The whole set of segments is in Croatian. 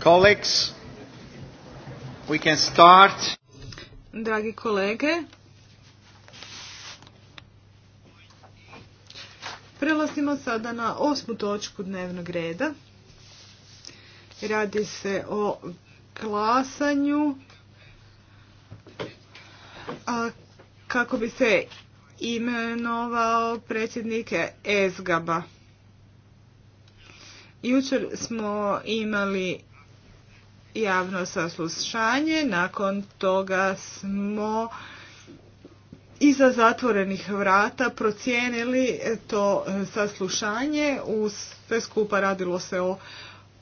Colleagues, we can start. Dragi kolege, prelazimo sada na osmu točku dnevnog reda. Radi se o glasanju a kako bi se imenovao predsjednike Ezgaba. Jučer smo imali javno saslušanje. Nakon toga smo iza zatvorenih vrata procijenili to saslušanje. U sve skupa radilo se o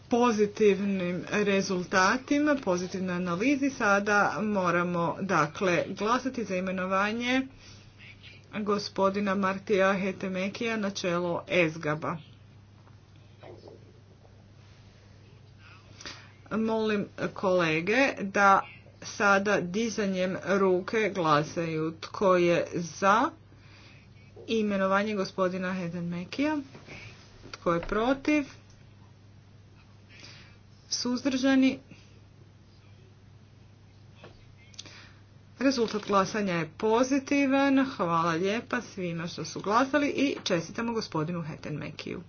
pozitivnim rezultatima, pozitivnoj analizi. Sada moramo dakle glasati za imenovanje gospodina Martija Hetemekija na čelo Ezgaba. Molim kolege da sada dizanjem ruke glasaju tko je za imenovanje gospodina Hedden-Mekija, tko je protiv, suzdržani. Rezultat glasanja je pozitivan. Hvala lijepa svima što su glasali i čestitamo gospodinu Hedden-Mekiju.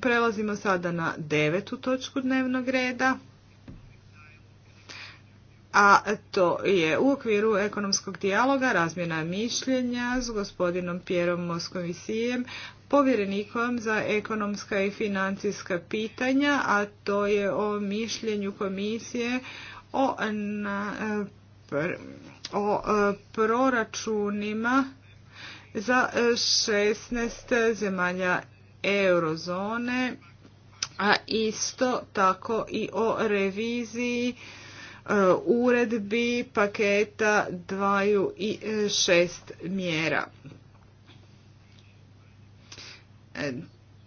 Prelazimo sada na devetu točku dnevnog reda. A to je u okviru ekonomskog dijaloga razmjena mišljenja s gospodinom Pjerom Moskovisijem, povjerenikom za ekonomska i financijska pitanja, a to je o mišljenju komisije o, o e, proračunima za 16 zemalja eurozone, a isto tako i o reviziji e, uredbi paketa dvaju i šest mjera.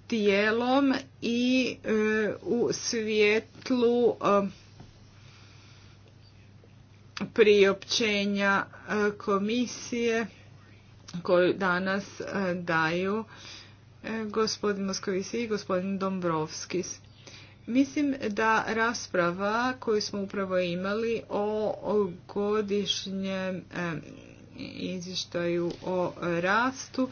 Tijelom e, i e, u svjetlu priopćenja komisije koju danas daju E, gospodin Moskovici i gospodin Dombrovskis. Mislim da rasprava koju smo upravo imali o godišnjem e, izvještaju o rastu,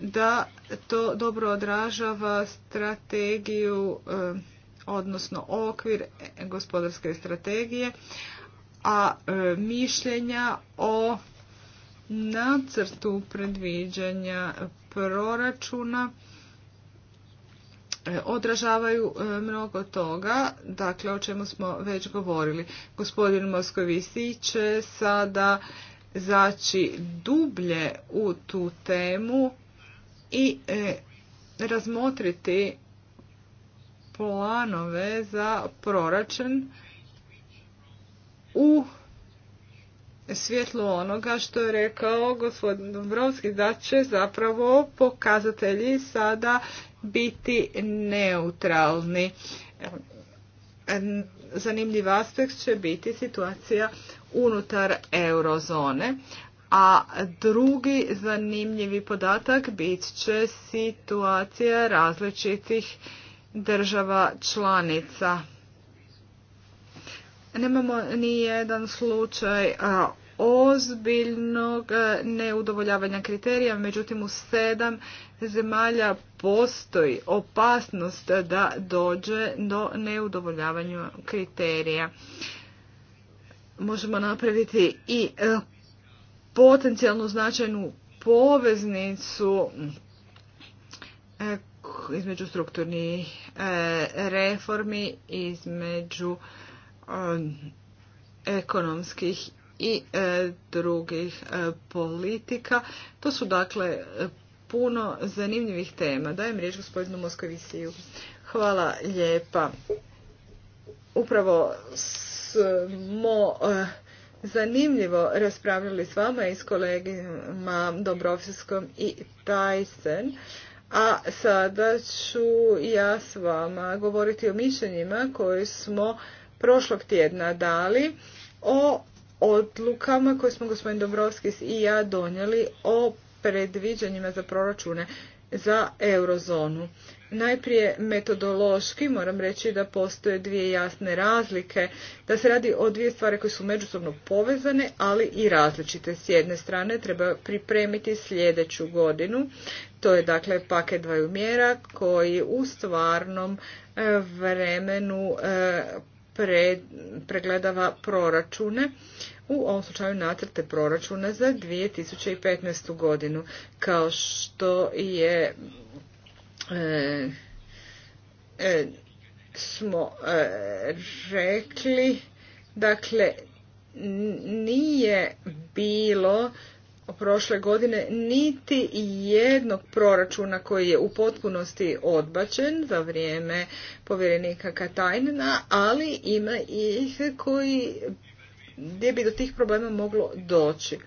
da to dobro odražava strategiju, e, odnosno okvir gospodarske strategije, a mišljenja o nacrtu predviđanja proračuna e, odražavaju e, mnogo toga, dakle o čemu smo već govorili. Gospodin Moskovici će sada zaći dublje u tu temu i e, razmotriti planove za proračun u svjetlu onoga što je rekao gospodin Dombrovski da će zapravo pokazatelji sada biti neutralni. Zanimljiv aspekt će biti situacija unutar eurozone, a drugi zanimljivi podatak bit će situacija različitih država članica. Nemamo ni jedan slučaj ozbiljnog neudovoljavanja kriterija, međutim u sedam zemalja postoji opasnost da dođe do neudovoljavanja kriterija. Možemo napraviti i potencijalno značajnu poveznicu e, između strukturnih e, reformi, između E, ekonomskih i e, drugih e, politika. To su dakle puno zanimljivih tema. Dajem riječ gospodinu Moskovisiju. Hvala lijepa. Upravo smo zanimljivo raspravljali s vama i s kolegima Dobrovskom i Tyson. A sada ću ja s vama govoriti o mišljenjima koje smo prošlog tjedna dali o odlukama koje smo gospodin Dobrovskis i ja donijeli o predviđanjima za proračune za eurozonu. Najprije metodološki moram reći da postoje dvije jasne razlike, da se radi o dvije stvari koje su međusobno povezane, ali i različite. S jedne strane treba pripremiti sljedeću godinu, to je dakle paket dvaju mjera koji u stvarnom e, vremenu e, pregledava proračune, u ovom slučaju nacrte proračuna za 2015. godinu, kao što je e, e, smo e, rekli, dakle, nije bilo prošle godine niti jednog proračuna koji je u potpunosti odbačen za vrijeme povjerenika Katajnina, ali ima ih koji gdje bi do tih problema moglo doći.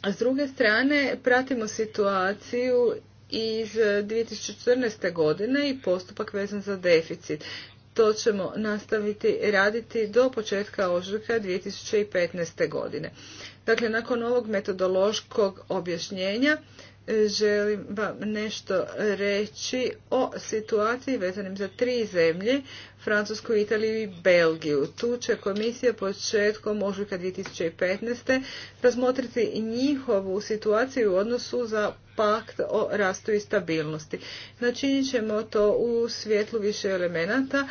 A s druge strane pratimo situaciju iz 2014. godine i postupak vezan za deficit. To ćemo nastaviti raditi do početka ožujka 2015. godine. Dakle, nakon ovog metodološkog objašnjenja e, želim vam nešto reći o situaciji vezanim za tri zemlje, Francusku, Italiju i Belgiju. Tu će komisija početkom ožujka 2015. razmotriti njihovu situaciju u odnosu za pakt o rastu i stabilnosti. Načinit ćemo to u svjetlu više elemenata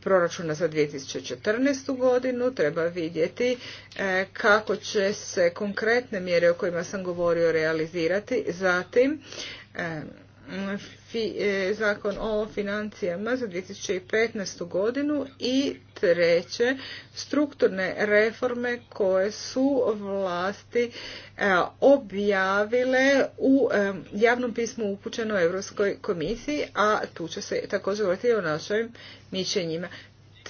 proračuna za 2014. godinu treba vidjeti e, kako će se konkretne mjere o kojima sam govorio realizirati. Zatim e, E, zakon o financijama za 2015. godinu i treće strukturne reforme koje su vlasti e, objavile u e, javnom pismu upućeno Europskoj komisiji, a tu će se također govoriti o našim mišljenjima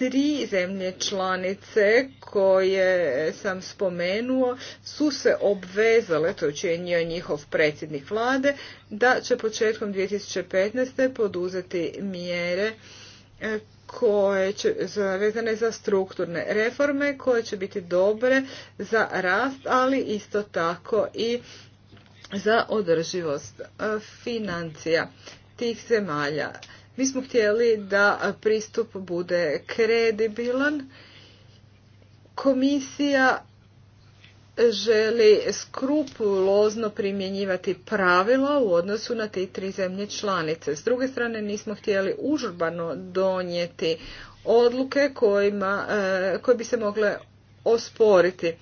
tri zemlje članice koje sam spomenuo su se obvezale, to je učinio njihov predsjednik vlade, da će početkom 2015. poduzeti mjere e, koje će vezane za strukturne reforme koje će biti dobre za rast, ali isto tako i za održivost e, financija tih zemalja. Mi smo htjeli da pristup bude kredibilan. Komisija želi skrupulozno primjenjivati pravila u odnosu na te tri zemlje članice. S druge strane nismo htjeli užurbano donijeti odluke eh, koje bi se mogle osporiti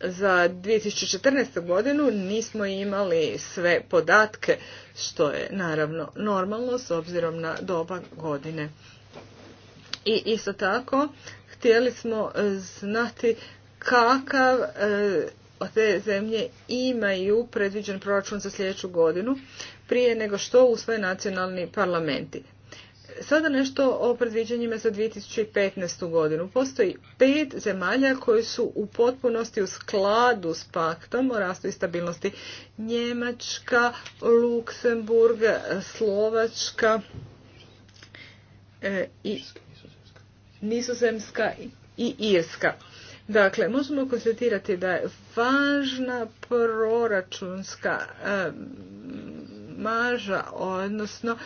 za 2014. godinu nismo imali sve podatke, što je naravno normalno s obzirom na doba godine. I isto tako htjeli smo e, znati kakav e, te zemlje imaju predviđen proračun za sljedeću godinu prije nego što usvoje nacionalni parlamenti. Sada nešto o predviđanjima za 2015. godinu. Postoji pet zemalja koje su u potpunosti u skladu s paktom o rastu i stabilnosti. Njemačka, Luksemburg, Slovačka e, i Nizozemska i Irska. Dakle, možemo konstatirati da je važna proračunska e, maža, odnosno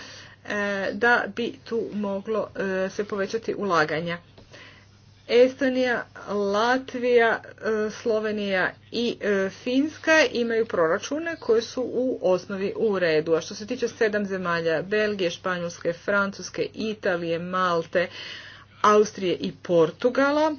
E, da bi tu moglo e, se povećati ulaganja. Estonija, Latvija, e, Slovenija i Finska imaju proračune koje su u osnovi u redu. A što se tiče sedam zemalja, Belgije, Španjolske, Francuske, Italije, Malte, Austrije i Portugala,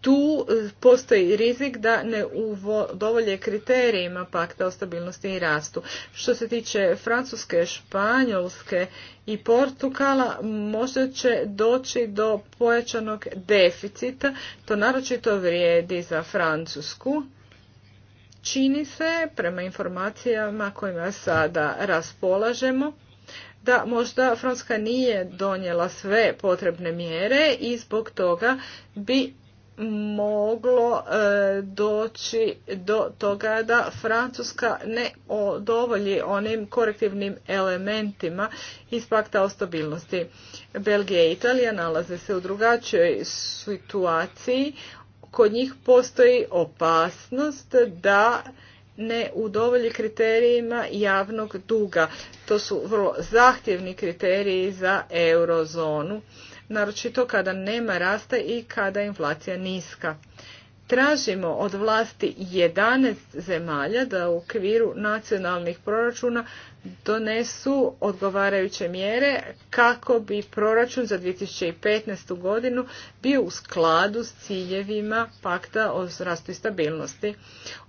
tu e, postoji rizik da ne udovolje kriterijima pakta o stabilnosti i rastu. Što se tiče Francuske, Španjolske i Portugala, možda će doći do pojačanog deficita. To naročito vrijedi za Francusku. Čini se, prema informacijama kojima sada raspolažemo, da možda Francuska nije donijela sve potrebne mjere i zbog toga bi moglo e, doći do toga da Francuska ne odovolji onim korektivnim elementima iz pakta o stabilnosti. Belgija i Italija nalaze se u drugačijoj situaciji. Kod njih postoji opasnost da ne udovolji kriterijima javnog duga. To su vrlo zahtjevni kriteriji za eurozonu naročito kada nema rasta i kada je inflacija niska. Tražimo od vlasti 11 zemalja da u okviru nacionalnih proračuna donesu odgovarajuće mjere kako bi proračun za 2015. godinu bio u skladu s ciljevima pakta o rastu i stabilnosti.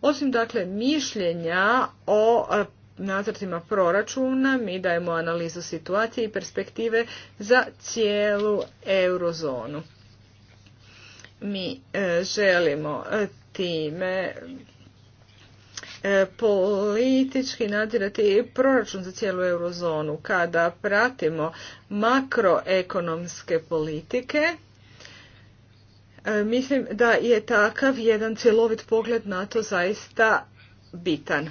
Osim dakle mišljenja o nacrtima proračuna mi dajemo analizu situacije i perspektive za cijelu eurozonu. Mi e, želimo e, time e, politički nadzirati proračun za cijelu eurozonu. Kada pratimo makroekonomske politike, mislim da je takav jedan cjelovit pogled na to zaista bitan.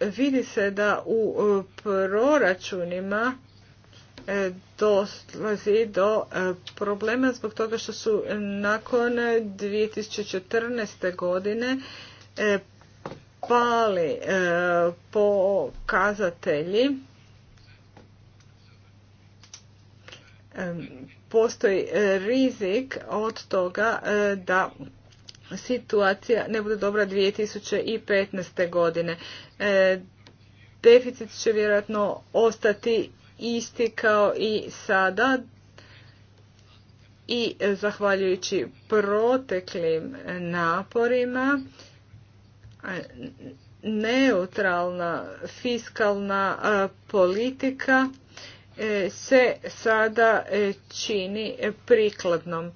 vidi se da u e, proračunima e, dolazi do e, problema zbog toga što su nakon 2014. godine pali pokazatelji postoji rizik od toga da situacija ne bude dobra 2015. godine. E, deficit će vjerojatno ostati isti kao i sada i zahvaljujući proteklim naporima neutralna fiskalna politika e, se sada e, čini prikladnom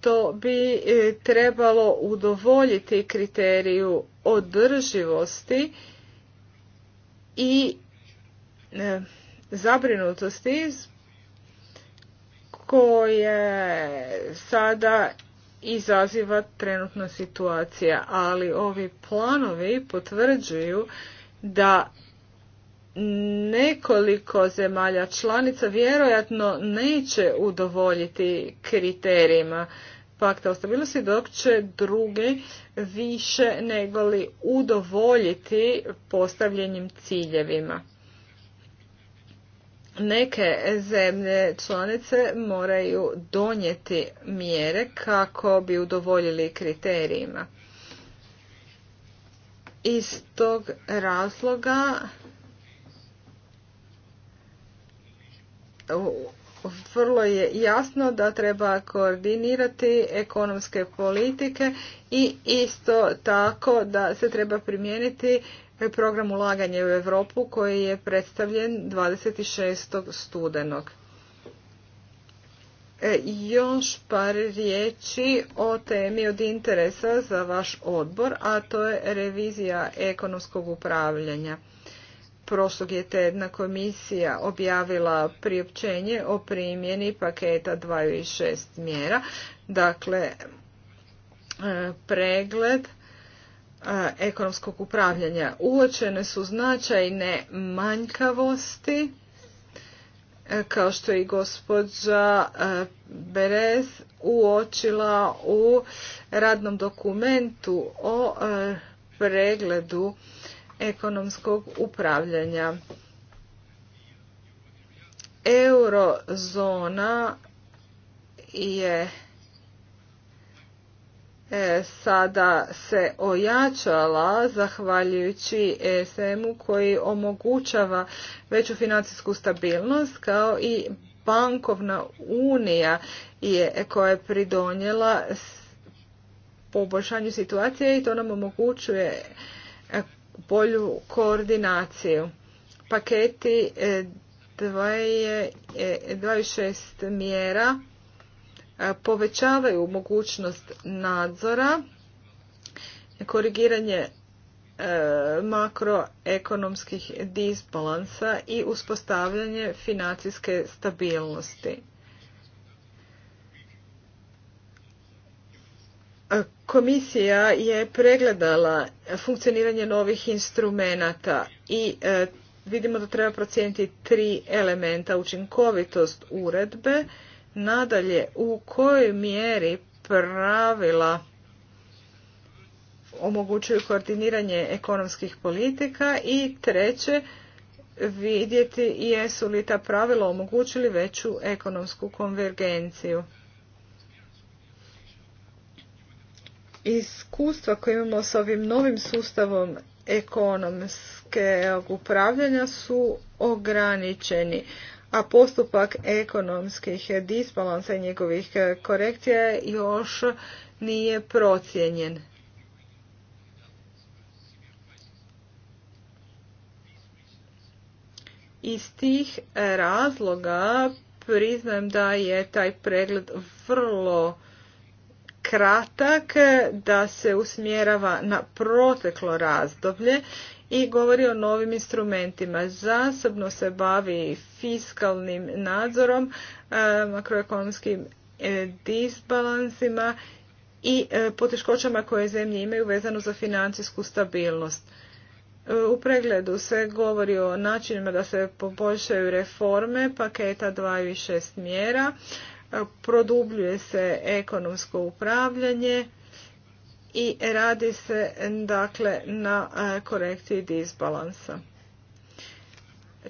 to bi e, trebalo udovoljiti kriteriju održivosti i e, zabrinutosti koje sada izaziva trenutna situacija, ali ovi planovi potvrđuju da nekoliko zemalja članica vjerojatno neće udovoljiti kriterijima pakta o stabilnosti dok će druge više negoli udovoljiti postavljenim ciljevima. Neke zemlje članice moraju donijeti mjere kako bi udovoljili kriterijima. Iz tog razloga vrlo je jasno da treba koordinirati ekonomske politike i isto tako da se treba primijeniti program ulaganja u Europu koji je predstavljen 26. studenog. E, još par riječi o temi od interesa za vaš odbor, a to je revizija ekonomskog upravljanja. Prošlog je jedna komisija objavila priopćenje o primjeni paketa 2 i mjera. Dakle, e, pregled e, ekonomskog upravljanja. Uočene su značajne manjkavosti, e, kao što je i gospođa Berez uočila u radnom dokumentu o pregledu ekonomskog upravljanja. Eurozona je e, sada se ojačala zahvaljujući ESM-u koji omogućava veću financijsku stabilnost kao i bankovna unija je, koja je pridonjela poboljšanju situacije i to nam omogućuje bolju koordinaciju. Paketi 26 e, e, mjera e, povećavaju mogućnost nadzora, korigiranje makroekonomskih disbalansa i uspostavljanje financijske stabilnosti. Komisija je pregledala funkcioniranje novih instrumenata i e, vidimo da treba procijeniti tri elementa učinkovitost uredbe, nadalje u kojoj mjeri pravila omogućuju koordiniranje ekonomskih politika i treće vidjeti jesu li ta pravila omogućili veću ekonomsku konvergenciju. iskustva koje imamo s ovim novim sustavom ekonomske upravljanja su ograničeni, a postupak ekonomskih disbalansa i njegovih korekcija još nije procijenjen. Iz tih razloga priznajem da je taj pregled vrlo kratak, e, da se usmjerava na proteklo razdoblje i govori o novim instrumentima. Zasobno se bavi fiskalnim nadzorom, e, makroekonomskim e, disbalansima i poteškoćama koje zemlje imaju vezano za financijsku stabilnost. U pregledu se govori o načinima da se poboljšaju reforme paketa 2 i 6 mjera, produbljuje se ekonomsko upravljanje i radi se dakle na e, korekciji disbalansa.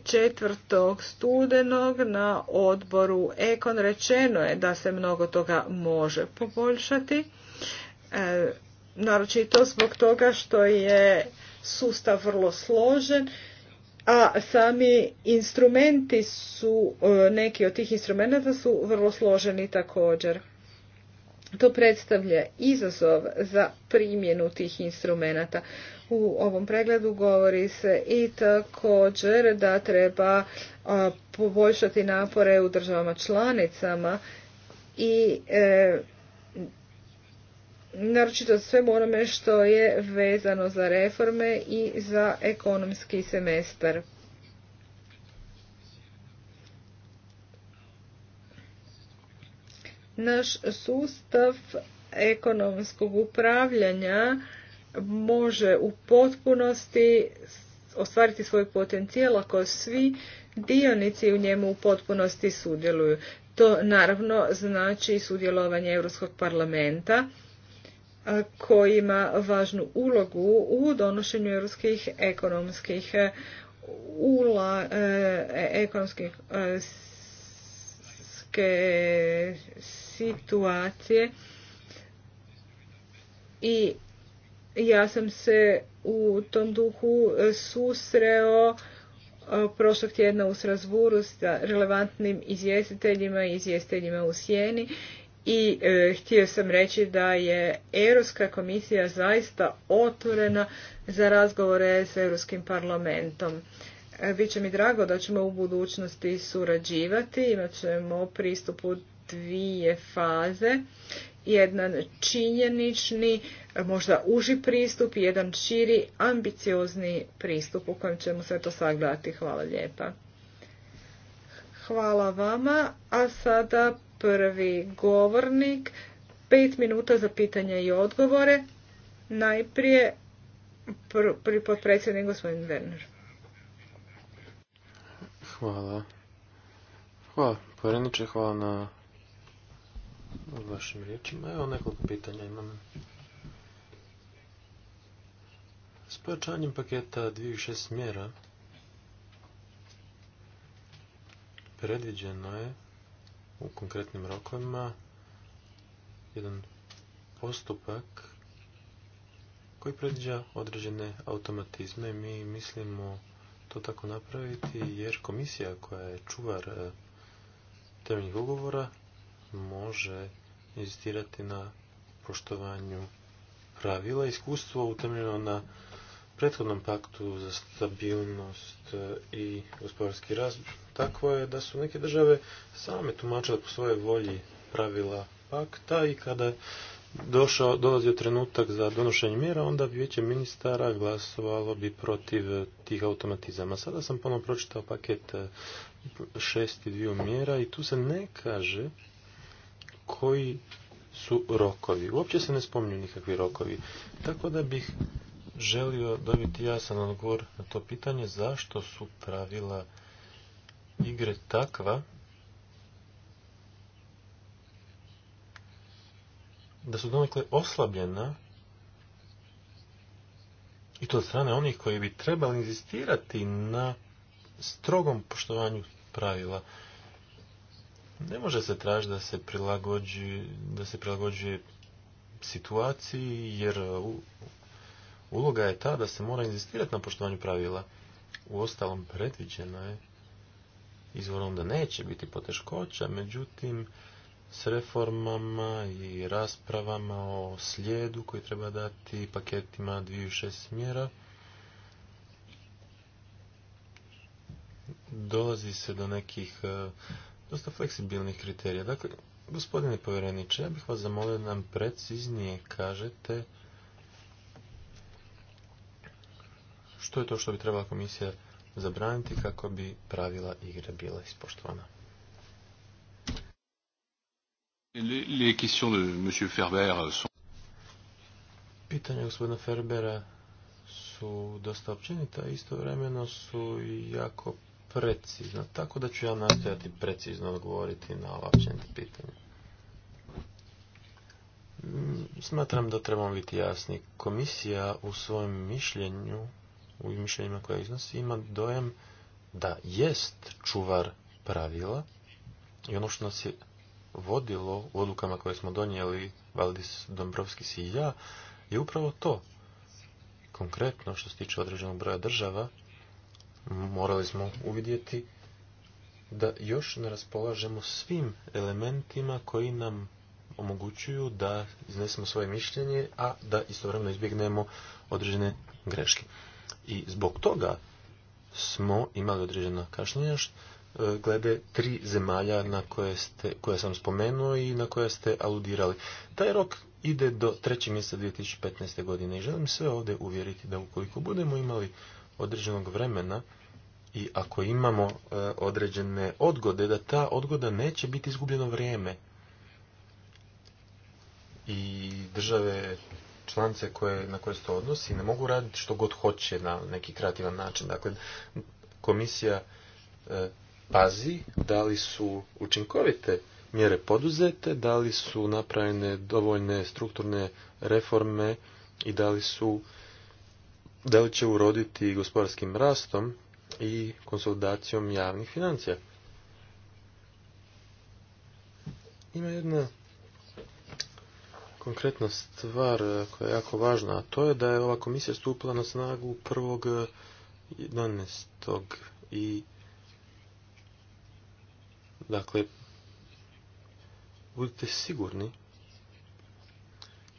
Četvrtog studenog na odboru Ekon rečeno je da se mnogo toga može poboljšati. E, naročito zbog toga što je sustav vrlo složen a sami instrumenti su, e, neki od tih instrumenta su vrlo složeni također. To predstavlja izazov za primjenu tih instrumenata. U ovom pregledu govori se i također da treba poboljšati napore u državama članicama i e, naročito svemu onome što je vezano za reforme i za ekonomski semestar. Naš sustav ekonomskog upravljanja može u potpunosti ostvariti svoj potencijal ako svi dionici u njemu u potpunosti sudjeluju. To naravno znači sudjelovanje Europskog parlamenta koji ima važnu ulogu u donošenju europskih ekonomskih e, ula, e, e, ekonomskih situacije i ja sam se u tom duhu susreo prošlog tjedna u Srazburu sa relevantnim izvjestiteljima i izvjestiteljima u Sjeni i e, htio sam reći da je Europska komisija zaista otvorena za razgovore s Europskim parlamentom. E, Biće mi drago da ćemo u budućnosti surađivati, imat ćemo pristup u dvije faze. Jedan činjenični, možda uži pristup i jedan širi, ambiciozni pristup u kojem ćemo sve to sagledati. Hvala lijepa. Hvala vama, a sada prvi govornik, pet minuta za pitanja i odgovore. Najprije prvi potpredsjednik gospodin Werner. Hvala. Hvala, povjereniče, hvala na vašim riječima. Evo nekoliko pitanja imam. S pojačanjem paketa dvije šest mjera predviđeno je u konkretnim rokovima jedan postupak koji predviđa određene automatizme. Mi mislimo to tako napraviti jer komisija koja je čuvar e, temeljnih ugovora može inzistirati na poštovanju pravila. Iskustvo utemljeno na prethodnom paktu za stabilnost e, i gospodarski rast Tako je da su neke države same tumačile po svojoj volji pravila pakta i kada došao, dolazio trenutak za donošenje mjera, onda bi vijeće ministara glasovalo bi protiv e, tih automatizama. Sada sam ponovno pročitao paket e, šest i dviju mjera i tu se ne kaže koji su rokovi. Uopće se ne spominju nikakvi rokovi. Tako da bih želio dobiti jasan odgovor na to pitanje zašto su pravila igre takva da su donekle oslabljena i to od strane onih koji bi trebali inzistirati na strogom poštovanju pravila. Ne može se tražiti da se prilagođuje da se prilagođuje situaciji jer uloga je ta da se mora inzistirati na poštovanju pravila. U ostalom predviđeno je izvorom da neće biti poteškoća, međutim s reformama i raspravama o slijedu koji treba dati paketima dviju šest smjera dolazi se do nekih e, dosta fleksibilnih kriterija. Dakle, gospodine povjereniče, ja bih vas zamolio da nam preciznije kažete što je to što bi trebala komisija zabraniti kako bi pravila igre bila ispoštovana. Pitanja gospodina Ferbera su dosta općenita, istovremeno su jako precizna, tako da ću ja nastojati precizno odgovoriti na ova općenita pitanja. Mm, smatram da trebamo biti jasni. Komisija u svojem mišljenju u mišljenjima koje iznosi ima dojem da jest čuvar pravila i ono što nas je vodilo u odlukama koje smo donijeli Valdis Dombrovski i ja je upravo to. Konkretno što se tiče određenog broja država morali smo uvidjeti da još ne raspolažemo svim elementima koji nam omogućuju da iznesemo svoje mišljenje, a da istovremeno izbjegnemo određene greške. I zbog toga smo imali određena kašnjenja e, glede tri zemalja na koje, ste, koje sam spomenuo i na koje ste aludirali. Taj rok ide do 3. mjeseca 2015. godine i želim sve ovdje uvjeriti da ukoliko budemo imali određenog vremena i ako imamo e, određene odgode, da ta odgoda neće biti izgubljeno vrijeme. I države članice koje, na koje se to odnosi ne mogu raditi što god hoće na neki kreativan način. Dakle, komisija e, pazi da li su učinkovite mjere poduzete, da li su napravljene dovoljne strukturne reforme i da li su da li će uroditi gospodarskim rastom i konsolidacijom javnih financija. Ima jedna konkretna stvar e, koja je jako važna, a to je da je ova komisija stupila na snagu 1.11. E, i dakle budite sigurni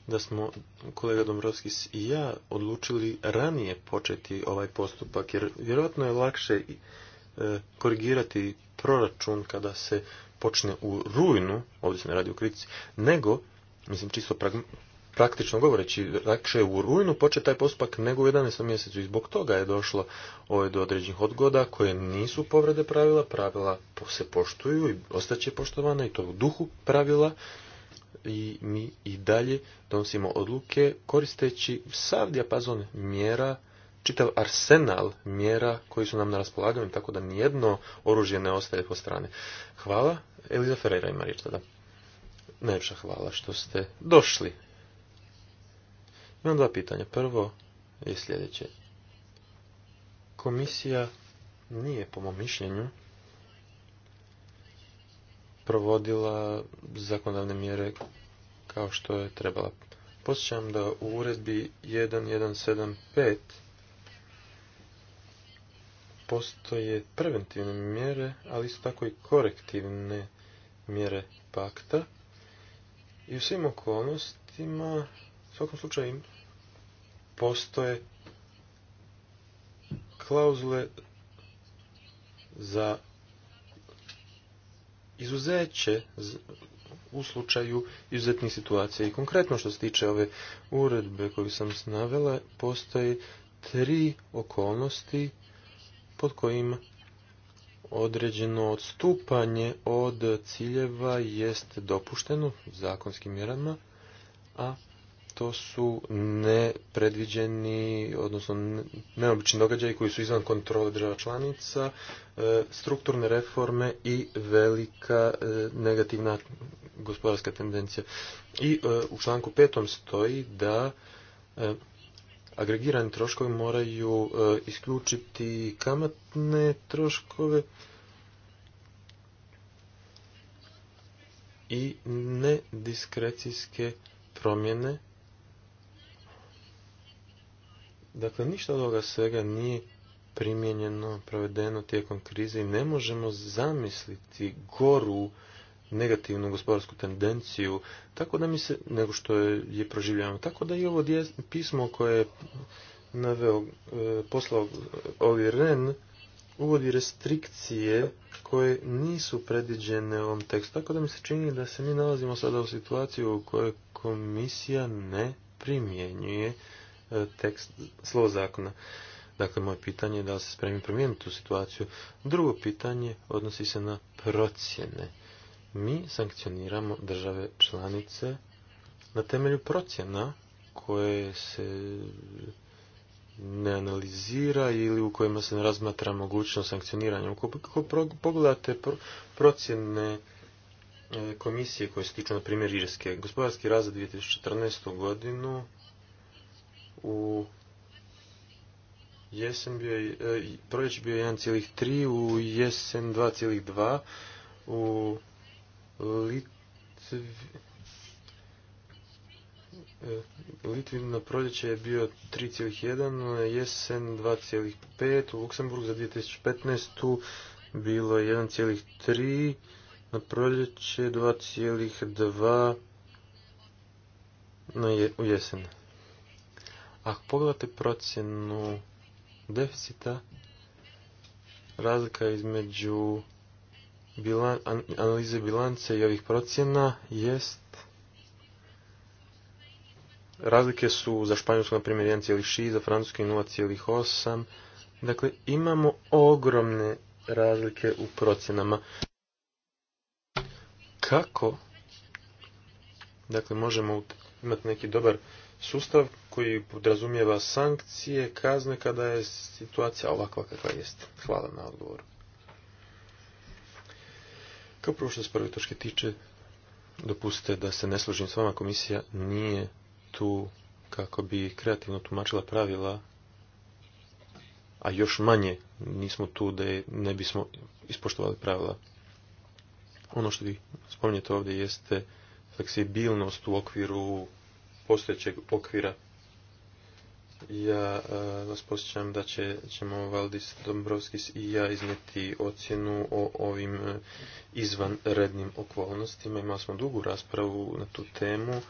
da smo kolega Dombrovski i ja odlučili ranije početi ovaj postupak, jer vjerojatno je lakše e, korigirati proračun kada se počne u rujnu, ovdje se ne radi u kritici, nego Mislim, čisto praktično govoreći, lakše je u rujnu početi taj postupak nego u 11. mjesecu i zbog toga je došlo do određenih odgoda koje nisu povrede pravila, pravila se poštuju i ostaće poštovana i to u duhu pravila i mi i dalje donosimo odluke koristeći sav dijapazon mjera, čitav arsenal mjera koji su nam na raspolaganju, tako da nijedno oružje ne ostaje po strane. Hvala. Eliza Ferreira ima riječ tada. Najljepša hvala što ste došli. Imam dva pitanja. Prvo je sljedeće. Komisija nije, po mom mišljenju, provodila zakonodavne mjere kao što je trebala. Posjećam da u uredbi 1175 postoje preventivne mjere, ali isto tako i korektivne mjere pakta i u svim okolnostima, u svakom slučaju, postoje klauzule za izuzeće u slučaju izuzetnih situacija. I konkretno što se tiče ove uredbe koju sam navela, postoje tri okolnosti pod kojim određeno odstupanje od ciljeva jest dopušteno zakonskim mjerama, a to su nepredviđeni, odnosno neobični događaji koji su izvan kontrole država članica, e, strukturne reforme i velika e, negativna gospodarska tendencija. I e, u članku petom stoji da agregirani troškovi moraju e, isključiti kamatne troškove i nediskrecijske promjene. Dakle, ništa od ovoga svega nije primijenjeno, provedeno tijekom krize i ne možemo zamisliti goru negativnu gospodarsku tendenciju, tako da mi se, nego što je, je Tako da i ovo pismo koje je naveo, e, poslao e, Oli Ren, uvodi restrikcije koje nisu predviđene u ovom tekstu. Tako da mi se čini da se mi nalazimo sada u situaciji u kojoj komisija ne primjenjuje e, tekst, slovo zakona. Dakle, moje pitanje je da li se spremi promijeniti tu situaciju. Drugo pitanje odnosi se na procjene. Mi sankcioniramo države članice na temelju procjena koje se ne analizira ili u kojima se ne razmatra mogućnost sankcioniranja. Kako pogledate procjene e, komisije koje se tiču, na primjer, Irske, gospodarski razred 2014. godinu u jesen bio, e, bio 1,3, u jesen 2,2, u Litvin e, na proljeće je bio 3,1, jesen 2,5, u Luksemburg za 2015. bilo je 1,3, na proljeće 2,2 na u jesen. Ako pogledate procjenu deficita, razlika između bilan, analize bilance i ovih procjena jest razlike su za Španjolsku na primjer 1,6, za Francusku 0,8. Dakle, imamo ogromne razlike u procjenama. Kako? Dakle, možemo imati neki dobar sustav koji podrazumijeva sankcije, kazne kada je situacija ovakva kakva jeste. Hvala na odgovoru. Kao prvo što se prve točke tiče, dopustite da se ne složim s vama, komisija nije tu kako bi kreativno tumačila pravila, a još manje nismo tu da ne bismo ispoštovali pravila. Ono što vi spominjete ovdje jeste fleksibilnost u okviru postojećeg okvira ja e, vas posjećam da će, ćemo Valdis Dombrovskis i ja iznijeti ocjenu o ovim e, izvanrednim okolnostima. Imali smo dugu raspravu na tu temu.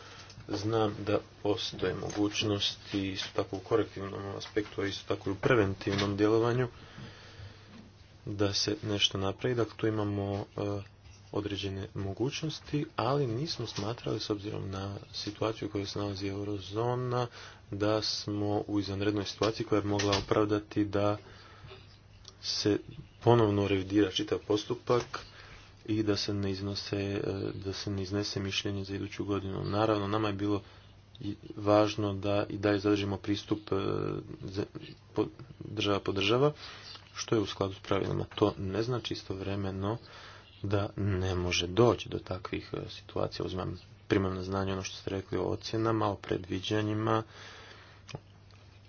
Znam da postoje mogućnosti isto tako u korektivnom aspektu, a isto tako i u preventivnom djelovanju da se nešto napravi. Dakle, tu imamo e, određene mogućnosti, ali nismo smatrali s obzirom na situaciju u kojoj se nalazi eurozona da smo u izvanrednoj situaciji koja je mogla opravdati da se ponovno revidira čitav postupak i da se ne iznose, e, da se ne iznese mišljenje za iduću godinu. Naravno, nama je bilo važno da i dalje zadržimo pristup e, država po država, što je u skladu s pravilima. To ne znači istovremeno da ne može doći do takvih e, situacija. Uzmem, primam na znanje ono što ste rekli o ocjenama, o predviđanjima.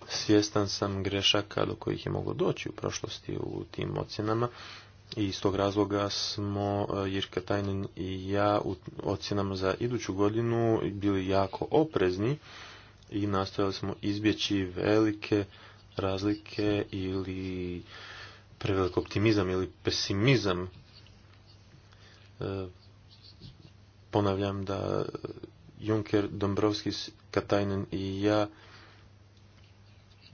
Svjestan sam grešaka do kojih je moglo doći u prošlosti u tim ocjenama. I iz tog razloga smo e, Jirka Tajnin i ja u ocjenama za iduću godinu bili jako oprezni i nastojali smo izbjeći velike razlike ili prevelik optimizam ili pesimizam E, ponavljam da Junker, Dombrovski, Katajnen i ja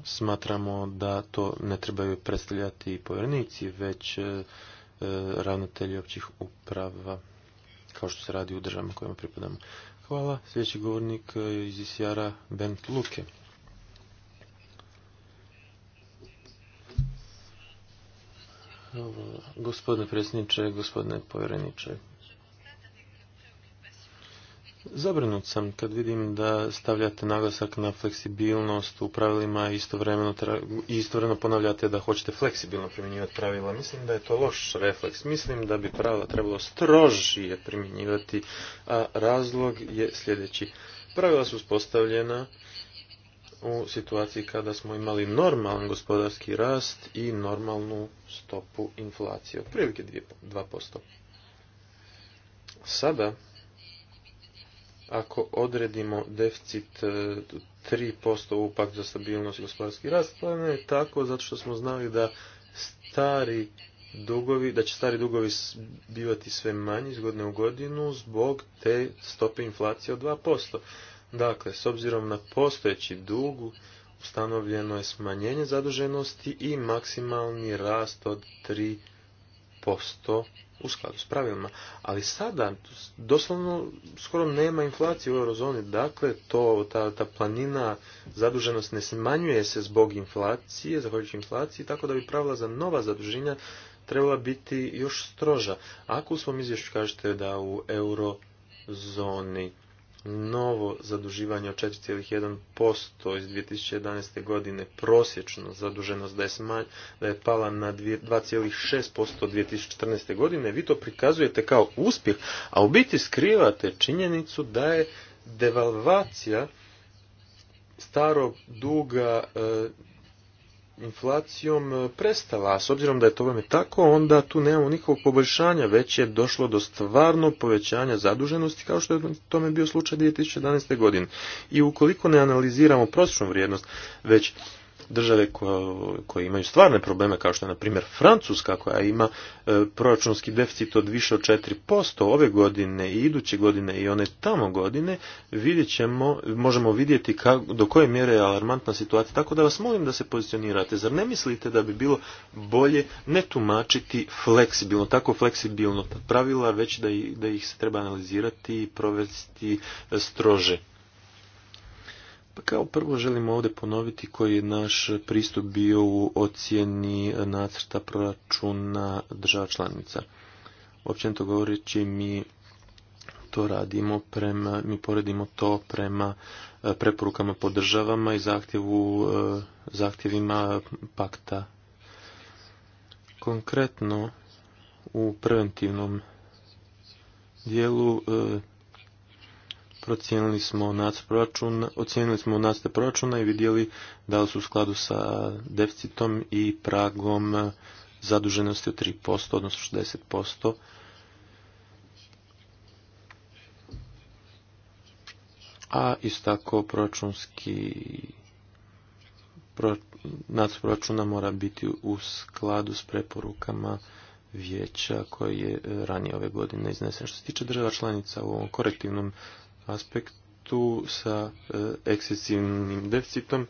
smatramo da to ne trebaju predstavljati povjernici, već e, e, ravnatelji općih uprava, kao što se radi u državama kojima pripadamo. Hvala. Sljedeći govornik iz icr Bent Luke. Gospodine predsjedniče, gospodine povjereniče. Zabrinut sam kad vidim da stavljate naglasak na fleksibilnost u pravilima i istovremeno, istovremeno ponavljate da hoćete fleksibilno primjenjivati pravila. Mislim da je to loš refleks. Mislim da bi pravila trebalo strožije primjenjivati, a razlog je sljedeći. Pravila su uspostavljena u situaciji kada smo imali normalan gospodarski rast i normalnu stopu inflacije, otprilike 2%. Sada, ako odredimo deficit 3% e, u za stabilnost i gospodarski rast, je tako zato što smo znali da stari dugovi, da će stari dugovi bivati sve manji iz godine u godinu zbog te stope inflacije od 2%. Dakle, s obzirom na postojeći dug, ustanovljeno je smanjenje zaduženosti i maksimalni rast od 3% u skladu s pravilima. Ali sada doslovno skoro nema inflacije u eurozoni, dakle to, ta, ta planina zaduženost ne smanjuje se zbog inflacije, zahvaljujući inflaciji, tako da bi pravila za nova zaduženja trebala biti još stroža. Ako u svom izvješću kažete da u eurozoni novo zaduživanje od 4,1% iz 2011. godine prosječno zaduženost da je, smanj, da je pala na 2,6% 2014. godine. Vi to prikazujete kao uspjeh, a u biti skrivate činjenicu da je devalvacija starog duga e, inflacijom e, prestala, a s obzirom da je to vam tako, onda tu nemamo nikakvog poboljšanja, već je došlo do stvarno povećanja zaduženosti, kao što je tome bio slučaj 2011. godine. I ukoliko ne analiziramo prosječnu vrijednost, već države koje, imaju stvarne probleme, kao što je na primjer Francuska koja ima e, proračunski deficit od više od 4% ove godine i iduće godine i one tamo godine, vidjet ćemo, možemo vidjeti ka, do koje mjere je alarmantna situacija. Tako da vas molim da se pozicionirate. Zar ne mislite da bi bilo bolje ne tumačiti fleksibilno, tako fleksibilno pravila, već da, i, da ih se treba analizirati i provesti strože? Kao prvo želimo ovdje ponoviti koji je naš pristup bio u ocjeni nacrta proračuna država članica. Općenito govoreći mi to radimo prema, mi poredimo to prema e, preporukama po državama i zahtjevu, e, zahtjevima pakta. Konkretno u preventivnom dijelu e, procijenili smo ocijenili smo nacrte proračuna i vidjeli da li su u skladu sa deficitom i pragom zaduženosti od 3%, odnosno 60%. A isto tako proračunski pro, proračuna mora biti u skladu s preporukama vijeća koje je ranije ove godine iznesen. Što se tiče država članica u ovom korektivnom aspektu sa e, ekscesivnim deficitom.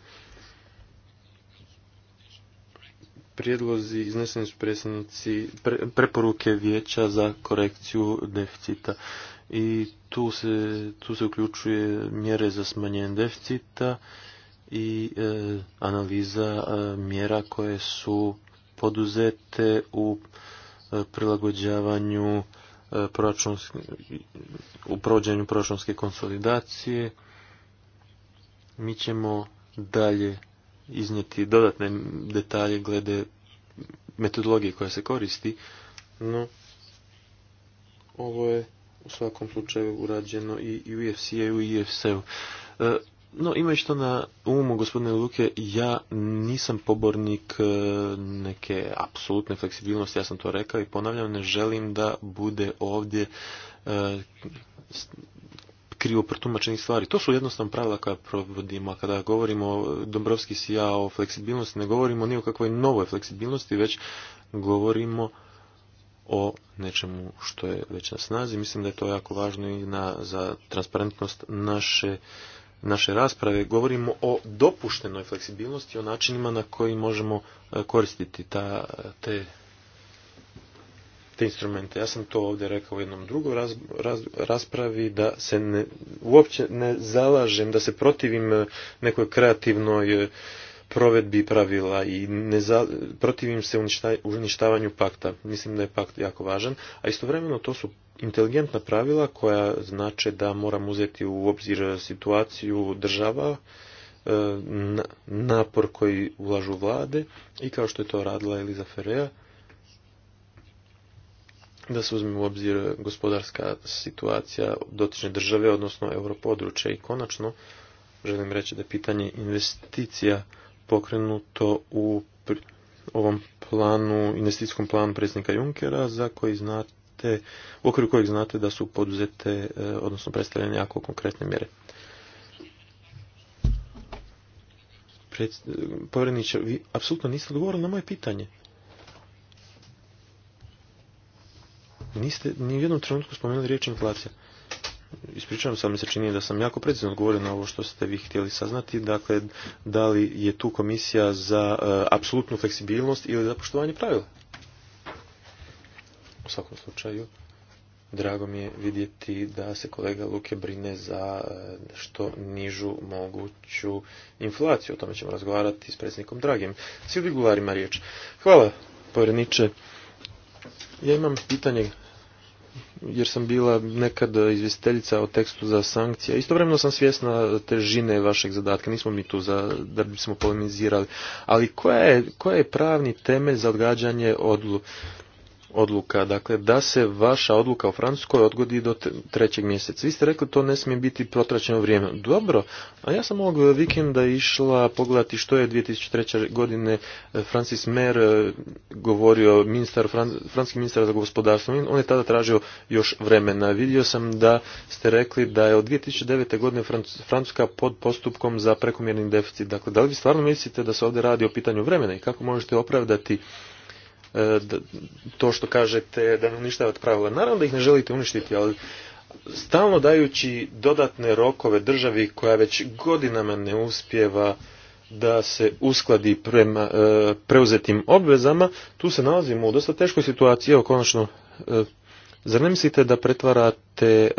Prijedlozi izneseni su predsjednici preporuke vijeća za korekciju deficita i tu se, tu se uključuje mjere za smanjenje deficita i e, analiza e, mjera koje su poduzete u prilagođavanju E, u provođenju proračunske konsolidacije. Mi ćemo dalje iznijeti dodatne detalje glede metodologije koja se koristi, no ovo je u svakom slučaju urađeno i u IFC-u i u IFC-u. E, no, ima što na umu, gospodine Luke, ja nisam pobornik e, neke apsolutne fleksibilnosti, ja sam to rekao i ponavljam, ne želim da bude ovdje e, krivo protumačenih stvari. To su jednostavno pravila koja provodimo. Kada govorimo Dombrovski sija ja o fleksibilnosti, ne govorimo ni o kakvoj novoj fleksibilnosti, već govorimo o nečemu što je već na snazi. Mislim da je to jako važno i na, za transparentnost naše naše rasprave govorimo o dopuštenoj fleksibilnosti, o načinima na koji možemo e, koristiti ta, te, te instrumente. Ja sam to ovdje rekao u jednom drugom raspravi da se ne, uopće ne zalažem, da se protivim e, nekoj kreativnoj e, provedbi pravila i protivim se uništavanju pakta. Mislim da je pakt jako važan, a istovremeno to su inteligentna pravila koja znače da moramo uzeti u obzir situaciju država, e, napor koji ulažu vlade i kao što je to radila Eliza Ferreja, da se uzme u obzir gospodarska situacija dotične države, odnosno europodručja. I konačno, želim reći da je pitanje investicija pokrenuto u ovom planu, investicijskom planu predsjednika Junkera, za koji znate, u okviru kojeg znate da su poduzete, e, odnosno predstavljene jako konkretne mjere. Povredniče, vi apsolutno niste odgovorili na moje pitanje. Niste ni u jednom trenutku spomenuli riječ inflacija. Ispričavam se, ali mi se čini da sam jako precizno odgovorio na ovo što ste vi htjeli saznati. Dakle, da li je tu komisija za e, apsolutnu fleksibilnost ili za poštovanje pravila? U svakom slučaju, drago mi je vidjeti da se kolega Luke brine za e, što nižu moguću inflaciju. O tome ćemo razgovarati s predsjednikom Dragim. Silvi Gularima riječ. Hvala, povjereniče. Ja imam pitanje jer sam bila nekad izvjestiteljica o tekstu za sankcije. Istovremeno sam svjesna težine vašeg zadatka, nismo mi tu za, da bismo polemizirali, ali koja je, koja je pravni temelj za odgađanje odlu, odluka, dakle da se vaša odluka u Francuskoj odgodi do trećeg mjeseca. Vi ste rekli to ne smije biti protračeno vrijeme. Dobro, a ja sam ovog vikenda išla pogledati što je 2003. godine e, Francis Mer e, govorio, ministar, franski ministar za gospodarstvo. On je tada tražio još vremena. Vidio sam da ste rekli da je od 2009. godine Francuska pod postupkom za prekomjerni deficit. Dakle, da li vi stvarno mislite da se ovdje radi o pitanju vremena i kako možete opravdati E, to što kažete da ne uništavate pravila. Naravno da ih ne želite uništiti, ali stalno dajući dodatne rokove državi koja već godinama ne uspjeva da se uskladi prema e, preuzetim obvezama, tu se nalazimo u dosta teškoj situaciji. Evo, konačno, e, zar ne mislite da pretvarate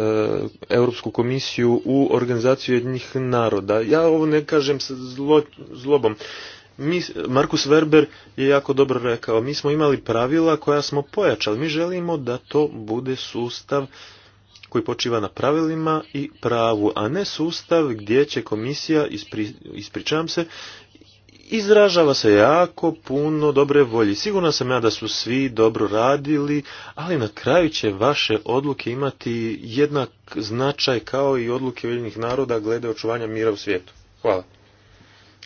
Europsku komisiju u organizaciju jednih naroda? Ja ovo ne kažem sa zlobom. Markus Werber je jako dobro rekao, mi smo imali pravila koja smo pojačali. Mi želimo da to bude sustav koji počiva na pravilima i pravu, a ne sustav gdje će komisija, ispri, ispričavam se, izražava se jako puno dobre volje. Sigurno sam ja da su svi dobro radili, ali na kraju će vaše odluke imati jednak značaj kao i odluke Ujedinjenih naroda glede očuvanja mira u svijetu. Hvala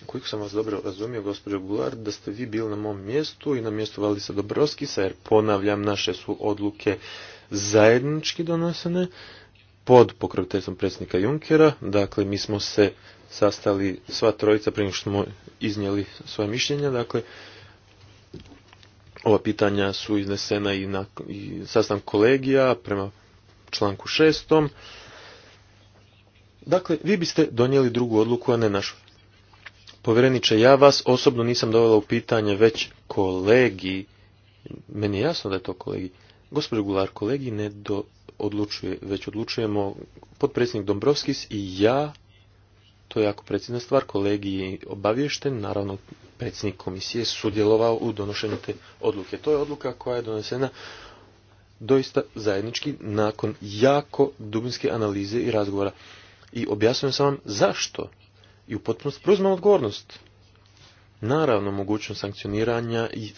koliko sam vas dobro razumio, gospođo Gular, da ste vi bili na mom mjestu i na mjestu Valisa Dobrovskisa, jer ponavljam, naše su odluke zajednički donosene pod pokroviteljstvom predsjednika Junkera. Dakle, mi smo se sastali sva trojica prije što smo iznijeli svoje mišljenja. Dakle, ova pitanja su iznesena i na i kolegija prema članku šestom. Dakle, vi biste donijeli drugu odluku, a ne našu. Povjereniče, ja vas osobno nisam dovela u pitanje, već kolegi, meni je jasno da je to kolegi, gospođo Gular, kolegi ne do, odlučuje, već odlučujemo potpredsjednik Dombrovskis i ja, to je jako predsjedna stvar, kolegi je obavješten, naravno predsjednik komisije sudjelovao u donošenju te odluke. To je odluka koja je donesena doista zajednički nakon jako dubinske analize i razgovora. I objasnujem sam vam zašto i u potpunosti preuzmemo odgovornost. Naravno, mogućnost sankcioniranja, i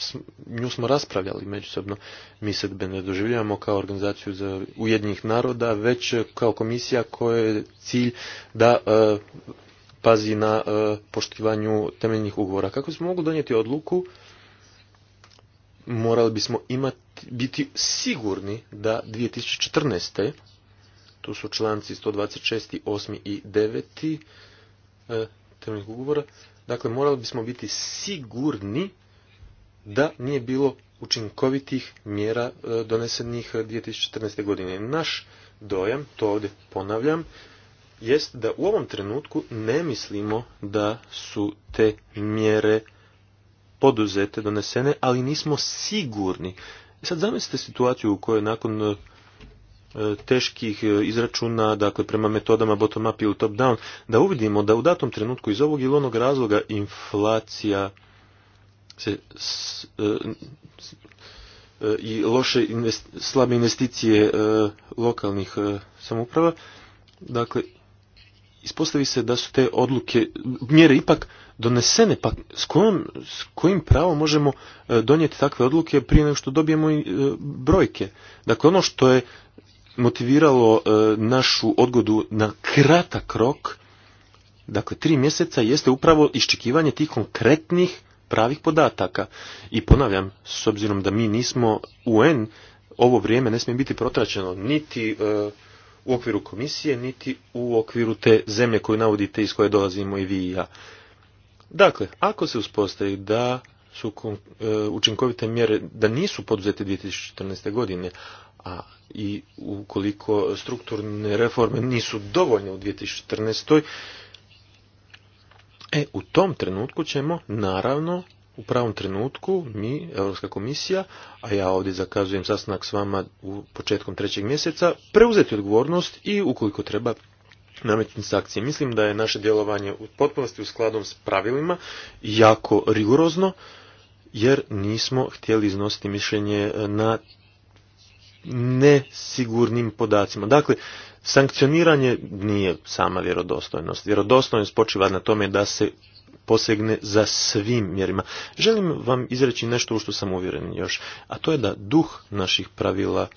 nju smo raspravljali međusobno, mi se ne doživljavamo kao organizaciju za ujednjih naroda, već kao komisija koja je cilj da e, pazi na e, poštivanju temeljnih ugovora. Kako smo mogli donijeti odluku, morali bismo imati, biti sigurni da 2014. Tu su članci 126. 8. i 9. E, temeljnih ugovora, dakle morali bismo biti sigurni da nije bilo učinkovitih mjera e, donesenih 2014. E, godine. Naš dojam, to ovdje ponavljam, jest da u ovom trenutku ne mislimo da su te mjere poduzete, donesene, ali nismo sigurni. I sad zamislite situaciju u kojoj nakon E, teških e, izračuna, dakle prema metodama bottom up ili top down, da uvidimo da u datom trenutku iz ovog ili onog razloga inflacija se e, i loše slabe investicije lokalnih samouprava, dakle ispostavi se da su te odluke, mjere ipak donesene, pa s kojim, s kojim pravom možemo donijeti takve odluke prije nego što dobijemo brojke. Dakle, ono što je motiviralo e, našu odgodu na kratak rok, dakle tri mjeseca, jeste upravo iščekivanje tih konkretnih pravih podataka. I ponavljam, s obzirom da mi nismo UN, ovo vrijeme ne smije biti protračeno niti e, u okviru komisije, niti u okviru te zemlje koju navodite iz koje dolazimo i vi i ja. Dakle, ako se uspostavi da su e, učinkovite mjere, da nisu poduzete 2014. godine, a i ukoliko strukturne reforme nisu dovoljne u 2014. E, u tom trenutku ćemo, naravno, u pravom trenutku, mi, Europska komisija, a ja ovdje zakazujem sastanak s vama u početkom trećeg mjeseca, preuzeti odgovornost i ukoliko treba nametnih sankcije. Mislim da je naše djelovanje u potpunosti u skladu s pravilima jako rigorozno, jer nismo htjeli iznositi mišljenje na nesigurnim podacima. Dakle, sankcioniranje nije sama vjerodostojnost. Vjerodostojnost počiva na tome da se posegne za svim mjerima. Želim vam izreći nešto u što sam uvjeren još, a to je da duh naših pravila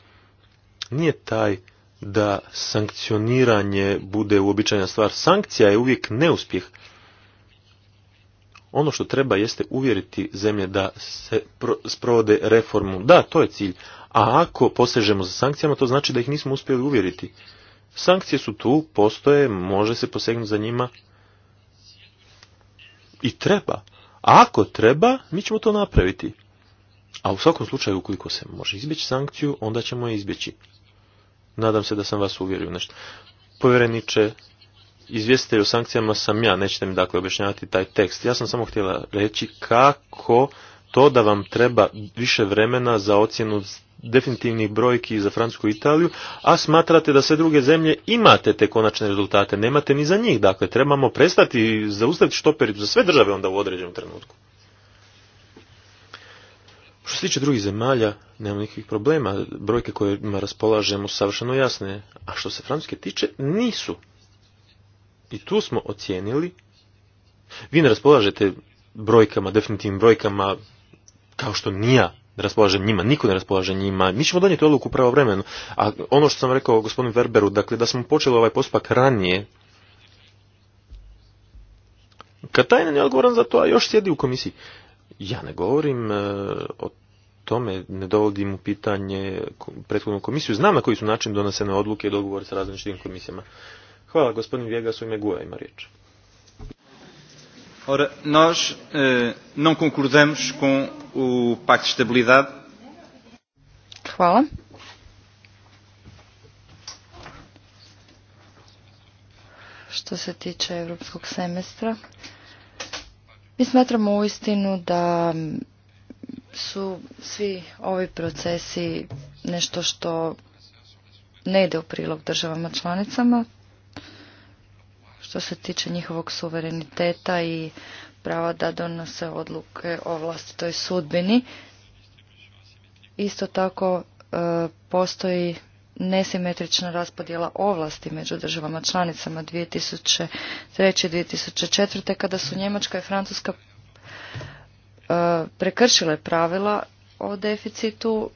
nije taj da sankcioniranje bude uobičajena stvar. Sankcija je uvijek neuspjeh. Ono što treba jeste uvjeriti zemlje da se sprovode reformu. Da, to je cilj, a ako posežemo za sankcijama, to znači da ih nismo uspjeli uvjeriti. Sankcije su tu, postoje, može se posegnuti za njima i treba. A ako treba, mi ćemo to napraviti. A u svakom slučaju, ukoliko se može izbjeći sankciju, onda ćemo je izbjeći. Nadam se da sam vas uvjerio nešto. Povjereniče, izvjestitelj o sankcijama sam ja, nećete mi dakle objašnjavati taj tekst. Ja sam samo htjela reći kako to da vam treba više vremena za ocjenu definitivnih brojki za Francusku i Italiju, a smatrate da sve druge zemlje imate te konačne rezultate, nemate ni za njih. Dakle, trebamo prestati zaustaviti štopericu za sve države onda u određenom trenutku. Što se tiče drugih zemalja, nema nikakvih problema. Brojke kojima raspolažemo su savršeno jasne. A što se Francuske tiče, nisu. I tu smo ocijenili. Vi ne raspolažete brojkama, definitivnim brojkama kao što nija ne raspolažem njima, niko ne raspolaže njima. Mi ćemo donijeti odluku pravovremeno. A ono što sam rekao gospodinu Verberu, dakle da smo počeli ovaj postupak ranije, Katajnen je odgovoran za to, a još sjedi u komisiji. Ja ne govorim e, o tome, ne dovodim u pitanje prethodnu komisiju. Znam na koji su način donesene odluke i dogovori sa različitim komisijama. Hvala, gospodin Vjegasu, su ime Guja ima riječ. Ora, nós eh, não concordamos com o Pacto de Hvala. Što se tiče europskog semestra, mi smatramo u istinu da su svi ovi procesi nešto što ne ide u prilog državama članicama što se tiče njihovog suvereniteta i prava da donose odluke o vlastitoj sudbini. Isto tako e, postoji nesimetrična raspodjela ovlasti među državama članicama 2003. i 2004. kada su Njemačka i Francuska e, prekršile pravila o deficitu.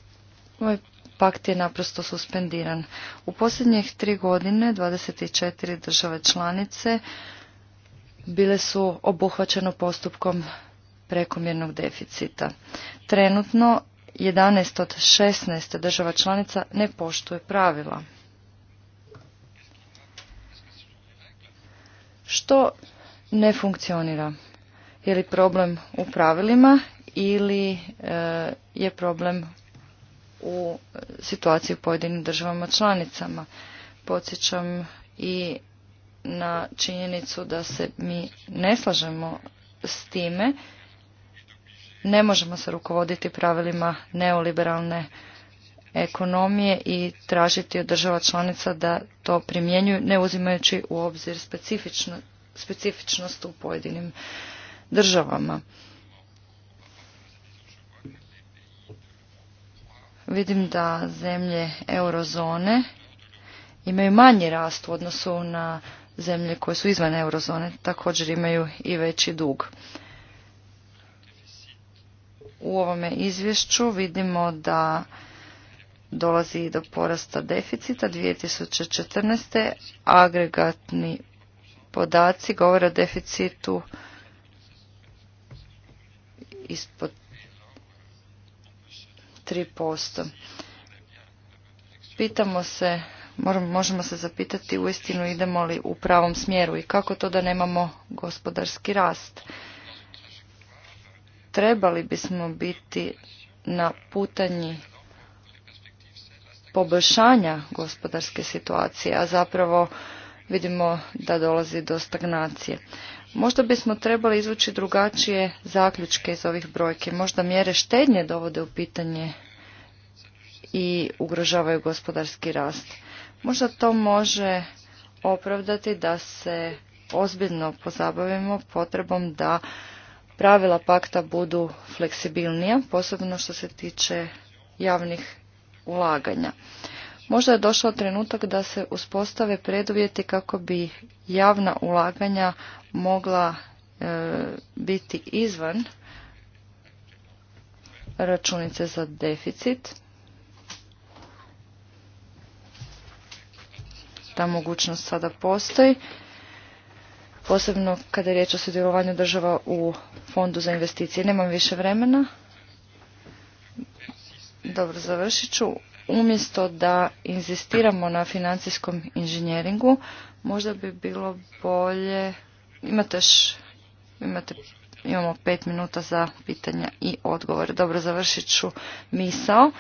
Moj pakt je naprosto suspendiran. U posljednjih tri godine 24 države članice bile su obuhvaćeno postupkom prekomjernog deficita. Trenutno 11 od 16 država članica ne poštuje pravila. Što ne funkcionira? Je li problem u pravilima ili e, je problem u situaciji u pojedinim državama članicama. Podsjećam i na činjenicu da se mi ne slažemo s time, ne možemo se rukovoditi pravilima neoliberalne ekonomije i tražiti od država članica da to primjenjuju ne uzimajući u obzir specifičnost u pojedinim državama. Vidim da zemlje eurozone imaju manji rast u odnosu na zemlje koje su izvan eurozone, također imaju i veći dug. U ovome izvješću vidimo da dolazi do porasta deficita 2014. Agregatni podaci govore o deficitu ispod 3%. Pitamo se, možemo se zapitati uistinu idemo li u pravom smjeru i kako to da nemamo gospodarski rast. Trebali bismo biti na putanji poboljšanja gospodarske situacije, a zapravo vidimo da dolazi do stagnacije. Možda bismo trebali izvući drugačije zaključke iz ovih brojke. Možda mjere štednje dovode u pitanje i ugrožavaju gospodarski rast. Možda to može opravdati da se ozbiljno pozabavimo potrebom da pravila pakta budu fleksibilnija, posebno što se tiče javnih ulaganja. Možda je došao trenutak da se uspostave preduvjeti kako bi javna ulaganja mogla e, biti izvan računice za deficit. Ta mogućnost sada postoji, posebno kada je riječ o sudjelovanju država u fondu za investicije. Nemam više vremena. Dobro, završit ću umjesto da inzistiramo na financijskom inženjeringu, možda bi bilo bolje, imate, š, imate imamo pet minuta za pitanja i odgovore. Dobro, završit ću misao.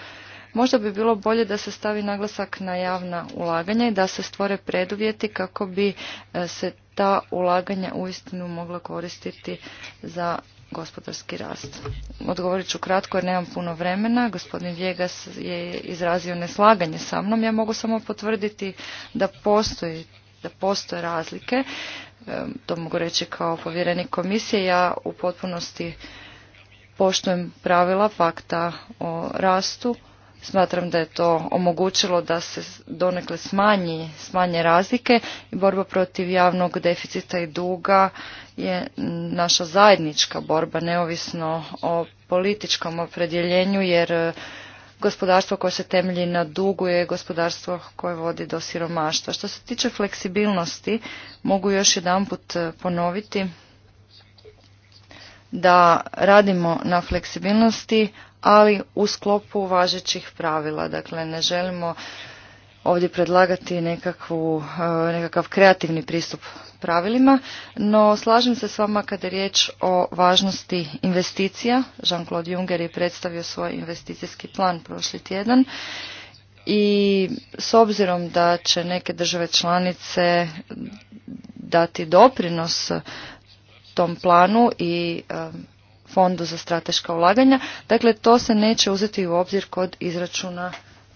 Možda bi bilo bolje da se stavi naglasak na javna ulaganja i da se stvore preduvjeti kako bi e, se ta ulaganja uistinu mogla koristiti za gospodarski rast. Odgovorit ću kratko jer nemam puno vremena. Gospodin Vjegas je izrazio neslaganje sa mnom. Ja mogu samo potvrditi da postoji da postoje razlike. E, to mogu reći kao povjerenik komisije. Ja u potpunosti poštujem pravila fakta o rastu Smatram da je to omogućilo da se donekle smanji, smanje razlike i borba protiv javnog deficita i duga je naša zajednička borba neovisno o političkom opredjeljenju jer gospodarstvo koje se temelji na dugu je gospodarstvo koje vodi do siromaštva. Što se tiče fleksibilnosti, mogu još jedanput ponoviti da radimo na fleksibilnosti, ali u sklopu važećih pravila. Dakle, ne želimo ovdje predlagati nekakvu, e, nekakav kreativni pristup pravilima, no slažem se s vama kada je riječ o važnosti investicija. Jean-Claude Juncker je predstavio svoj investicijski plan prošli tjedan i s obzirom da će neke države članice dati doprinos tom planu i e, fondu za strateška ulaganja. Dakle, to se neće uzeti u obzir kod izračuna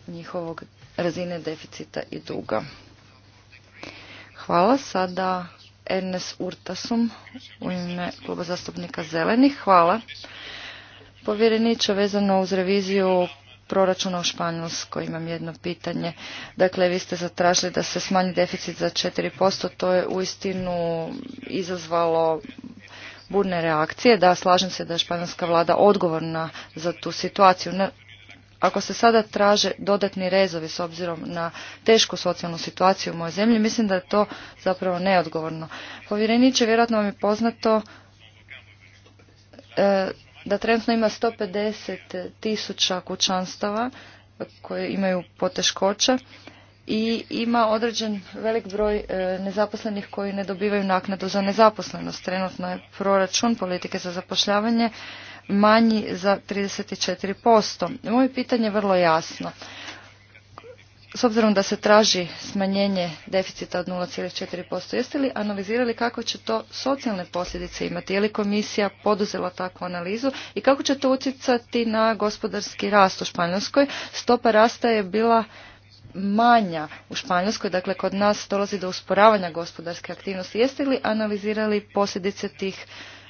njihovog razine deficita i duga. Hvala. Sada Ernest Urtasum u ime kluba zastupnika Zelenih. Hvala. Povjereniče, vezano uz reviziju proračuna u Španjolskoj imam jedno pitanje. Dakle, vi ste zatražili da se smanji deficit za 4%. To je uistinu izazvalo burne reakcije. Da, slažem se da je španjolska vlada odgovorna za tu situaciju. Ako se sada traže dodatni rezovi s obzirom na tešku socijalnu situaciju u mojoj zemlji, mislim da je to zapravo neodgovorno. Povjereniče, vjerojatno vam je poznato e, da trenutno ima 150 tisuća kućanstava koje imaju poteškoća i ima određen velik broj e, nezaposlenih koji ne dobivaju naknadu za nezaposlenost. Trenutno je proračun politike za zapošljavanje manji za 34%. Moje pitanje je vrlo jasno. S obzirom da se traži smanjenje deficita od 0,4%, jeste li analizirali kako će to socijalne posljedice imati? Je li komisija poduzela takvu analizu i kako će to utjecati na gospodarski rast u Španjolskoj? Stopa rasta je bila manja u Španjolskoj, dakle kod nas dolazi do usporavanja gospodarske aktivnosti. Jeste li analizirali posljedice tih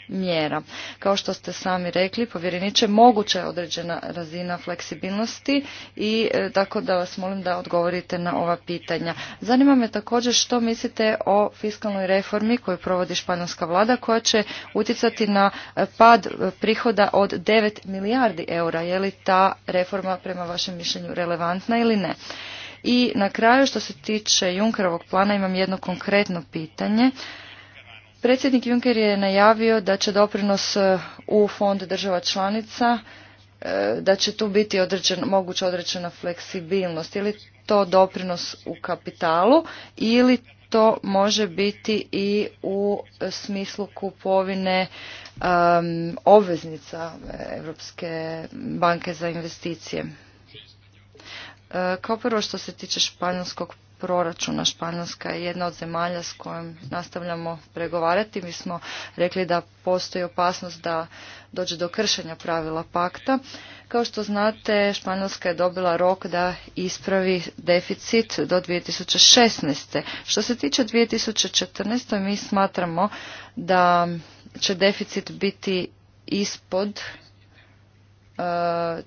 mjera? Kao što ste sami rekli, povjereniče, moguća je određena razina fleksibilnosti i e, tako da vas molim da odgovorite na ova pitanja. Zanima me također što mislite o fiskalnoj reformi koju provodi španjolska vlada koja će utjecati na e, pad e, prihoda od 9 milijardi eura. Je li ta reforma prema vašem mišljenju relevantna ili ne? I na kraju što se tiče Junkerovog plana imam jedno konkretno pitanje. Predsjednik Juncker je najavio da će doprinos e, u fond država članica e, da će tu biti određen, moguća određena fleksibilnost. Ili to doprinos u kapitalu ili to može biti i u smislu kupovine e, obveznica Europske banke za investicije. E, kao prvo što se tiče španjolskog proračuna, Španjolska je jedna od zemalja s kojom nastavljamo pregovarati. Mi smo rekli da postoji opasnost da dođe do kršenja pravila pakta. Kao što znate, Španjolska je dobila rok da ispravi deficit do 2016. Što se tiče 2014. mi smatramo da će deficit biti ispod e,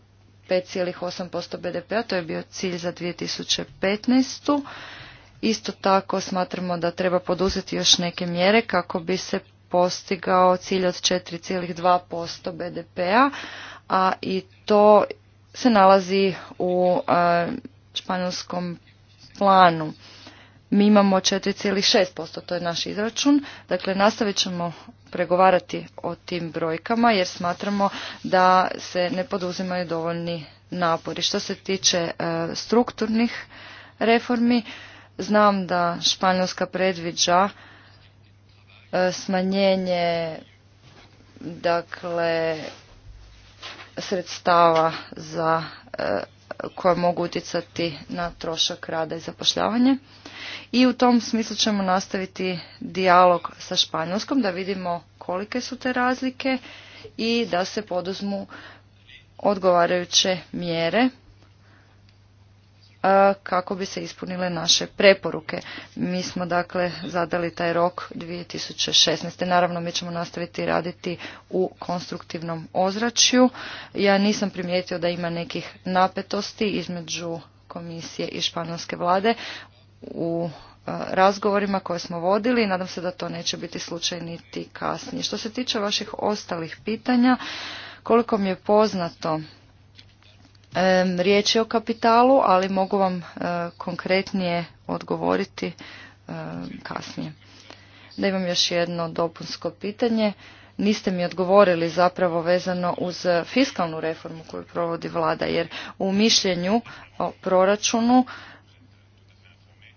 5,8% BDP-a, to je bio cilj za 2015. Isto tako smatramo da treba poduzeti još neke mjere kako bi se postigao cilj od 4,2% BDP-a, a i to se nalazi u e, španjolskom planu mi imamo 4,6%, to je naš izračun. Dakle, nastavit ćemo pregovarati o tim brojkama jer smatramo da se ne poduzimaju dovoljni napori. Što se tiče e, strukturnih reformi, znam da Španjolska predviđa e, smanjenje dakle sredstava za e, koje mogu utjecati na trošak rada i zapošljavanje. I u tom smislu ćemo nastaviti dijalog sa Španjolskom da vidimo kolike su te razlike i da se poduzmu odgovarajuće mjere kako bi se ispunile naše preporuke. Mi smo dakle zadali taj rok 2016. Naravno mi ćemo nastaviti raditi u konstruktivnom ozračju. Ja nisam primijetio da ima nekih napetosti između komisije i španjolske vlade u razgovorima koje smo vodili i nadam se da to neće biti slučaj niti kasnije. Što se tiče vaših ostalih pitanja, koliko mi je poznato Riječ je o kapitalu, ali mogu vam e, konkretnije odgovoriti e, kasnije. Da imam još jedno dopunsko pitanje. Niste mi odgovorili zapravo vezano uz fiskalnu reformu koju provodi vlada, jer u mišljenju o proračunu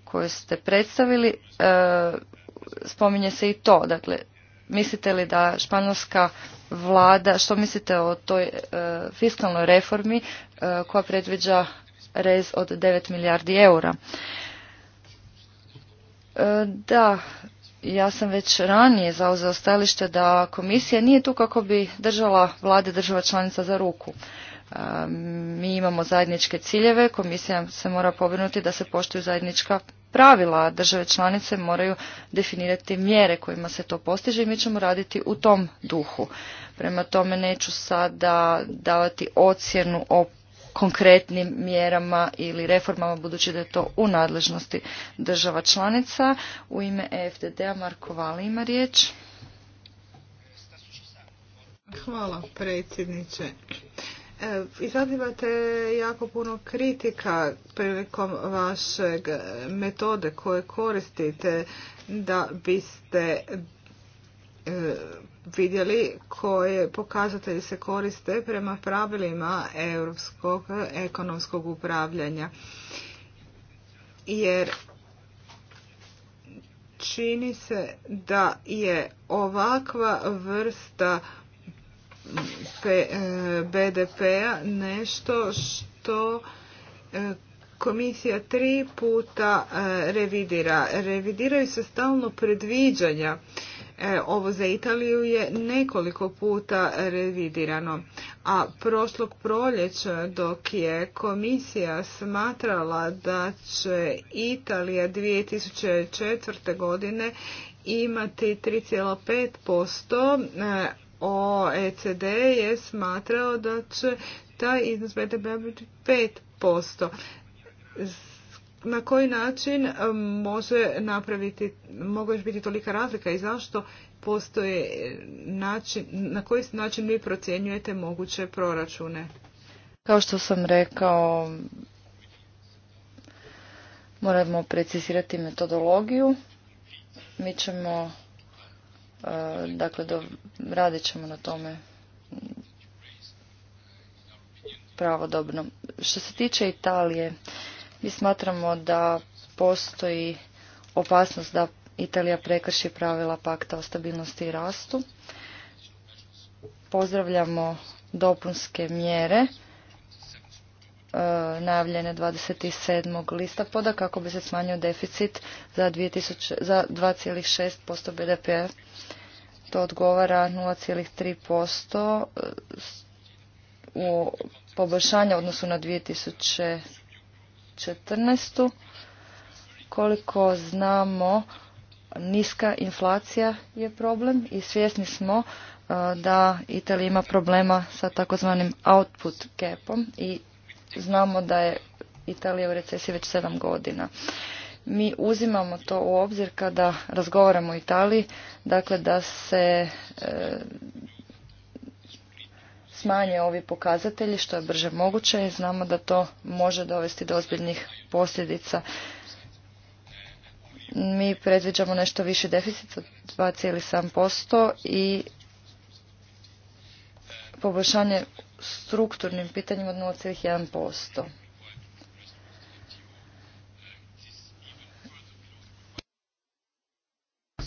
koje ste predstavili e, spominje se i to. Dakle, Mislite li da španjolska vlada, što mislite o toj e, fiskalnoj reformi e, koja predviđa rez od 9 milijardi eura? E, da, ja sam već ranije zauzeo stajalište da komisija nije tu kako bi držala vlade država članica za ruku. Mi imamo zajedničke ciljeve, komisija se mora pobrinuti da se poštuju zajednička pravila. Države članice moraju definirati mjere kojima se to postiže i mi ćemo raditi u tom duhu. Prema tome neću sada davati ocjenu o konkretnim mjerama ili reformama budući da je to u nadležnosti država članica. U ime EFDD-a Marko ima riječ. Hvala predsjedniče. Izazivate jako puno kritika prilikom vašeg metode koje koristite da biste e, vidjeli koje pokazatelji se koriste prema pravilima europskog ekonomskog upravljanja. Jer čini se da je ovakva vrsta E, BDP-a nešto što e, komisija tri puta e, revidira. Revidiraju se stalno predviđanja. Ovo za Italiju je nekoliko puta revidirano. A prošlog proljeća dok je komisija smatrala da će Italija 2004. godine imati 3,5% OECD je smatrao da će taj iznos BDP biti 5%. Na koji način e, može napraviti, mogu još biti tolika razlika i zašto postoje način, na koji način vi procjenjujete moguće proračune? Kao što sam rekao, moramo precizirati metodologiju. Mi ćemo E, dakle, radit ćemo na tome pravodobno. Što se tiče Italije, mi smatramo da postoji opasnost da Italija prekrši pravila pakta o stabilnosti i rastu. Pozdravljamo dopunske mjere e, najavljene 27. listopada kako bi se smanjio deficit za 2,6% BDP to odgovara 0,3% e, u poboljšanje odnosu na 2014. Koliko znamo, niska inflacija je problem i svjesni smo e, da Italija ima problema sa takozvanim output capom i znamo da je Italija u recesiji već sedam godina mi uzimamo to u obzir kada razgovaramo o Italiji, dakle da se e, smanje ovi pokazatelji što je brže moguće i znamo da to može dovesti do ozbiljnih posljedica. Mi predviđamo nešto više deficit od 2,7% i poboljšanje strukturnim pitanjima od 0,1%.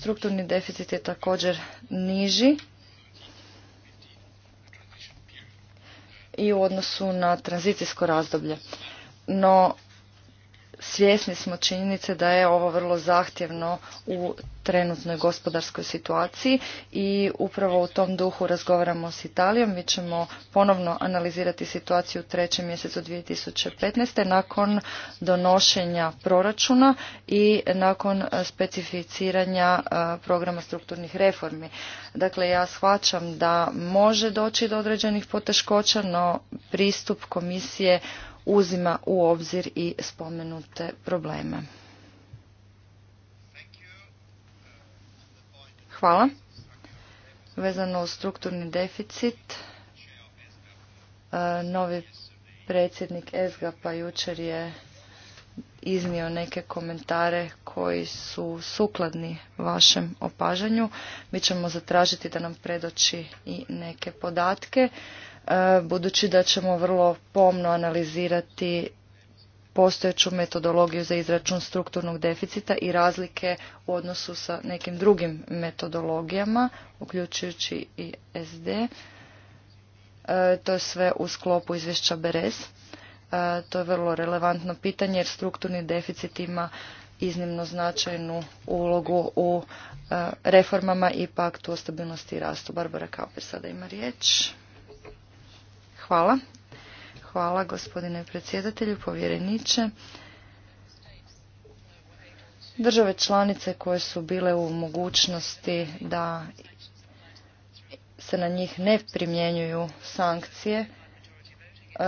Strukturni deficit je također niži i u odnosu na tranzicijsko razdoblje. No, svjesni smo činjenice da je ovo vrlo zahtjevno u trenutnoj gospodarskoj situaciji i upravo u tom duhu razgovaramo s Italijom. Mi ćemo ponovno analizirati situaciju u trećem mjesecu 2015. nakon donošenja proračuna i nakon e, specificiranja e, programa strukturnih reformi. Dakle, ja shvaćam da može doći do određenih poteškoća, no pristup komisije uzima u obzir i spomenute probleme. Hvala. Vezano u strukturni deficit, e, novi predsjednik sgap a jučer je iznio neke komentare koji su sukladni vašem opažanju. Mi ćemo zatražiti da nam predoći i neke podatke. E, budući da ćemo vrlo pomno analizirati postojeću metodologiju za izračun strukturnog deficita i razlike u odnosu sa nekim drugim metodologijama, uključujući i SD. E, to je sve u sklopu izvješća Beres. E, to je vrlo relevantno pitanje jer strukturni deficit ima iznimno značajnu ulogu u reformama i paktu o stabilnosti i rastu. Barbara Kauper sada ima riječ. Hvala. Hvala gospodine predsjedatelju, povjereniče. Države članice koje su bile u mogućnosti da se na njih ne primjenjuju sankcije, e,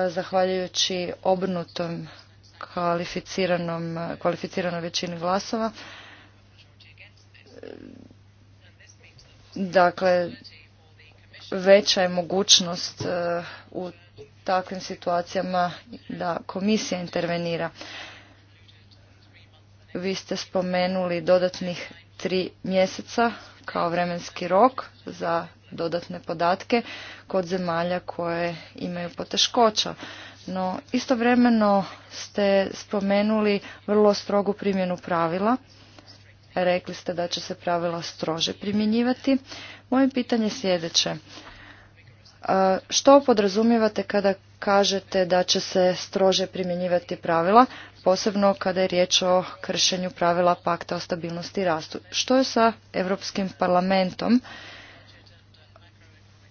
zahvaljujući obrnutom kvalificiranom, kvalificiranoj većini glasova. E, dakle, veća je mogućnost e, u takvim situacijama da komisija intervenira. Vi ste spomenuli dodatnih tri mjeseca kao vremenski rok za dodatne podatke kod zemalja koje imaju poteškoća. No, istovremeno ste spomenuli vrlo strogu primjenu pravila Rekli ste da će se pravila strože primjenjivati. Moje pitanje je sljedeće. E, što podrazumijevate kada kažete da će se strože primjenjivati pravila, posebno kada je riječ o kršenju pravila pakta o stabilnosti i rastu? Što je sa Europskim parlamentom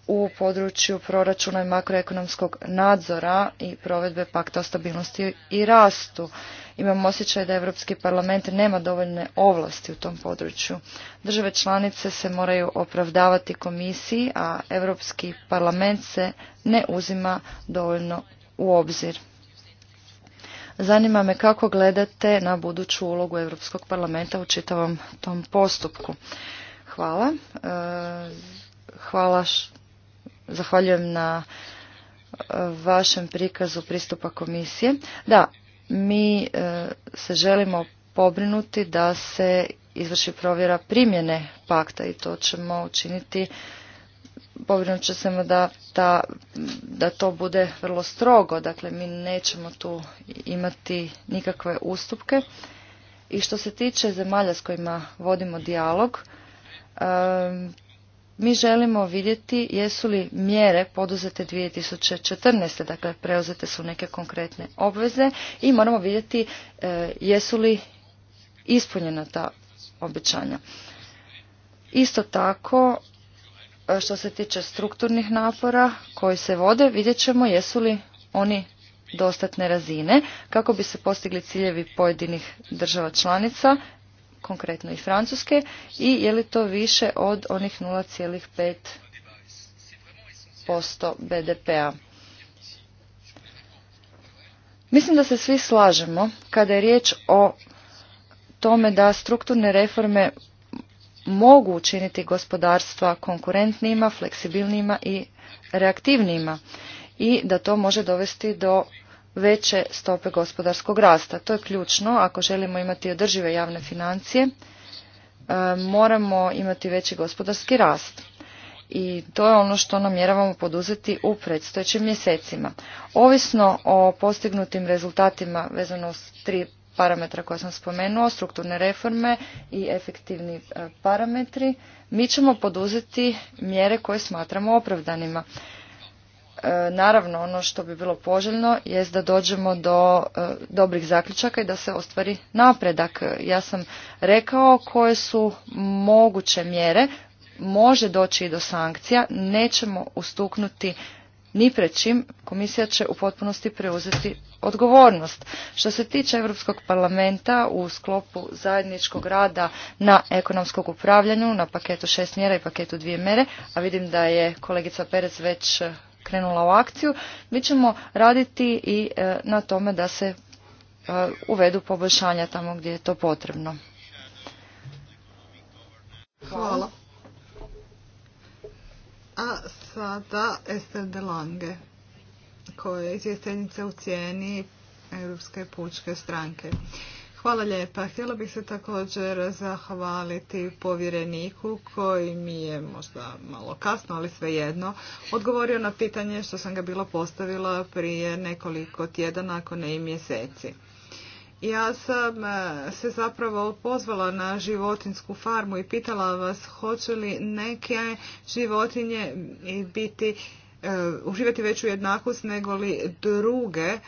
u području proračuna i makroekonomskog nadzora i provedbe pakta o stabilnosti i rastu? Imam osjećaj da Europski parlament nema dovoljne ovlasti u tom području. Države članice se moraju opravdavati komisiji, a Europski parlament se ne uzima dovoljno u obzir. Zanima me kako gledate na buduću ulogu Europskog parlamenta u čitavom tom postupku. Hvala. E, hvala. Zahvaljujem na e, vašem prikazu pristupa komisije. Da, mi e, se želimo pobrinuti da se izvrši provjera primjene pakta i to ćemo učiniti pobrinut će da, da to bude vrlo strogo, dakle mi nećemo tu imati nikakve ustupke. I što se tiče zemalja s kojima vodimo dijalog, e, mi želimo vidjeti jesu li mjere poduzete 2014. Dakle, preuzete su neke konkretne obveze i moramo vidjeti e, jesu li ispunjena ta obećanja. Isto tako, e, što se tiče strukturnih napora koji se vode, vidjet ćemo jesu li oni dostatne razine kako bi se postigli ciljevi pojedinih država članica konkretno i Francuske i je li to više od onih 0,5% BDP-a. Mislim da se svi slažemo kada je riječ o tome da strukturne reforme mogu učiniti gospodarstva konkurentnijima, fleksibilnijima i reaktivnijima i da to može dovesti do veće stope gospodarskog rasta. To je ključno ako želimo imati održive javne financije, e, moramo imati veći gospodarski rast. I to je ono što namjeravamo poduzeti u predstojećim mjesecima. Ovisno o postignutim rezultatima vezano s tri parametra koja sam spomenuo, strukturne reforme i efektivni e, parametri, mi ćemo poduzeti mjere koje smatramo opravdanima. E, naravno ono što bi bilo poželjno jest da dođemo do e, dobrih zaključaka i da se ostvari napredak. Ja sam rekao koje su moguće mjere, može doći i do sankcija, nećemo ustuknuti ni pred čim, komisija će u potpunosti preuzeti odgovornost. Što se tiče Europskog parlamenta u sklopu zajedničkog rada na ekonomskog upravljanju, na paketu šest mjera i paketu dvije mjere, a vidim da je kolegica Perez već krenula u akciju, mi ćemo raditi i e, na tome da se e, uvedu poboljšanja tamo gdje je to potrebno. Hvala. A sada Esther de Lange, koja je izvjestenica u cijeni Europske pučke stranke. Hvala lijepa. Htjela bih se također zahvaliti povjereniku koji mi je možda malo kasno, ali svejedno, odgovorio na pitanje što sam ga bila postavila prije nekoliko tjedana, ako ne i mjeseci. Ja sam e, se zapravo pozvala na životinsku farmu i pitala vas hoće li neke životinje biti, e, uživati veću jednakost nego li druge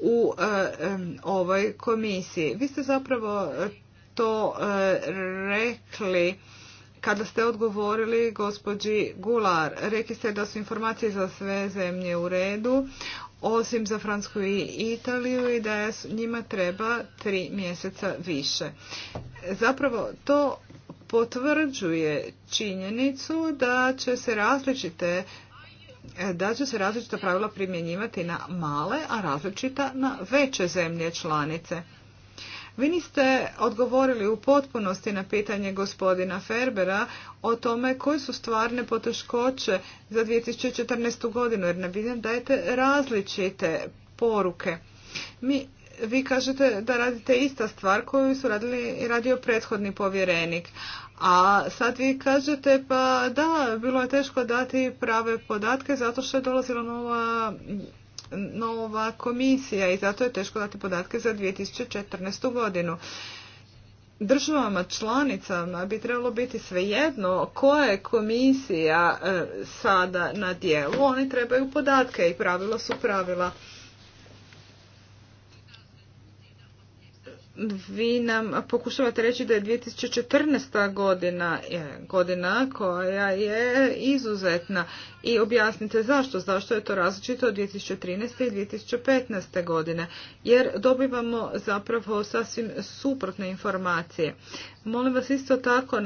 u e, ovoj komisiji. Vi ste zapravo e, to e, rekli kada ste odgovorili gospođi Gular. Rekli ste da su informacije za sve zemlje u redu, osim za Francusku i Italiju i da njima treba tri mjeseca više. Zapravo to potvrđuje činjenicu da će se različite E, da će se različita pravila primjenjivati na male, a različita na veće zemlje članice. Vi niste odgovorili u potpunosti na pitanje gospodina Ferbera o tome koje su stvarne poteškoće za 2014. godinu, jer ne vidim dajete različite poruke. Mi, vi kažete da radite ista stvar koju su radili, radio prethodni povjerenik, a sad vi kažete pa da, bilo je teško dati prave podatke zato što je dolazila nova, nova komisija i zato je teško dati podatke za 2014. godinu. Državama članicama bi trebalo biti svejedno koja je komisija e, sada na dijelu. Oni trebaju podatke i pravila su pravila. vi nam pokušavate reći da je 2014. godina e, godina koja je izuzetna i objasnite zašto, zašto je to različito od 2013. i 2015. godine jer dobivamo zapravo sasvim suprotne informacije. Molim vas isto tako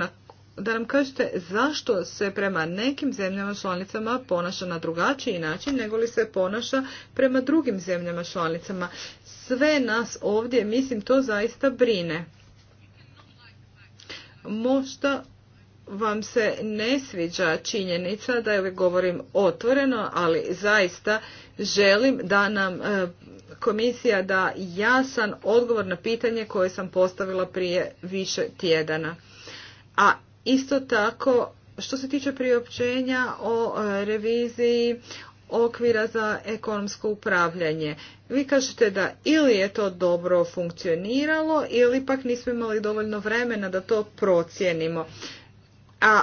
da nam kažete zašto se prema nekim zemljama članicama ponaša na drugačiji način nego li se ponaša prema drugim zemljama članicama sve nas ovdje, mislim, to zaista brine. Možda vam se ne sviđa činjenica da je govorim otvoreno, ali zaista želim da nam e, komisija da jasan odgovor na pitanje koje sam postavila prije više tjedana. A isto tako što se tiče priopćenja o e, reviziji okvira za ekonomsko upravljanje. Vi kažete da ili je to dobro funkcioniralo ili pak nismo imali dovoljno vremena da to procijenimo. A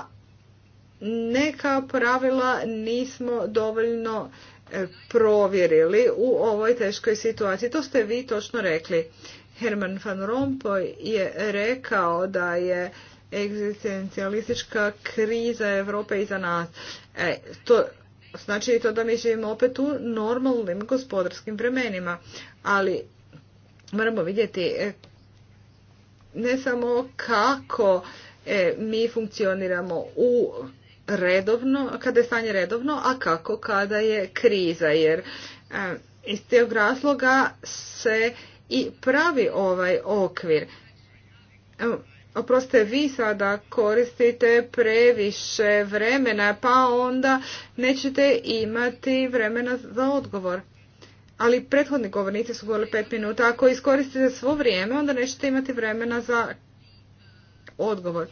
neka pravila nismo dovoljno e, provjerili u ovoj teškoj situaciji. To ste vi točno rekli. Herman van Rompuy je rekao da je egzistencijalistička kriza Europe iza nas. E, to Znači i to da mi živimo opet u normalnim gospodarskim vremenima, ali moramo vidjeti e, ne samo kako e, mi funkcioniramo u redovno, kada je stanje redovno, a kako kada je kriza, jer e, iz tog razloga se i pravi ovaj okvir. Oprostite, vi sada koristite previše vremena, pa onda nećete imati vremena za odgovor. Ali prethodni govornici su govorili pet minuta. Ako iskoristite svo vrijeme, onda nećete imati vremena za odgovor.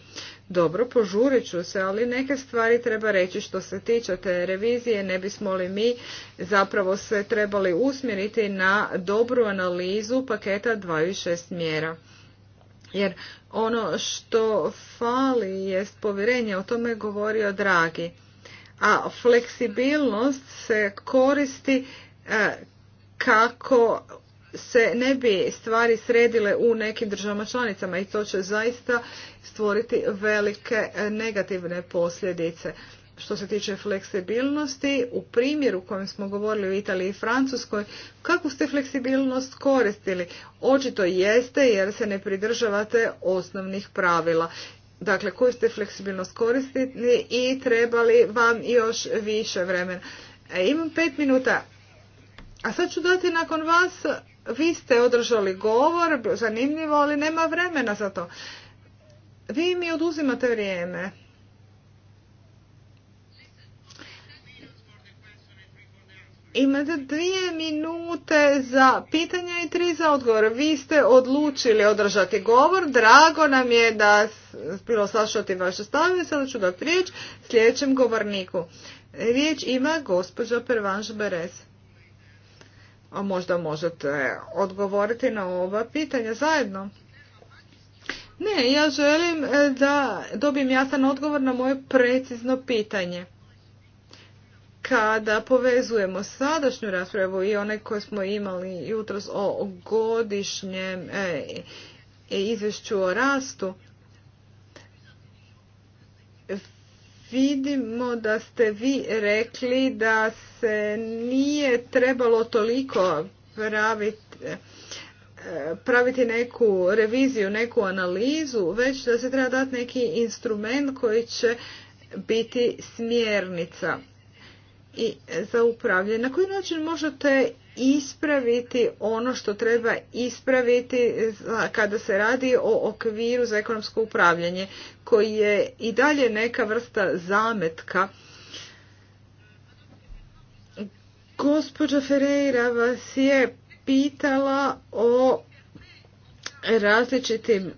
Dobro, požurit ću se, ali neke stvari treba reći što se tiče te revizije. Ne bismo li mi zapravo se trebali usmjeriti na dobru analizu paketa 26 mjera. Jer ono što fali jest povjerenje, o tome je govorio Dragi. A fleksibilnost se koristi e, kako se ne bi stvari sredile u nekim državama članicama i to će zaista stvoriti velike negativne posljedice što se tiče fleksibilnosti, u primjeru kojem smo govorili u Italiji i Francuskoj, kako ste fleksibilnost koristili? Očito jeste jer se ne pridržavate osnovnih pravila. Dakle, koju ste fleksibilnost koristili i trebali vam još više vremena. E, imam pet minuta. A sad ću dati nakon vas, vi ste održali govor, zanimljivo, ali nema vremena za to. Vi mi oduzimate vrijeme. Imate dvije minute za pitanja i tri za odgovor. Vi ste odlučili održati govor. Drago nam je da bilo sašati vaše stavljanje. Sada ću dati riječ sljedećem govorniku. Riječ ima gospođa Pervanž Berez. A možda možete odgovoriti na ova pitanja zajedno. Ne, ja želim e, da dobijem jasan odgovor na moje precizno pitanje kada povezujemo sadašnju raspravu i one koje smo imali jutros o godišnjem e, e, izvješću o rastu, vidimo da ste vi rekli da se nije trebalo toliko praviti e, praviti neku reviziju, neku analizu, već da se treba dati neki instrument koji će biti smjernica i za upravljanje. Na koji način možete ispraviti ono što treba ispraviti kada se radi o okviru za ekonomsko upravljanje koji je i dalje neka vrsta zametka. Gospođa Ferreira vas je pitala o različitim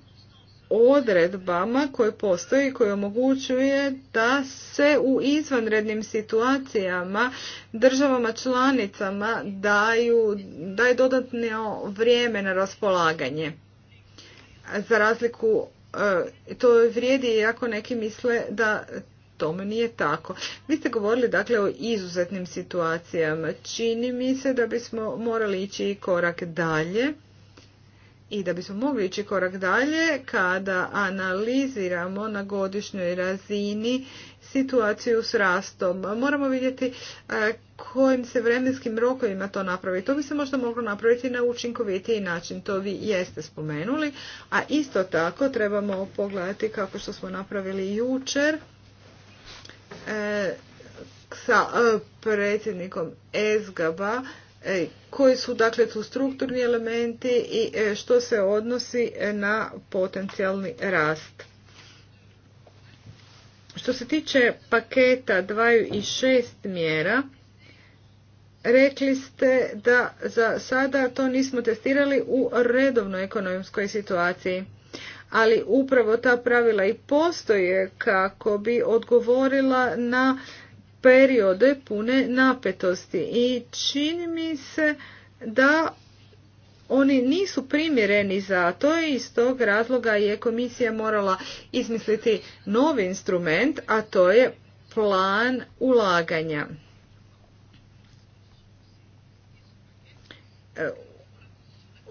odredbama koje postoji i koje omogućuje da se u izvanrednim situacijama državama članicama daju, daje dodatno vrijeme na raspolaganje. Za razliku e, to vrijedi ako neki misle da tome nije tako. Vi ste govorili dakle o izuzetnim situacijama. Čini mi se da bismo morali ići korak dalje i da bismo mogli ići korak dalje kada analiziramo na godišnjoj razini situaciju s rastom. Moramo vidjeti e, kojim se vremenskim rokovima to napravi. To bi se možda moglo napraviti na učinkovitiji način. To vi jeste spomenuli. A isto tako trebamo pogledati kako što smo napravili jučer e, sa e, predsjednikom Ezgaba E, koji su dakle strukturni elementi i e, što se odnosi e, na potencijalni rast. Što se tiče paketa 2 i 6 mjera, rekli ste da za sada to nismo testirali u redovnoj ekonomskoj situaciji. Ali upravo ta pravila i postoje kako bi odgovorila na periode pune napetosti i čini mi se da oni nisu primjereni za to i iz tog razloga je komisija morala izmisliti novi instrument, a to je plan ulaganja. E,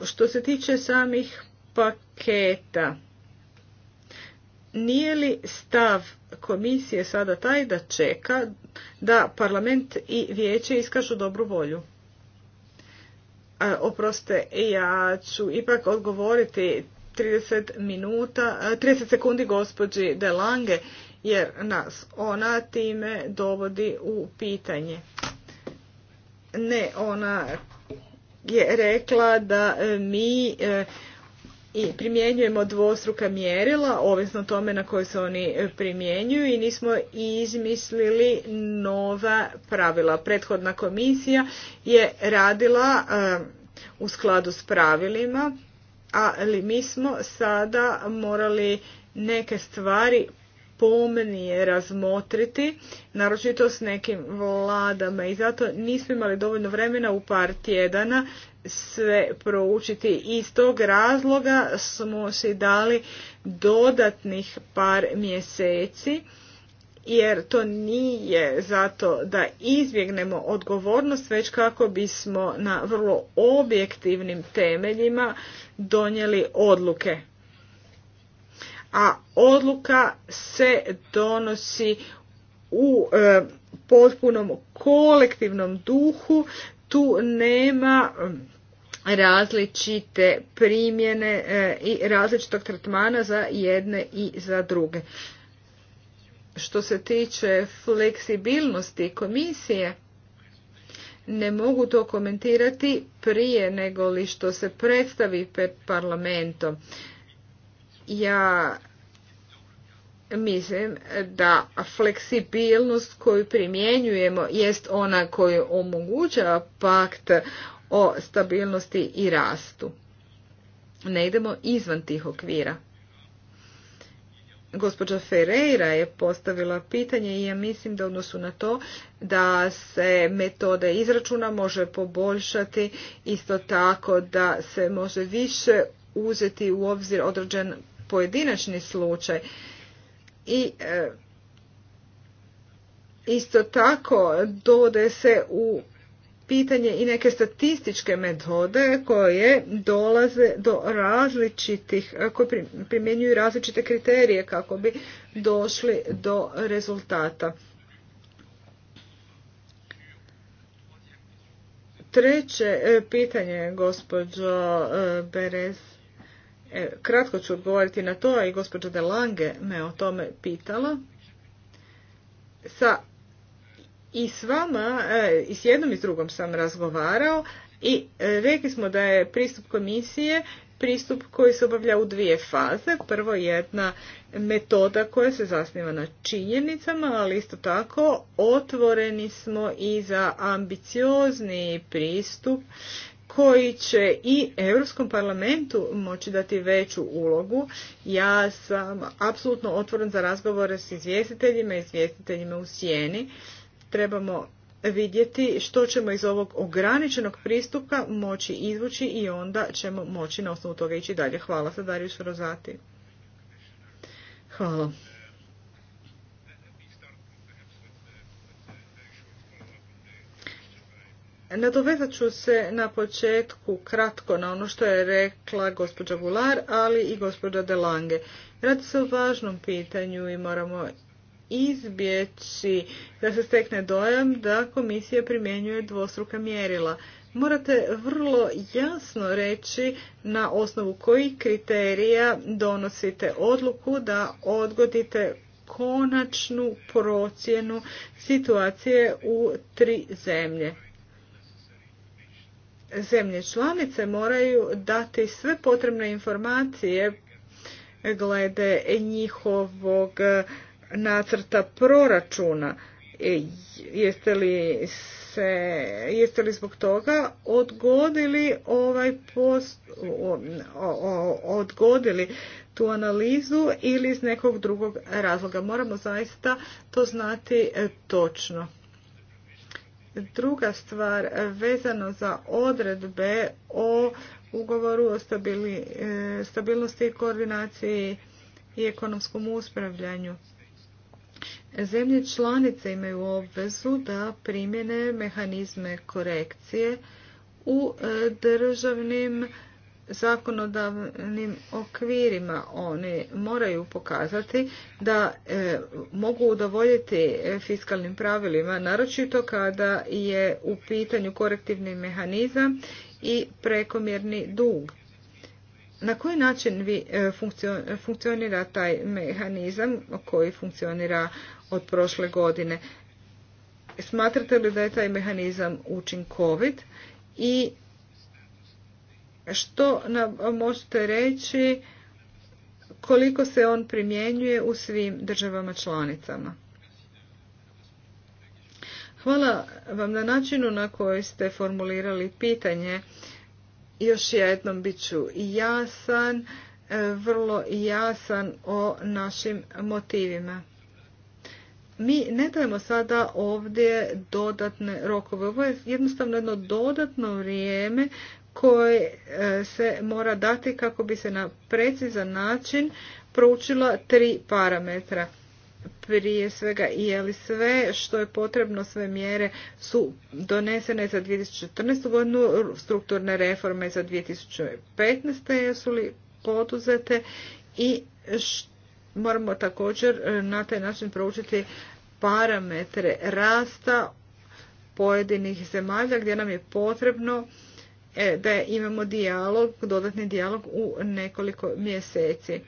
što se tiče samih paketa, nije li stav komisije sada taj da čeka da parlament i vijeće iskažu dobru volju. oproste, ja ću ipak odgovoriti 30 minuta, 30 sekundi gospođi De Lange, jer nas ona time dovodi u pitanje. Ne, ona je rekla da mi e, i primjenjujemo dvostruka mjerila, ovisno tome na koje se oni e, primjenjuju i nismo izmislili nova pravila. Prethodna komisija je radila e, u skladu s pravilima, ali mi smo sada morali neke stvari pomnije razmotriti, naročito s nekim vladama i zato nismo imali dovoljno vremena u par tjedana sve proučiti i iz tog razloga smo si dali dodatnih par mjeseci jer to nije zato da izbjegnemo odgovornost, već kako bismo na vrlo objektivnim temeljima donijeli odluke. A odluka se donosi u e, potpunom kolektivnom duhu, tu nema različite primjene e, i različitog tretmana za jedne i za druge. Što se tiče fleksibilnosti komisije, ne mogu to komentirati prije nego li što se predstavi pred parlamentom. Ja mislim da fleksibilnost koju primjenjujemo jest ona koju omogućava pakt o stabilnosti i rastu. Ne idemo izvan tih okvira. Gospođa Ferreira je postavila pitanje i ja mislim da odnosu na to da se metode izračuna može poboljšati, isto tako da se može više uzeti u obzir određen pojedinačni slučaj. I e, isto tako dovode se u pitanje i neke statističke metode koje dolaze do različitih, koje primjenjuju različite kriterije kako bi došli do rezultata. Treće e, pitanje, gospođo e, Berez, e, kratko ću odgovoriti na to, a i gospođa De Lange me o tome pitala. Sa i s vama, e, i s jednom i s drugom sam razgovarao i e, rekli smo da je pristup komisije pristup koji se obavlja u dvije faze. Prvo jedna metoda koja se zasniva na činjenicama, ali isto tako otvoreni smo i za ambiciozni pristup koji će i Europskom parlamentu moći dati veću ulogu. Ja sam apsolutno otvoren za razgovore s izvjestiteljima i izvjestiteljima u sjeni Trebamo vidjeti što ćemo iz ovog ograničenog pristupa moći izvući i onda ćemo moći na osnovu toga ići dalje. Hvala se Darius Rozati. Hvala. Nadovezat ću se na početku kratko na ono što je rekla gospođa Gular, ali i gospođa Delange. Radi se o važnom pitanju i moramo izbjeći da se stekne dojam da komisija primjenjuje dvostruka mjerila. Morate vrlo jasno reći na osnovu kojih kriterija donosite odluku da odgodite konačnu procjenu situacije u tri zemlje. Zemlje članice moraju dati sve potrebne informacije glede njihovog nacrta proračuna. E, jeste li, se, jeste li zbog toga odgodili ovaj post, odgodili tu analizu ili iz nekog drugog razloga. Moramo zaista to znati e, točno. Druga stvar vezano za odredbe o ugovoru o e, stabilnosti i koordinaciji i ekonomskom uspravljanju. Zemlje članice imaju obvezu da primjene mehanizme korekcije u e, državnim zakonodavnim okvirima. Oni moraju pokazati da e, mogu udovoljiti e, fiskalnim pravilima, naročito kada je u pitanju korektivni mehanizam i prekomjerni dug. Na koji način vi funkcionira taj mehanizam koji funkcionira od prošle godine. Smatrate li da je taj mehanizam učinkovit i što nam možete reći koliko se on primjenjuje u svim državama članicama? Hvala vam na načinu na koji ste formulirali pitanje. Još jednom bit ću jasan, e, vrlo jasan o našim motivima. Mi ne dajemo sada ovdje dodatne rokove. Ovo je jednostavno jedno dodatno vrijeme koje e, se mora dati kako bi se na precizan način proučila tri parametra. Prije svega je li sve što je potrebno, sve mjere su donesene za 2014. godinu, strukturne reforme za 2015. jesu li poduzete i što moramo također e, na taj način proučiti parametre rasta pojedinih zemalja gdje nam je potrebno e, da imamo dijalog, dodatni dijalog u nekoliko mjeseci.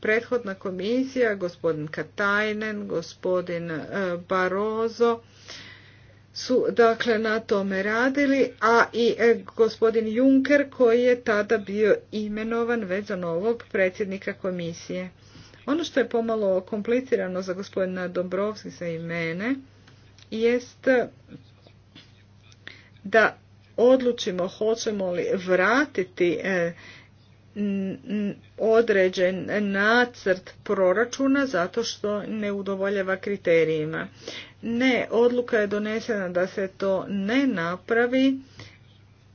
Prethodna komisija, gospodin Katajnen, gospodin e, Barozo su dakle na tome radili, a i e, gospodin Juncker koji je tada bio imenovan već za novog predsjednika komisije. Ono što je pomalo komplicirano za gospodina Dombrovskisa i mene jest da odlučimo hoćemo li vratiti e, određen nacrt proračuna zato što ne udovoljava kriterijima. Ne, odluka je donesena da se to ne napravi,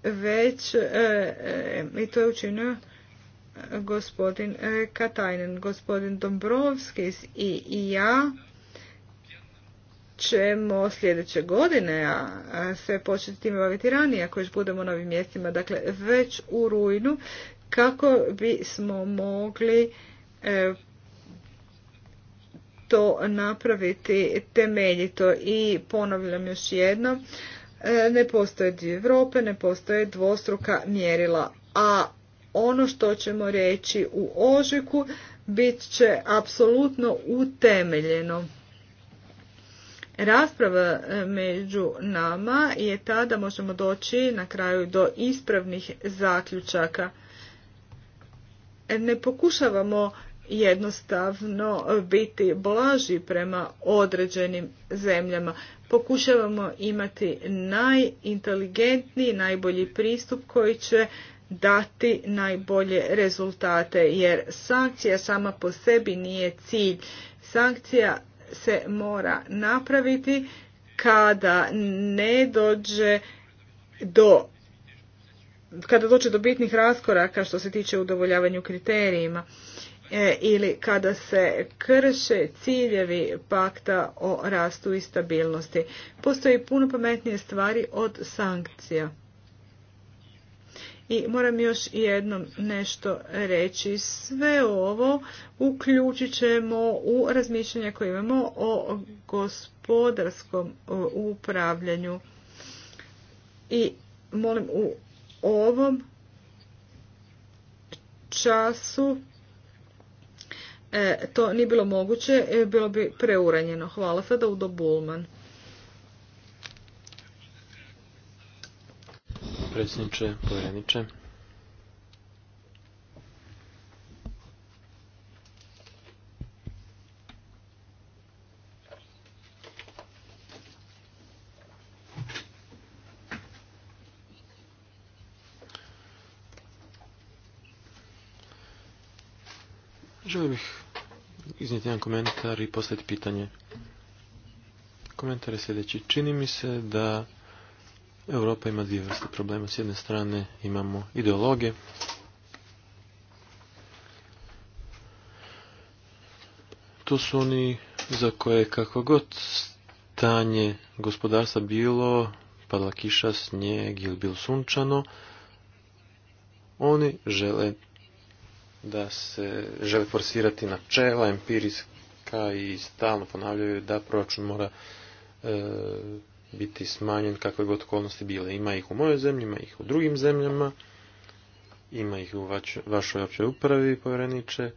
već e, e, i to je učinio gospodin e, Katajnen, gospodin Dombrovskis i, ja ćemo sljedeće godine a se početi time baviti ranije ako još budemo na ovim mjestima. Dakle, već u rujnu kako bismo mogli e, to napraviti temeljito i ponavljam još jednom e, ne postoje dvije Europe, ne postoje dvostruka mjerila, a ono što ćemo reći u ožiku bit će apsolutno utemeljeno. Rasprava e, među nama je ta da možemo doći na kraju do ispravnih zaključaka ne pokušavamo jednostavno biti blaži prema određenim zemljama. Pokušavamo imati najinteligentniji, najbolji pristup koji će dati najbolje rezultate jer sankcija sama po sebi nije cilj. Sankcija se mora napraviti kada ne dođe do kada dođe do bitnih raskoraka što se tiče udovoljavanju kriterijima e, ili kada se krše ciljevi pakta o rastu i stabilnosti. Postoji puno pametnije stvari od sankcija. I moram još jednom nešto reći. Sve ovo uključit ćemo u razmišljanje koje imamo o gospodarskom e, upravljanju. I molim u ovom času e, to nije bilo moguće, e, bilo bi preuranjeno. Hvala sada Udo Bulman. Predsjedniče, povjereniče, Želio bih iznijeti jedan komentar i postaviti pitanje. Komentar je sljedeći. Čini mi se da Europa ima dvije vrste problema. S jedne strane imamo ideologe, to su oni za koje kako god stanje gospodarstva bilo, padla kiša, snijeg ili bilo sunčano, oni žele da se žele forsirati načela empiriska i stalno ponavljaju da proračun mora e, biti smanjen kakve god okolnosti bile. Ima ih u mojoj zemlji, ima ih u drugim zemljama, ima ih u vašoj općoj upravi, povjereniče,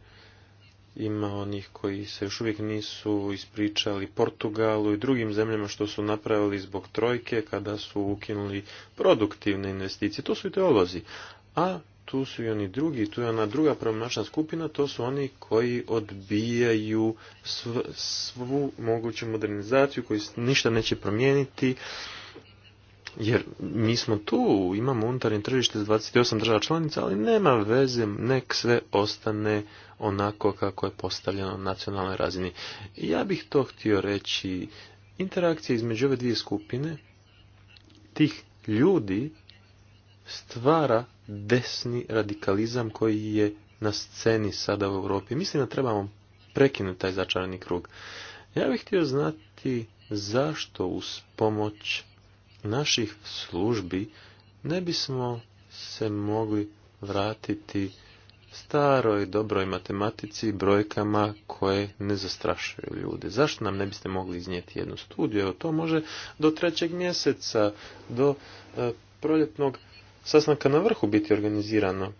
ima onih koji se još uvijek nisu ispričali Portugalu i drugim zemljama što su napravili zbog trojke kada su ukinuli produktivne investicije. To su i teolozi. A tu su i oni drugi, tu je ona druga problemačna skupina, to su oni koji odbijaju svu moguću modernizaciju, koji ništa neće promijeniti, jer mi smo tu, imamo unutarnje tržište s 28 država članica, ali nema veze, nek sve ostane onako kako je postavljeno na nacionalnoj razini. ja bih to htio reći, interakcija između ove dvije skupine, tih ljudi, stvara desni radikalizam koji je na sceni sada u Europi. Mislim da trebamo prekinuti taj začarani krug. Ja bih htio znati zašto uz pomoć naših službi ne bismo se mogli vratiti staroj dobroj matematici i brojkama koje ne zastrašuju ljude. Zašto nam ne biste mogli iznijeti jednu studiju? Evo to može do trećeg mjeseca, do e, proljetnog sastanka na vrhu biti organizirano.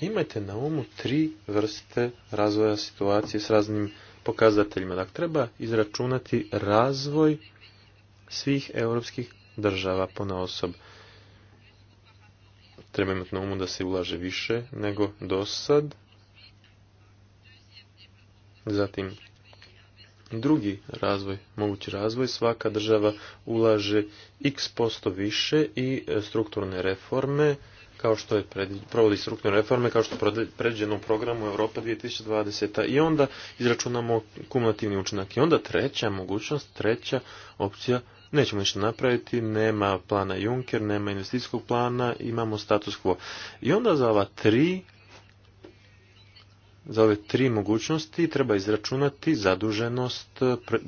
Imajte na umu tri vrste razvoja situacije s raznim pokazateljima. Dakle, treba izračunati razvoj svih europskih država pona osob. Treba imati na umu da se ulaže više nego do sad. Zatim, drugi razvoj, mogući razvoj, svaka država ulaže x posto više i e, strukturne reforme, kao što je provodi strukturne reforme, kao što je predviđeno u programu Europa 2020. I onda izračunamo kumulativni učinak. I onda treća mogućnost, treća opcija, nećemo ništa napraviti, nema plana Juncker, nema investicijskog plana, imamo status quo. I onda za ova tri za ove tri mogućnosti treba izračunati zaduženost,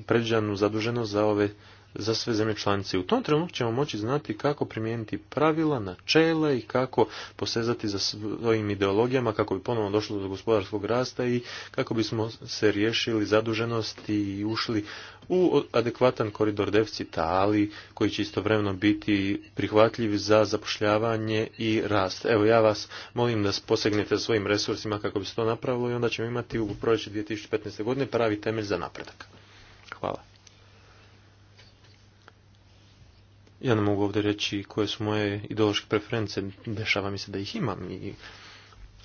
pređanu zaduženost za ove za sve zemlje članice. U tom trenutku ćemo moći znati kako primijeniti pravila, načela i kako posezati za svojim ideologijama kako bi ponovno došlo do gospodarskog rasta i kako bismo se riješili zaduženosti i ušli u adekvatan koridor deficita, ali koji će istovremeno biti prihvatljiv za zapošljavanje i rast. Evo ja vas molim da posegnete svojim resursima kako bi se to napravilo i onda ćemo imati u proljeće 2015. godine pravi temelj za napredak. Hvala. ja ne mogu ovdje reći koje su moje ideološke preference, dešava mi se da ih imam i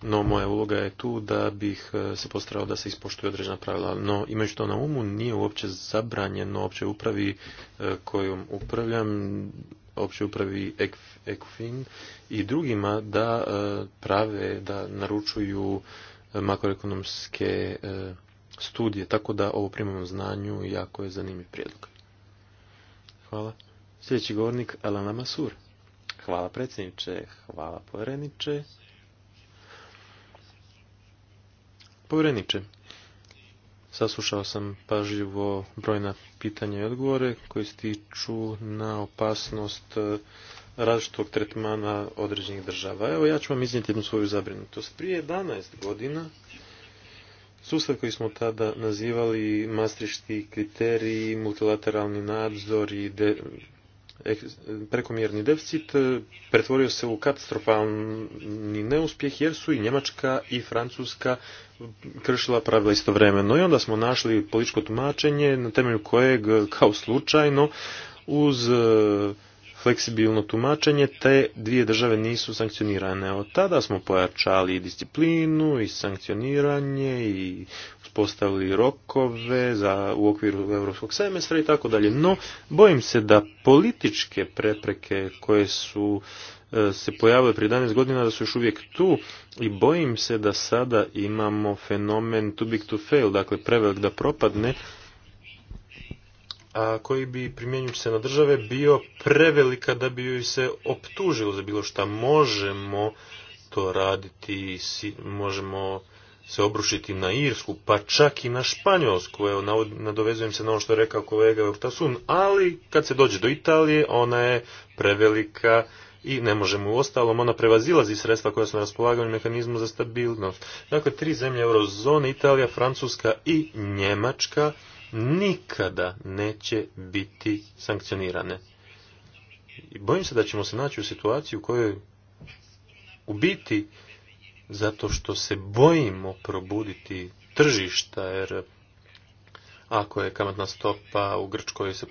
no moja uloga je tu da bih e, se postarao da se ispoštuju određena pravila. No imajući to na umu nije uopće zabranjeno opće upravi e, kojom upravljam, opće upravi ECOFIN i drugima da e, prave, da naručuju makroekonomske studije. Tako da ovo primamo znanju jako je zanimljiv prijedlog. Hvala. Sljedeći govornik Alana Masur. Hvala predsjedniče, hvala povjereniče. Povjereniče, saslušao sam pažljivo brojna pitanja i odgovore koji stiču na opasnost e, različitog tretmana određenih država. Evo ja ću vam iznijeti jednu svoju zabrinutost. Prije 11 godina sustav koji smo tada nazivali mastriški kriteriji, multilateralni nadzor i Eh, prekomjerni deficit eh, pretvorio se u katastrofalni neuspjeh jer su i Njemačka i Francuska kršila pravila istovremeno i onda smo našli političko tumačenje na temelju kojeg kao slučajno uz eh, fleksibilno tumačenje te dvije države nisu sankcionirane. Od tada smo pojačali i disciplinu i sankcioniranje i postavili rokove za, u okviru europskog semestra i tako dalje. No, bojim se da političke prepreke koje su e, se pojavile prije 11 godina da su još uvijek tu i bojim se da sada imamo fenomen too big to fail, dakle prevelik da propadne, a koji bi primjenjuju se na države bio prevelika da bi joj se optužilo za bilo šta. Možemo to raditi, možemo se obrušiti na Irsku, pa čak i na Španjolsku, evo nadovezujem se na ono što je rekao kolega Urtasun, ali kad se dođe do Italije, ona je prevelika i ne možemo u ostalom, ona prevazilazi sredstva koja su na raspolaganju mehanizmu za stabilnost. Dakle, tri zemlje eurozone, Italija, Francuska i Njemačka, nikada neće biti sankcionirane. I bojim se da ćemo se naći u situaciji u kojoj u biti zato što se bojimo probuditi tržišta, jer ako je kamatna stopa u Grčkoj se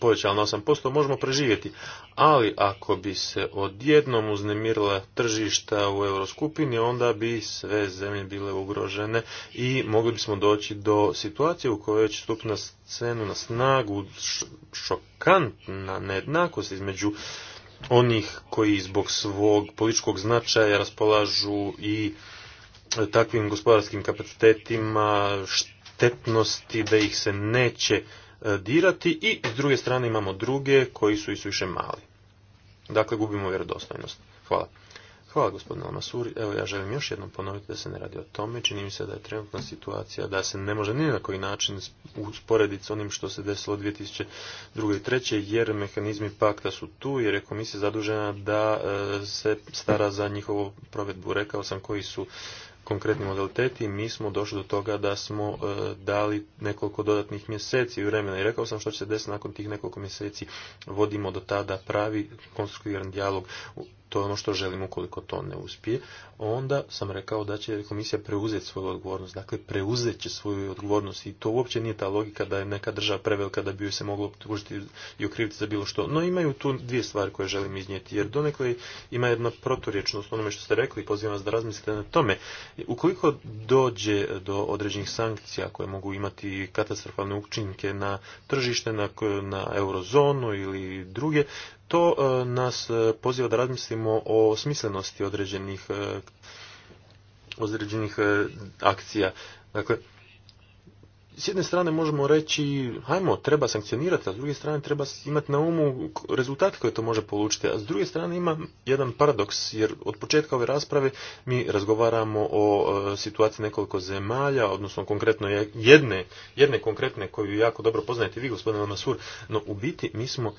povećala na 8%, možemo preživjeti. Ali ako bi se odjednom uznemirila tržišta u euroskupini, onda bi sve zemlje bile ugrožene i mogli bismo doći do situacije u kojoj će stupna na scenu na snagu šokantna nejednakost između onih koji zbog svog političkog značaja raspolažu i takvim gospodarskim kapacitetima, štetnosti da ih se neće e, dirati i s druge strane imamo druge koji su i više mali. Dakle, gubimo vjerodostojnost. Hvala. Hvala gospodine Lamasuri. Evo ja želim još jednom ponoviti da se ne radi o tome. Čini mi se da je trenutna situacija da se ne može ni na koji način usporediti s onim što se desilo 2002. i 2003. jer mehanizmi pakta su tu jer je komisija zadužena da e, se stara za njihovu provedbu. Rekao sam koji su konkretni modaliteti, mi smo došli do toga da smo e, dali nekoliko dodatnih mjeseci vremena i rekao sam što će se desiti nakon tih nekoliko mjeseci. Vodimo do tada pravi konstruktivan dijalog to je ono što želim ukoliko to ne uspije, onda sam rekao da će komisija preuzeti svoju odgovornost. Dakle, preuzet će svoju odgovornost i to uopće nije ta logika da je neka država prevelika da bi joj se moglo tužiti i okriviti za bilo što. No imaju tu dvije stvari koje želim iznijeti, jer donekle ima jedna proturječnost onome što ste rekli i pozivam vas da razmislite na tome. Ukoliko dođe do određenih sankcija koje mogu imati katastrofalne učinke na tržište, na, na eurozonu ili druge, to e, nas e, poziva da razmislimo o smislenosti određenih, e, određenih akcija. Dakle, s jedne strane možemo reći, hajmo, treba sankcionirati, a s druge strane treba imati na umu rezultate koje to može polučiti. A s druge strane ima jedan paradoks, jer od početka ove rasprave mi razgovaramo o situaciji nekoliko zemalja, odnosno konkretno jedne, jedne konkretne koju jako dobro poznajete vi, gospodine Masur, no u biti mi smo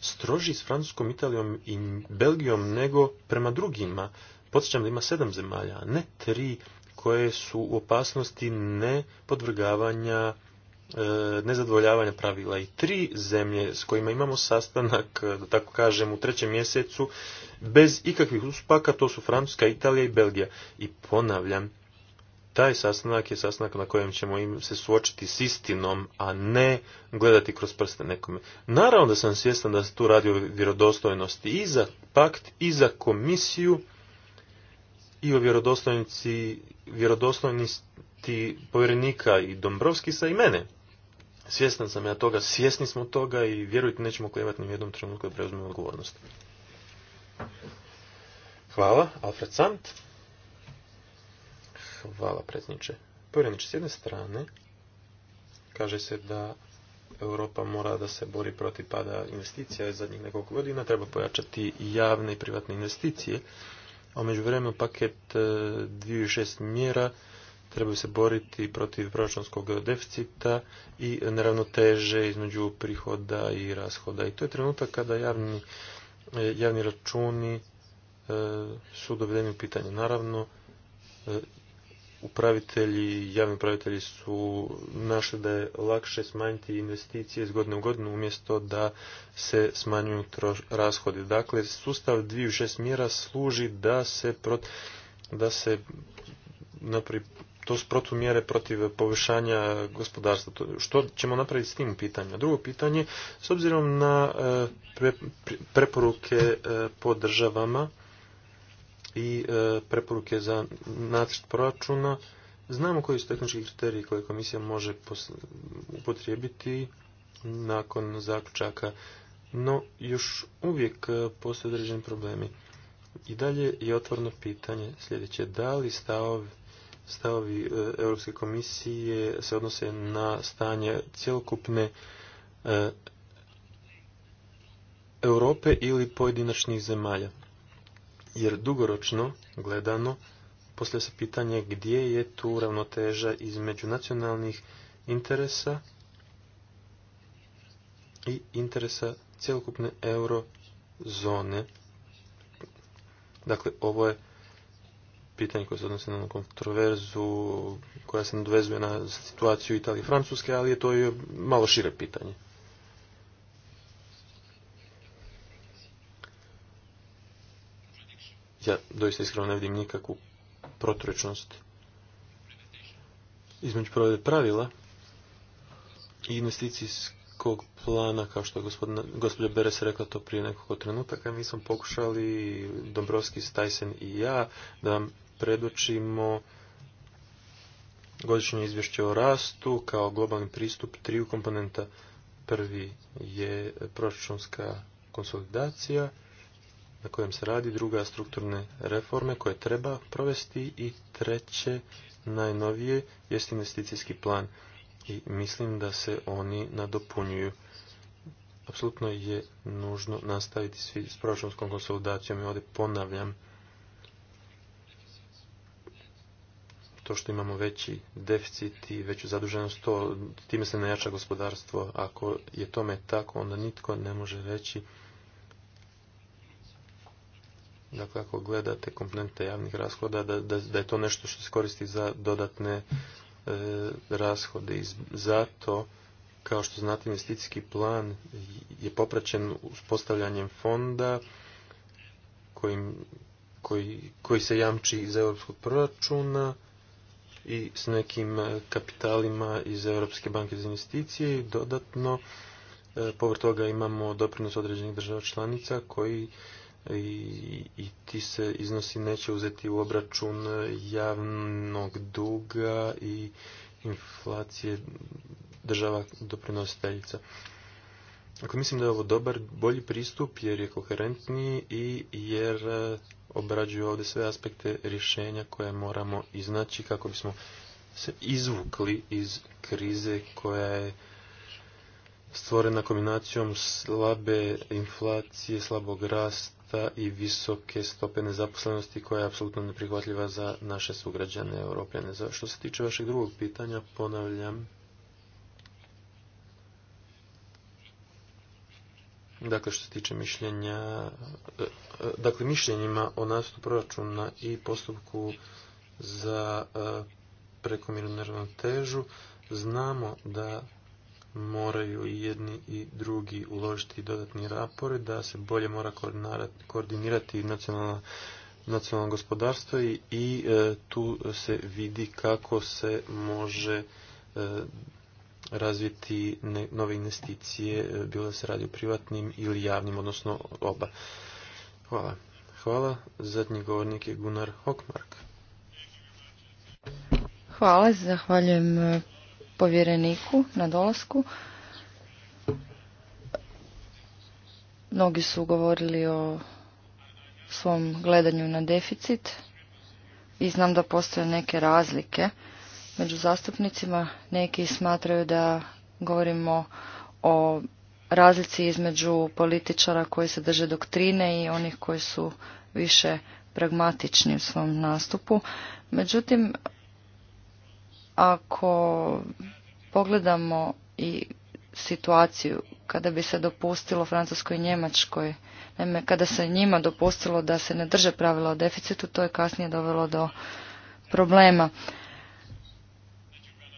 stroži s Francuskom, Italijom i Belgijom nego prema drugima. Podsjećam da ima sedam zemalja, a ne tri koje su u opasnosti ne podvrgavanja e, nezadovoljavanja pravila i tri zemlje s kojima imamo sastanak, e, da tako kažem, u trećem mjesecu bez ikakvih uspaka, to su Francuska, Italija i Belgija. I ponavljam, taj sastanak je sastanak na kojem ćemo im se suočiti s istinom, a ne gledati kroz prste nekome. Naravno da sam svjestan da se tu radi o vjerodostojnosti i za pakt i za komisiju i o vjerodostojnosti povjerenika i Dombrovskisa i mene. Svjestan sam ja toga, svjesni smo toga i vjerujte nećemo klevati ni u jednom trenutku da preuzmemo odgovornost. Hvala, Alfred Sant. Hvala, predsjedniče. Povjereniče, s jedne strane, kaže se da Europa mora da se bori protiv pada investicija zadnjih nekoliko godina, treba pojačati javne i privatne investicije, a među vremenu paket 2.6 e, mjera trebaju se boriti protiv proračunskog deficita i neravnoteže između prihoda i rashoda. I to je trenutak kada javni, e, javni računi e, su dovedeni u pitanje. Naravno, upravitelji, javni upravitelji su našli da je lakše smanjiti investicije iz godine u godinu umjesto da se smanjuju rashodi. Dakle, sustav dviju šest mjera služi da se, da se napri, to su protumjere protiv povišanja gospodarstva. Što ćemo napraviti s tim pitanjima? Drugo pitanje, s obzirom na e, preporuke e, po državama, i e, preporuke za nacrt proračuna. Znamo koji su tehnički kriteriji koje komisija može upotrijebiti nakon zaključaka, no još uvijek e, postoje određeni problemi. I dalje je otvorno pitanje sljedeće. Da li stavovi, stavovi e, Europske komisije se odnose na stanje cjelokupne Europe ili pojedinačnih zemalja? jer dugoročno gledano poslije se pitanje gdje je tu ravnoteža između nacionalnih interesa i interesa cjelokupne eurozone. Dakle, ovo je pitanje koje se odnosi na kontroverzu, koja se nadvezuje na situaciju Italije i Francuske, ali je to i malo šire pitanje. ja doista iskreno ne vidim nikakvu proturečnost između provede pravila i investicijskog plana, kao što je gospođa Beres rekla to prije nekoliko trenutaka, mi smo pokušali, Dombrovski, Stajsen i ja, da vam predočimo godišnje izvješće o rastu kao globalni pristup triju komponenta. Prvi je proračunska konsolidacija, na kojem se radi, druga strukturne reforme koje treba provesti i treće najnovije jest investicijski plan i mislim da se oni nadopunjuju. Apsolutno je nužno nastaviti svi s proračunskom konsolidacijom i ovdje ponavljam to što imamo veći deficit i veću zaduženost, to time se ne jača gospodarstvo. Ako je tome tako, onda nitko ne može reći Dakle, ako gledate komponente javnih rashoda, da, da, je to nešto što se koristi za dodatne e, rashode. I zato, kao što znate, investicijski plan je popraćen uspostavljanjem fonda kojim, koji, koji se jamči iz europskog proračuna i s nekim e, kapitalima iz Europske banke za investicije i dodatno, e, toga imamo doprinos određenih država članica koji i, ti se iznosi neće uzeti u obračun javnog duga i inflacije država doprinositeljica. Dakle, mislim da je ovo dobar, bolji pristup jer je koherentniji i jer e, obrađuje ovdje sve aspekte rješenja koje moramo iznaći kako bismo se izvukli iz krize koja je stvorena kombinacijom slabe inflacije, slabog rasta, i visoke stope nezaposlenosti koja je apsolutno neprihvatljiva za naše sugrađane europljane. Što se tiče vašeg drugog pitanja, ponavljam. Dakle, što se tiče mišljenja, e, e, dakle, mišljenjima o nastupu proračuna i postupku za e, prekomjernu težu znamo da moraju i jedni i drugi uložiti dodatni rapor, da se bolje mora koordinirati nacionalno, nacionalno gospodarstvo i, e, tu se vidi kako se može e, razviti nove investicije, e, bilo da se radi o privatnim ili javnim, odnosno oba. Hvala. Hvala. Zadnji govornik je Gunnar Hokmark. Hvala, zahvaljujem povjereniku na dolasku. Mnogi su govorili o svom gledanju na deficit i znam da postoje neke razlike među zastupnicima. Neki smatraju da govorimo o razlici između političara koji se drže doktrine i onih koji su više pragmatični u svom nastupu. Međutim, ako pogledamo i situaciju kada bi se dopustilo Francuskoj i Njemačkoj, naime kada se njima dopustilo da se ne drže pravila o deficitu, to je kasnije dovelo do problema.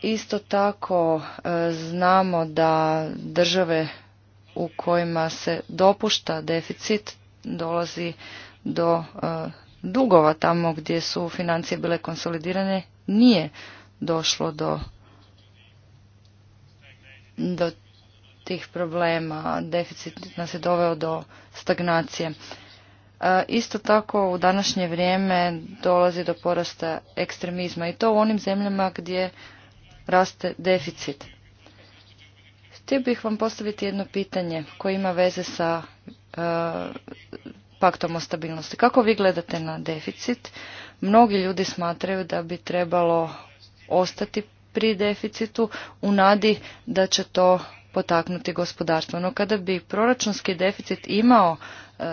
Isto tako e, znamo da države u kojima se dopušta deficit dolazi do e, dugova tamo gdje su financije bile konsolidirane nije došlo do, do tih problema. Deficit nas je doveo do stagnacije. E, isto tako u današnje vrijeme dolazi do porasta ekstremizma i to u onim zemljama gdje raste deficit. Htio bih vam postaviti jedno pitanje koje ima veze sa e, paktom o stabilnosti. Kako vi gledate na deficit? Mnogi ljudi smatraju da bi trebalo ostati pri deficitu u nadi da će to potaknuti gospodarstvo. No kada bi proračunski deficit imao e,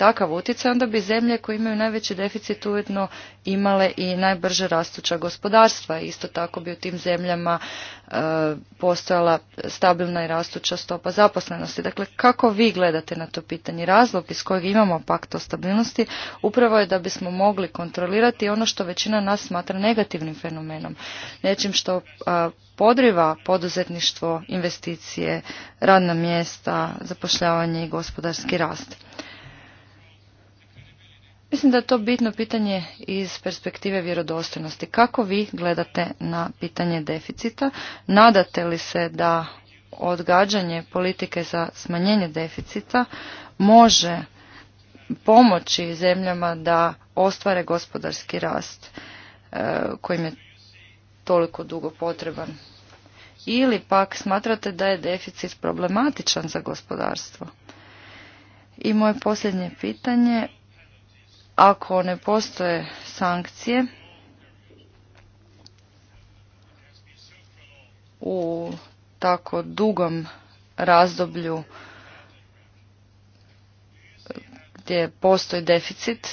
takav utjecaj, onda bi zemlje koje imaju najveći deficit ujedno imale i najbrže rastuća gospodarstva. Isto tako bi u tim zemljama e, postojala stabilna i rastuća stopa zaposlenosti. Dakle, kako vi gledate na to pitanje? Razlog iz kojeg imamo pakt o stabilnosti upravo je da bismo mogli kontrolirati ono što većina nas smatra negativnim fenomenom. Nečim što e, podriva poduzetništvo, investicije, radna mjesta, zapošljavanje i gospodarski rast. Mislim da je to bitno pitanje iz perspektive vjerodostojnosti. Kako vi gledate na pitanje deficita? Nadate li se da odgađanje politike za smanjenje deficita može pomoći zemljama da ostvare gospodarski rast e, kojim je toliko dugo potreban? Ili pak smatrate da je deficit problematičan za gospodarstvo? I moje posljednje pitanje ako ne postoje sankcije u tako dugom razdoblju gdje postoji deficit.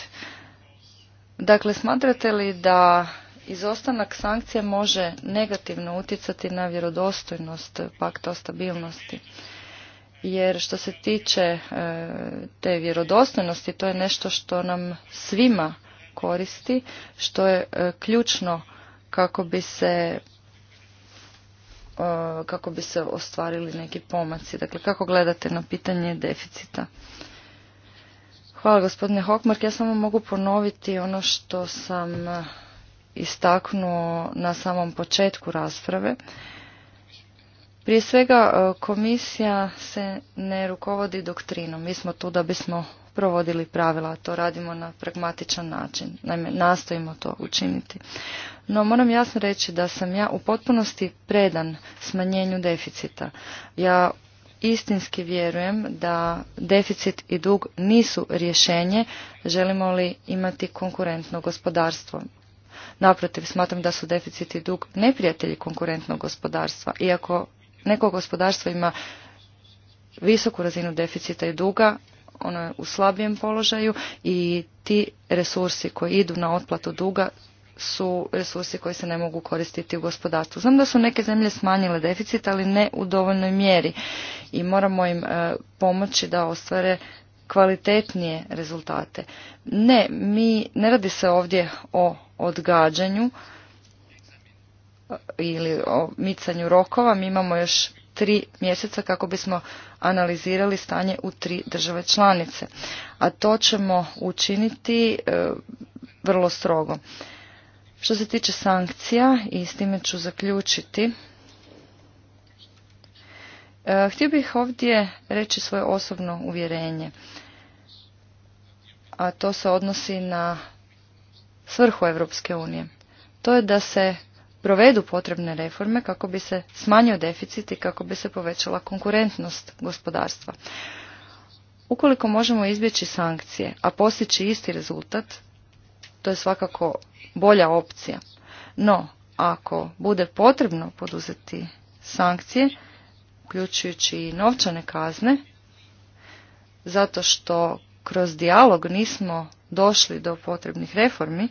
Dakle, smatrate li da izostanak sankcija može negativno utjecati na vjerodostojnost pakta o stabilnosti? jer što se tiče e, te vjerodostojnosti, to je nešto što nam svima koristi, što je e, ključno kako bi se e, kako bi se ostvarili neki pomaci. Dakle, kako gledate na pitanje deficita? Hvala gospodine Hokmark. Ja samo mogu ponoviti ono što sam istaknuo na samom početku rasprave. Prije svega e, komisija se ne rukovodi doktrinom. Mi smo tu da bismo provodili pravila, to radimo na pragmatičan način. Naime, nastojimo to učiniti. No moram jasno reći da sam ja u potpunosti predan smanjenju deficita. Ja istinski vjerujem da deficit i dug nisu rješenje, želimo li imati konkurentno gospodarstvo. Naprotiv, smatram da su deficit i dug neprijatelji konkurentnog gospodarstva, iako neko gospodarstvo ima visoku razinu deficita i duga, ono je u slabijem položaju i ti resursi koji idu na otplatu duga su resursi koji se ne mogu koristiti u gospodarstvu. Znam da su neke zemlje smanjile deficit, ali ne u dovoljnoj mjeri i moramo im e, pomoći da ostvare kvalitetnije rezultate. Ne, mi ne radi se ovdje o odgađanju, ili o micanju rokova. Mi imamo još tri mjeseca kako bismo analizirali stanje u tri države članice. A to ćemo učiniti e, vrlo strogo. Što se tiče sankcija i s time ću zaključiti. E, htio bih ovdje reći svoje osobno uvjerenje, a to se odnosi na svrhu Europske unije. To je da se provedu potrebne reforme kako bi se smanjio deficit i kako bi se povećala konkurentnost gospodarstva. Ukoliko možemo izbjeći sankcije, a postići isti rezultat, to je svakako bolja opcija. No, ako bude potrebno poduzeti sankcije, uključujući i novčane kazne, zato što kroz dijalog nismo došli do potrebnih reformi,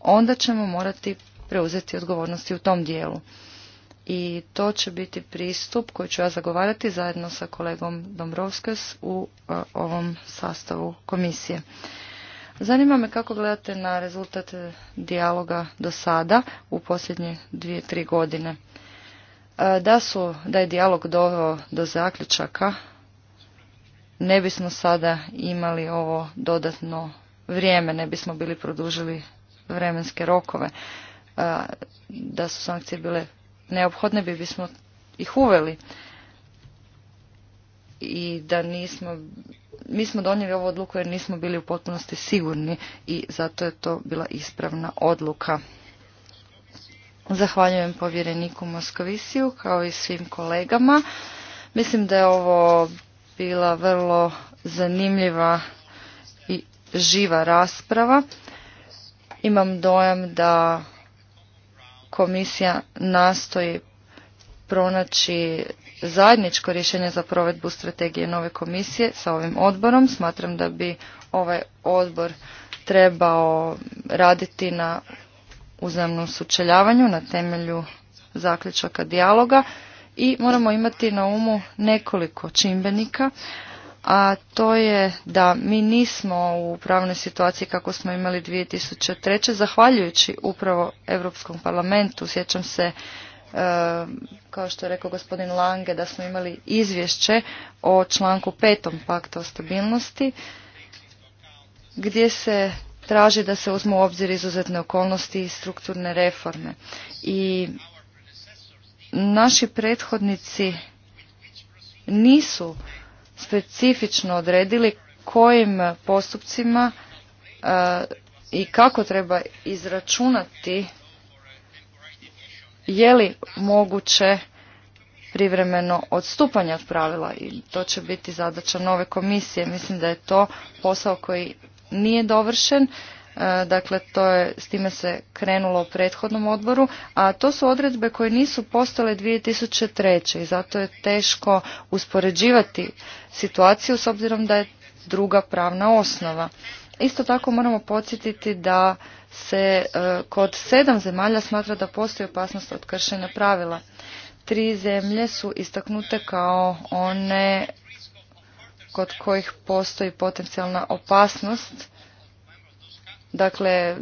onda ćemo morati preuzeti odgovornosti u tom dijelu. I to će biti pristup koji ću ja zagovarati zajedno sa kolegom Dombrovskis u e, ovom sastavu komisije. Zanima me kako gledate na rezultat dijaloga do sada u posljednje dvije, tri godine. E, da, su, da je dijalog doveo do zaključaka, ne bismo sada imali ovo dodatno vrijeme, ne bismo bili produžili vremenske rokove da su sankcije bile neophodne, bi bismo ih uveli. I da nismo, mi smo donijeli ovu odluku jer nismo bili u potpunosti sigurni i zato je to bila ispravna odluka. Zahvaljujem povjereniku Moskovisiju kao i svim kolegama. Mislim da je ovo bila vrlo zanimljiva i živa rasprava. Imam dojam da komisija nastoji pronaći zajedničko rješenje za provedbu strategije nove komisije sa ovim odborom. Smatram da bi ovaj odbor trebao raditi na uzemnom sučeljavanju na temelju zaključaka dijaloga i moramo imati na umu nekoliko čimbenika a to je da mi nismo u pravnoj situaciji kako smo imali 2003. zahvaljujući upravo Europskom parlamentu. Sjećam se e, kao što je rekao gospodin Lange da smo imali izvješće o članku petom pakta o stabilnosti gdje se traži da se uzmu u obzir izuzetne okolnosti i strukturne reforme. I naši prethodnici nisu specifično odredili kojim postupcima e, i kako treba izračunati je li moguće privremeno odstupanje od pravila i to će biti zadaća nove komisije. Mislim da je to posao koji nije dovršen E, dakle to je, s time se krenulo u prethodnom odboru, a to su odredbe koje nisu postale 2003. i zato je teško uspoređivati situaciju s obzirom da je druga pravna osnova. Isto tako moramo podsjetiti da se e, kod sedam zemalja smatra da postoji opasnost od kršenja pravila. Tri zemlje su istaknute kao one kod kojih postoji potencijalna opasnost Dakle,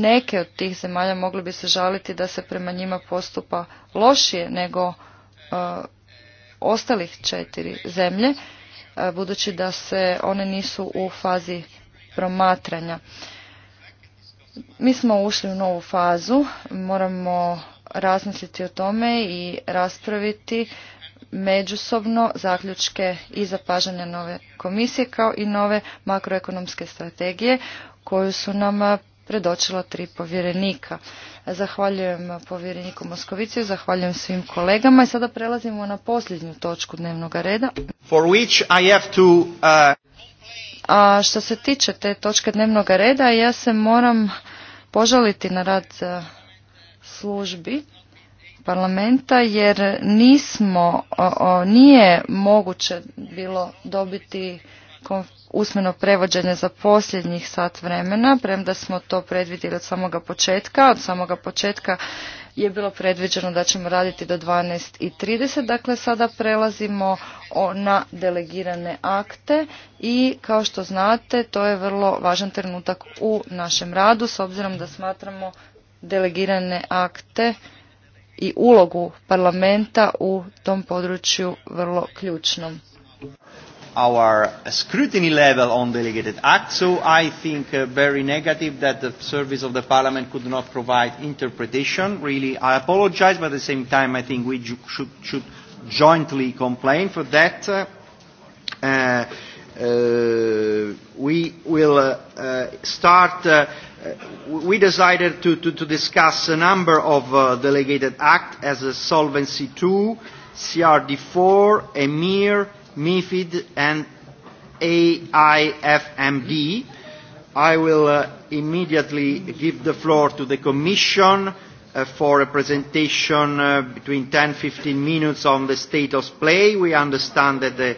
neke od tih zemalja mogli bi se žaliti da se prema njima postupa lošije nego e, ostalih četiri zemlje, e, budući da se one nisu u fazi promatranja. Mi smo ušli u novu fazu, moramo razmisliti o tome i raspraviti međusobno zaključke i zapažanja nove komisije kao i nove makroekonomske strategije koju su nam predočila tri povjerenika. Zahvaljujem povjereniku Moskoviciju, zahvaljujem svim kolegama i sada prelazimo na posljednju točku dnevnog reda. Uh, A što se tiče te točke dnevnog reda, ja se moram požaliti na rad uh, službi parlamenta jer nismo, nije moguće bilo dobiti usmeno prevođenje za posljednjih sat vremena, premda smo to predvidjeli od samoga početka. Od samoga početka je bilo predviđeno da ćemo raditi do 12.30, dakle sada prelazimo na delegirane akte i kao što znate to je vrlo važan trenutak u našem radu s obzirom da smatramo delegirane akte i ulogu parlamenta u tom području vrlo ključnom. Our scrutiny level on delegated acts, so I think uh, very negative that the service of the parliament could not provide interpretation. Really, I apologize, but at the same time, I think we should, should jointly complain for that. Uh, uh, uh we will uh, uh, start uh, we decided to, to, to discuss a number of uh, delegated acts as a Solvency II, CRD4, EMIR, MIFID, and AIFMD. I will uh, immediately give the floor to the Commission uh, for a presentation uh, between 10-15 minutes on the state of play. We understand that the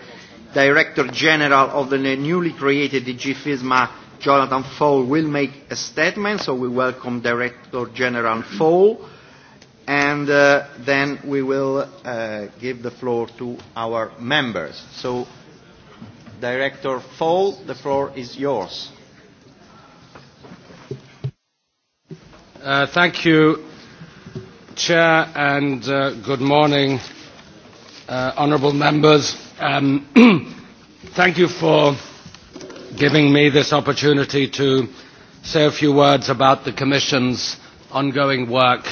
Director General of the newly created DG FISMA Jonathan Fowle will make a statement, so we welcome Director General Fowle, and uh, then we will uh, give the floor to our members. So, Director Fowle, the floor is yours. Uh, thank you, Chair, and uh, good morning, uh, honourable members. Um, thank you for giving me this opportunity to say a few words about the Commission's ongoing work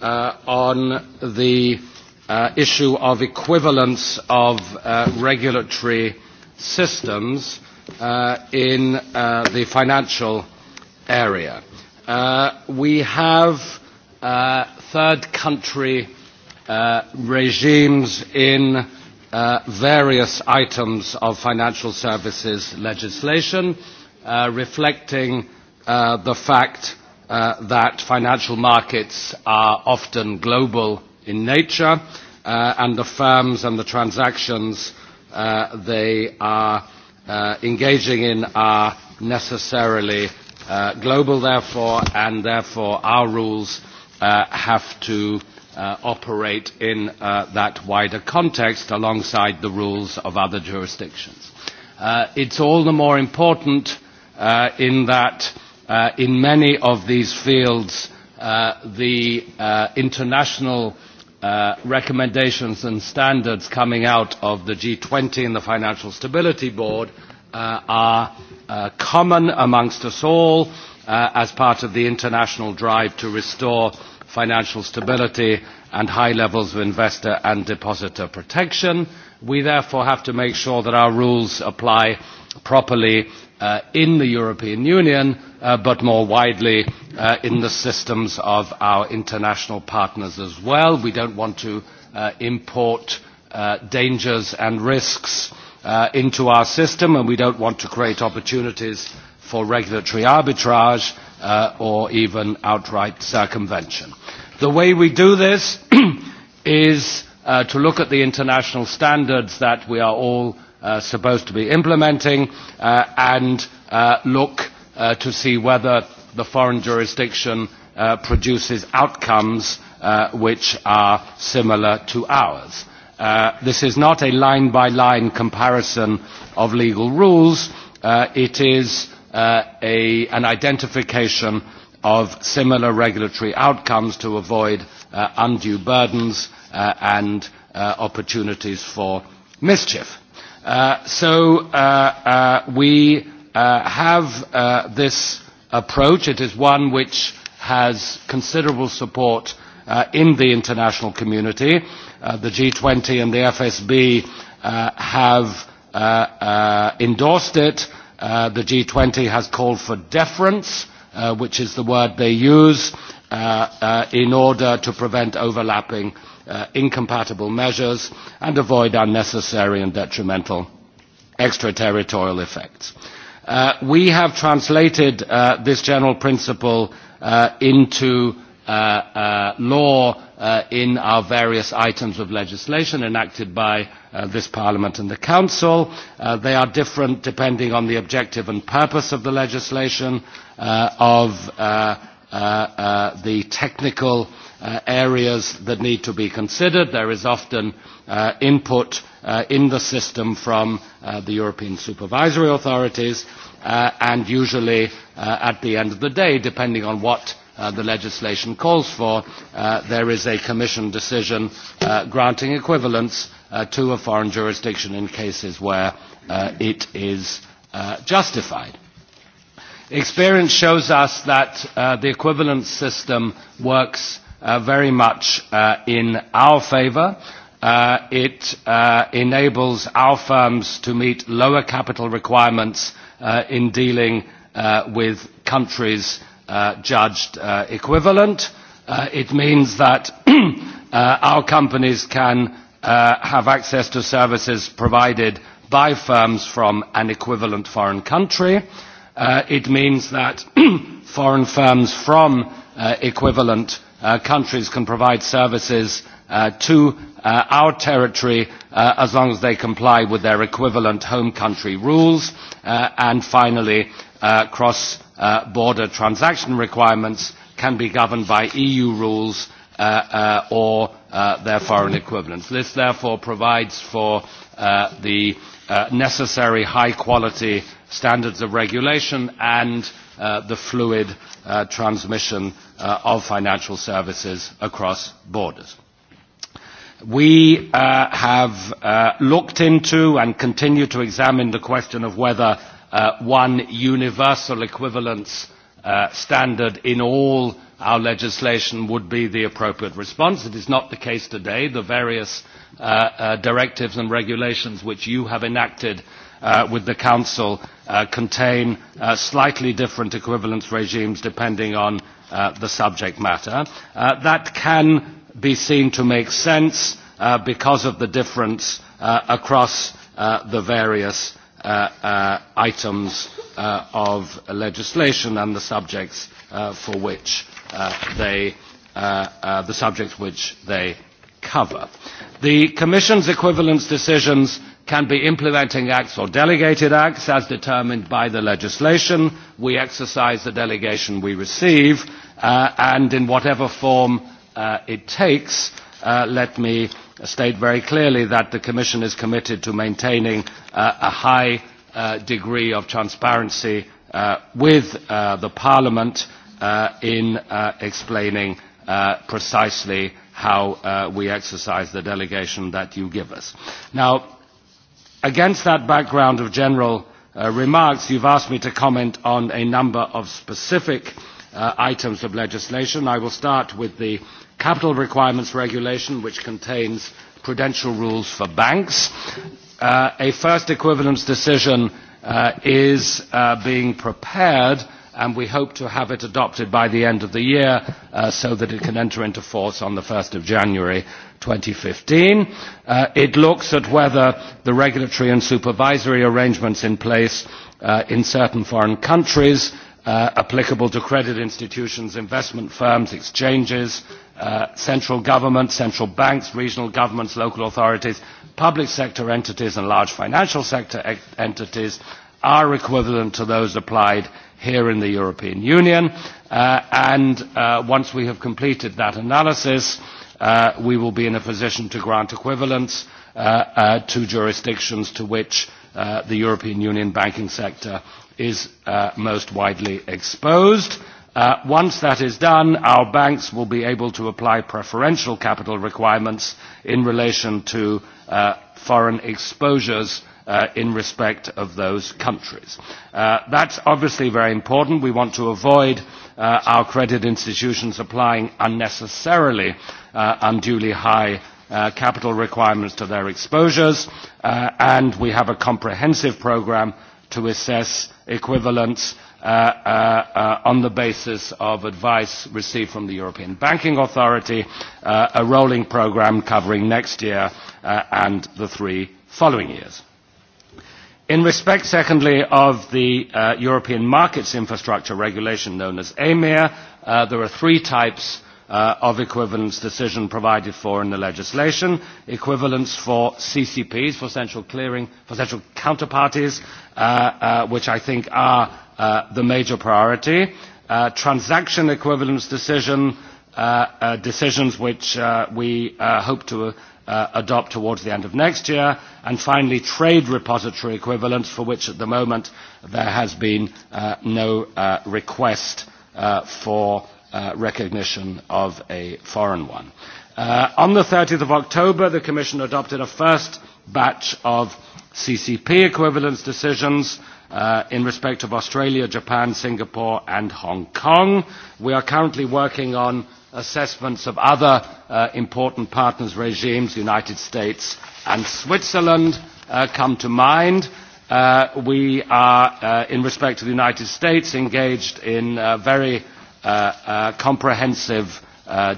uh, on the uh, issue of equivalence of uh, regulatory systems in the financial area. We have third country regimes in Uh, various items of financial services legislation, uh, reflecting uh, the fact that financial markets are often global in nature and the firms and the transactions they are engaging in are necessarily global therefore and therefore our rules have to uh, operate in uh, that wider context alongside the rules of other jurisdictions. Uh, it's all the more important uh, in that uh, in many of these fields uh, the uh, international uh, recommendations and standards coming out of the G20 and the Financial Stability Board uh, are uh, common amongst us all uh, as part of the international drive to restore financial stability and high levels of investor and depositor protection. We therefore have to make sure that our rules apply properly uh, in the European Union, uh, but more widely uh, in the systems of our international partners as well. We don't want to import dangers and risks into our system, and we don't want to create opportunities for regulatory arbitrage or even outright circumvention. The way we do this is uh, to look at the international standards that we are all uh, supposed to be implementing uh, and uh, look uh, to see whether the foreign jurisdiction uh, produces outcomes which are similar to ours. This is not a line by line comparison of legal rules, it is a, an identification of similar regulatory outcomes to avoid uh, undue burdens uh, and uh, opportunities for mischief. So we have this approach. It is one which has considerable support in the international community. The G20 and the FSB have endorsed it. The G20 has called for deference Uh, which is the word they use, uh, uh, in order to prevent overlapping incompatible measures and avoid unnecessary and detrimental extraterritorial effects. We have translated this general principle into Uh, uh, law uh, in our various items of legislation enacted by uh, this Parliament and the Council. They are different depending on the objective and purpose of the legislation, of the technical areas that need to be considered. There is often input in the system from the European supervisory authorities and usually at the end of the day, depending on what Uh, the legislation calls for, uh, there is a Commission decision uh, granting equivalence to a foreign jurisdiction in cases where it is justified. Experience shows us that the equivalence system works very much in our favour. it enables our firms to meet lower capital requirements in dealing with countries Uh, judged uh, equivalent. Uh, it means that our companies can have access to services provided by firms from an equivalent foreign country. It means that foreign firms from equivalent countries can provide services to our territory as long as they comply with their equivalent home country rules and finally cross Uh, border transaction requirements can be governed by EU rules uh, uh, or their foreign equivalents. This therefore provides for the necessary high quality standards of regulation and the fluid transmission of financial services across borders. We have looked into and continue to examine the question of whether Uh, one universal equivalence uh, standard in all our legislation would be the appropriate response. It is not the case today. The various uh, directives and regulations which you have enacted with the Council contain slightly different equivalence regimes depending on the subject matter. That can be seen to make sense because of the difference across the various Uh, uh, items uh, of legislation and the subjects for which they the subjects which they cover. The Commission's equivalence decisions can be implementing acts or delegated acts as determined by the legislation. We exercise the delegation we receive and in whatever form it takes, let me state very clearly that the Commission is committed to maintaining uh, a high uh, degree of transparency uh, with the Parliament in explaining precisely how we exercise the delegation that you give us. Now, against that background of general remarks, you have asked me to comment on a number of specific items of legislation. I will start with the capital requirements regulation which contains prudential rules for banks. Uh, a first equivalence decision uh, is uh, being prepared and we hope to have it adopted by the end of the year so that it can enter into force on the 1st of January 2015. It looks at whether the regulatory and supervisory arrangements in place in certain foreign countries applicable to credit institutions, investment firms, exchanges Uh, central Government, central banks, regional governments, local authorities, public sector entities and large financial sector e-, entities are equivalent to those applied here in the European Union. Uh, and uh, once we have completed that analysis, we will be in a position to grant equivalence to jurisdictions to which the European Union banking sector is most widely exposed. Uh, once that is done, our banks will be able to apply preferential capital requirements in relation to uh, foreign exposures uh, in respect of those countries. That's obviously very important. We want to avoid our credit institutions applying unnecessarily unduly high capital requirements to their exposures and we have a comprehensive programme to assess equivalence Uh, uh, uh, on the basis of advice received from the European Banking Authority, a rolling programme covering next year and the three following years. In respect, secondly, of the European Markets Infrastructure Regulation known as EMIR, there are three types of equivalence decision provided for in the legislation. Equivalence for CCPs, for central clearing, for central counterparties, which I think are Uh, the major priority. Uh, transaction equivalence decision, uh, decisions which we hope to adopt towards the end of next year, and finally trade repository equivalence for which at the moment there has been no request for recognition of a foreign one. On the 30th of October, the Commission adopted a first batch of CCP equivalence decisions Uh, in respect of Australia, Japan, Singapore and Hong Kong. We are currently working on assessments of other uh, important partners regimes, the United States and Switzerland uh, come to mind. We are, in respect of the United States, engaged in very comprehensive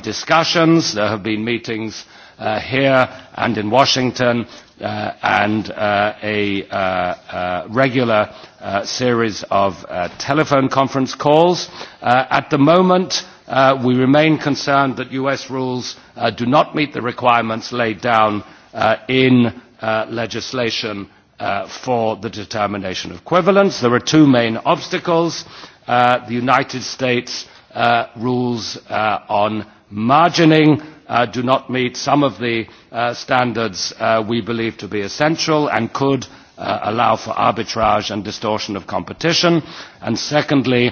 discussions. There have been meetings here and in Washington uh, and uh, a uh, uh, regular uh, series of uh, telephone conference calls. Uh, at the moment, uh, we remain concerned that US rules uh, do not meet the requirements laid down uh, in uh, legislation uh, for the determination of equivalence. There are two main obstacles. Uh, the United States uh, rules uh, on margining Uh, do not meet some of the uh, standards uh, we believe to be essential and could allow for arbitrage and distortion of competition and secondly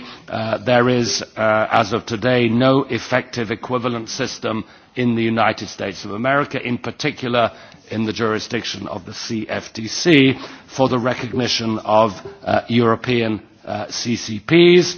there is as of today no effective equivalent system in the united states of america in particular in the jurisdiction of the cftc for the recognition of european CCPs.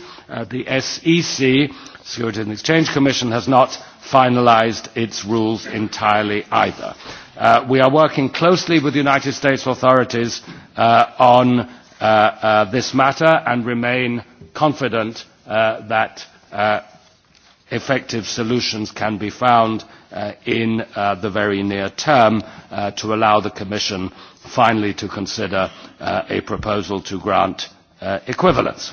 the SEC, Security and Exchange Commission, has not finalised its rules entirely either. Uh, we are working closely with the United States authorities uh, on uh, uh this matter and remain confident uh, that uh, effective solutions can be found in the very near term to allow the Commission finally to consider a proposal to grant equivalence.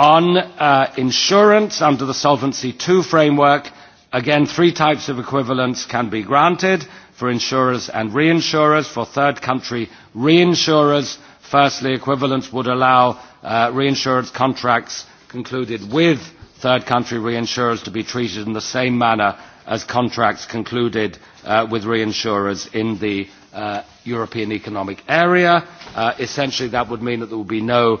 On uh, insurance under the Solvency II framework, again, three types of equivalence can be granted for insurers and reinsurers. For third country reinsurers, firstly, equivalence would allow uh, reinsurance contracts concluded with third country reinsurers to be treated in the same manner as contracts concluded uh, with reinsurers in the European Economic Area. essentially, that would mean that there would be no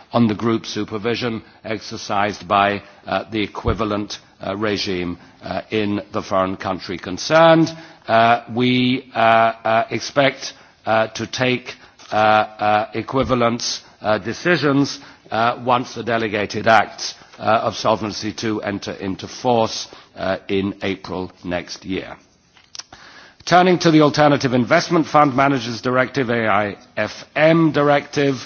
on the group supervision exercised by uh, the equivalent uh, regime uh, in the foreign country concerned. We expect to take equivalence decisions once the delegated acts of Solvency II enter into force in April next year. Turning to the Alternative Investment Fund Managers Directive, AIFM Directive,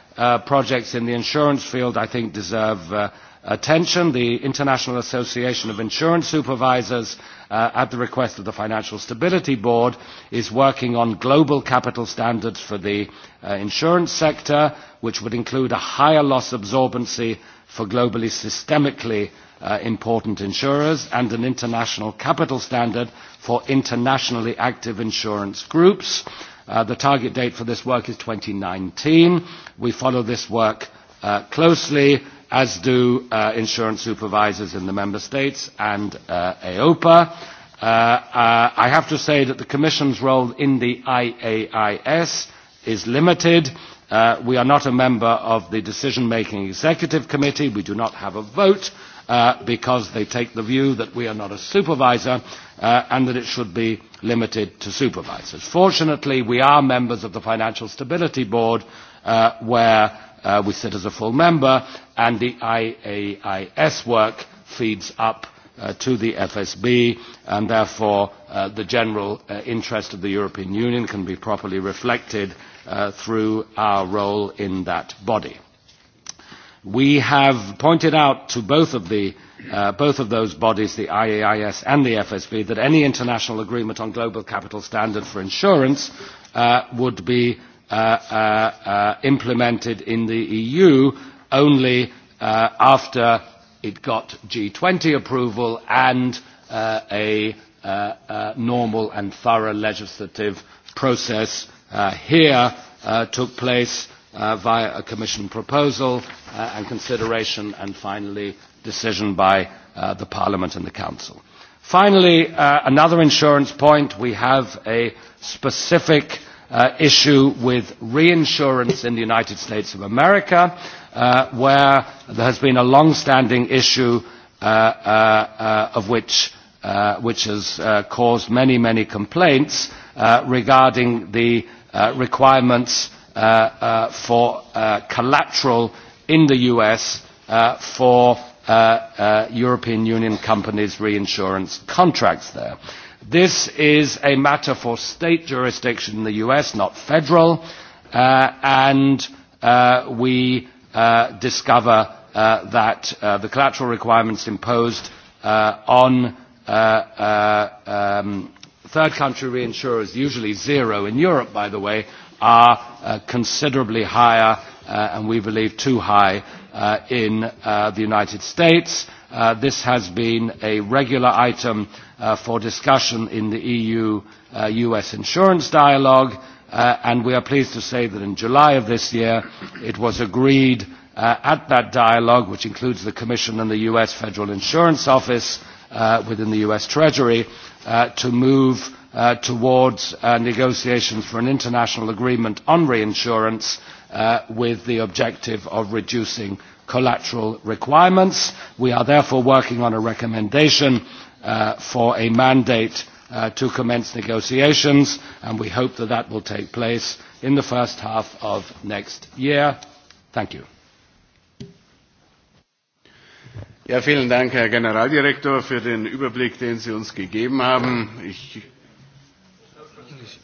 Uh, projects in the insurance field I think deserve uh, attention. The International Association of Insurance Supervisors, uh, at the request of the Financial Stability Board, is working on global capital standards for the insurance sector, which would include a higher loss absorbency for globally systemically important insurers and an international capital standard for internationally active insurance groups. Uh, the target date for this work is 2019. We follow this work uh, closely, as do uh, insurance supervisors in the member states and uh, AOPA. I have to say that the Commission's role in the IAIS is limited. we are not a member of the Decision Making Executive Committee. We do not have a vote Uh, because they take the view that we are not a supervisor uh, and that it should be limited to supervisors. Fortunately, we are members of the Financial Stability Board uh, where we sit as a full member and the IAIS work feeds up to the FSB and therefore the general interest of the European Union can be properly reflected through our role in that body. We have pointed out to both of, the, uh, both of those bodies, the IAIS and the FSB, that any international agreement on global capital standard for insurance uh, would be uh, implemented in the EU only after it got G20 approval and a normal and thorough legislative process here took place Uh, via a Commission proposal uh, and consideration and finally decision by uh, the Parliament and the Council. Finally, another insurance point, we have a specific issue with reinsurance in the United States of America where there has been a long-standing issue of which which has caused many, many complaints regarding the requirements Uh, uh, for uh, collateral in the US for European Union companies' reinsurance contracts there. This is a matter for state jurisdiction in the US, not federal, and we discover that the collateral requirements imposed on um, third country reinsurers, usually zero in Europe, by the way, are uh, considerably higher uh, and we believe too high uh, in the United States. This has been a regular item for discussion in the EU US insurance dialogue and we are pleased to say that in July of this year it was agreed at that dialogue, which includes the Commission and the US Federal Insurance Office within the US Treasury, to move Uh, towards uh, negotiations for an international agreement on reinsurance uh, with the objective of reducing collateral requirements. We are therefore working on a recommendation for a mandate to commence negotiations and we hope that that will take place in the first half of next year. Thank you. vielen Dank, Herr Generaldirektor, für den Überblick, den Sie uns gegeben haben. Ich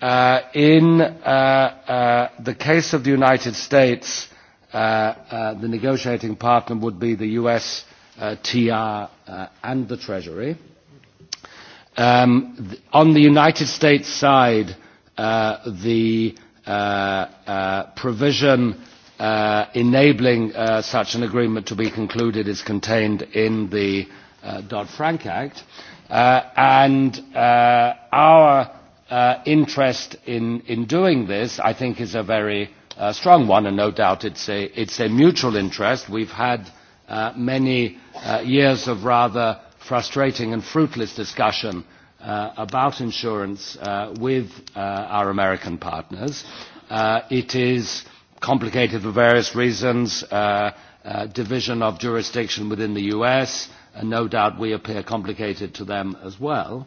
Uh, in uh, uh, the case of the United States, uh, uh, the negotiating partner would be the US TR and the Treasury. Um, th on the United States side, the provision enabling such an agreement to be concluded is contained in the Dodd-Frank Act, and our Uh, interest in, doing this, I think, is a very uh, strong one, and no doubt it is a mutual interest. We have had uh, many years of rather frustrating and fruitless discussion about insurance with our American partners. it is complicated for various reasons, division of jurisdiction within the US, and no doubt we appear complicated to them as well.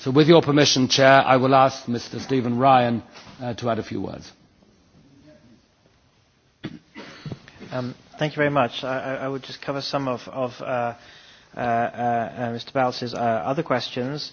So with your permission, Chair, I will ask Mr. Stephen Ryan uh, to add a few words. Um, thank you very much. I, I would just cover some of, of uh, uh, uh, uh Mr. Balz's uh, other questions.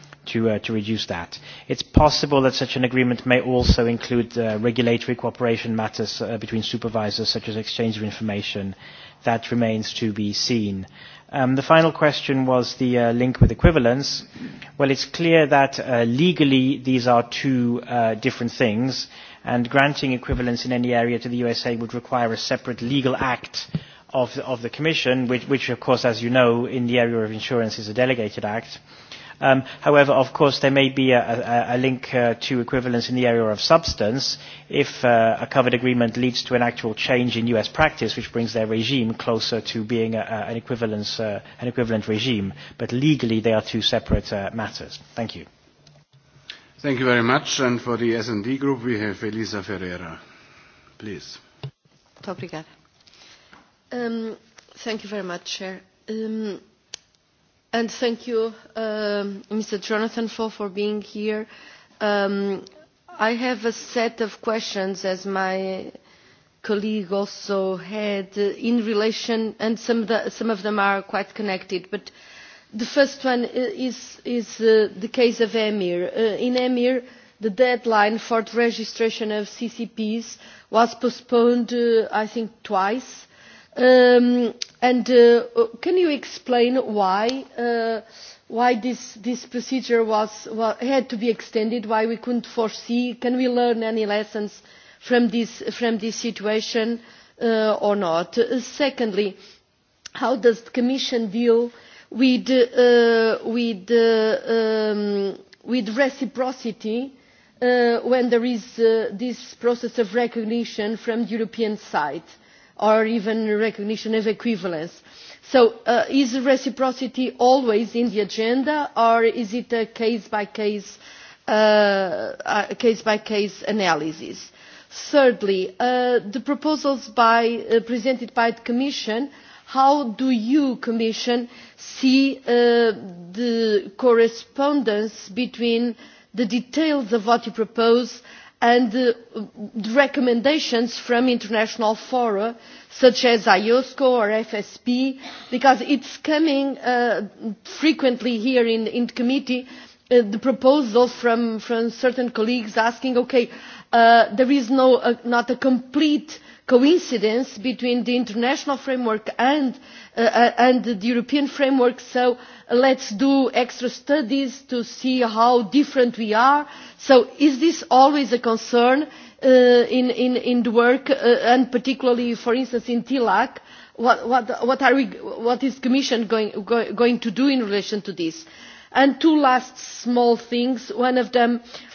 to, uh, to reduce that. It's possible that such an agreement may also include uh, regulatory cooperation matters uh, between supervisors, such as exchange of information. That remains to be seen. Um, the final question was the link with equivalence. Well, it's clear that legally these are two different things, and granting equivalence in any area to the USA would require a separate legal act of the, of the Commission, which, of course, as you know, in the area of insurance is a delegated act Um, however, of course, there may be a, a, a link uh, to equivalence in the area of substance if uh, a covered agreement leads to an actual change in U.S. practice, which brings their regime closer to being an, equivalence, uh, an equivalent regime. But legally, they are two separate uh, matters. Thank you. Thank you very much. And for the group, we have Elisa Ferreira. Please. Um, thank you very much, Um, And thank you, Mr. Um, Jonathan, for, for being here. Um, I have a set of questions, as my colleague also had, uh, in relation, and some of, them are quite connected. But the first one is, is uh, the case of EMIR. Uh, in EMIR, the deadline for the registration of ccps was postponed i think twice Um, and uh, can you explain why uh, why this this procedure was had to be extended? Why we couldn't foresee? Can we learn any lessons from this from this situation uh, or not? Secondly, how does the Commission deal with with um, with reciprocity when there is this process of recognition from the European side? or even recognition of equivalence. So uh, is reciprocity always in the agenda or is it a case by case, uh, analysis? Thirdly, uh, the proposals presented by the Commission, how do you, Commission, see the correspondence between the details of what you propose and the recommendations from international fora such as iosco or fsp because it is coming uh, frequently here in, the committee uh, the proposal from, from certain colleagues asking okay uh, there is no, not a complete coincidence between the international framework and, uh, uh, the european framework so uh, let us do extra studies to see how different we are. so is this always a concern in, the work and particularly for instance in tlac? what, is the commission going, going to do in relation to this? and two last small things one of them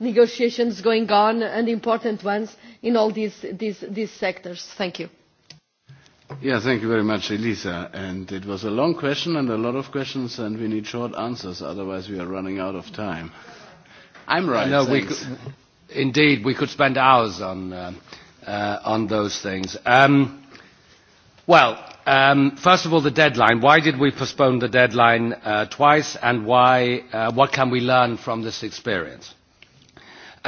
negotiations going on and important ones in all these, these, these sectors. Thank you. Yeah, thank you very much, Elisa. And it was a long question and a lot of questions, and we need short answers, otherwise we are running out of time. I'm right. No, we indeed, we could spend hours on, uh, uh, on those things. Um, well, um, first of all, the deadline. Why did we postpone the deadline uh, twice, and why, uh, what can we learn from this experience?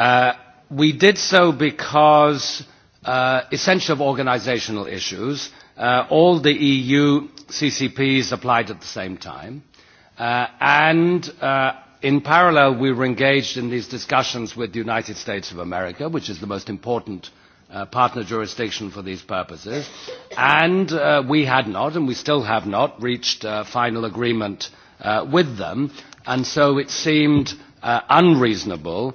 Uh, we did so because uh, essential organisational issues, uh, all the EU CCPs applied at the same time. Uh, and in parallel, we were engaged in these discussions with the United States of America, which is the most important partner jurisdiction for these purposes. And we had not, and we still have not, reached a final agreement with them. And so it seemed unreasonable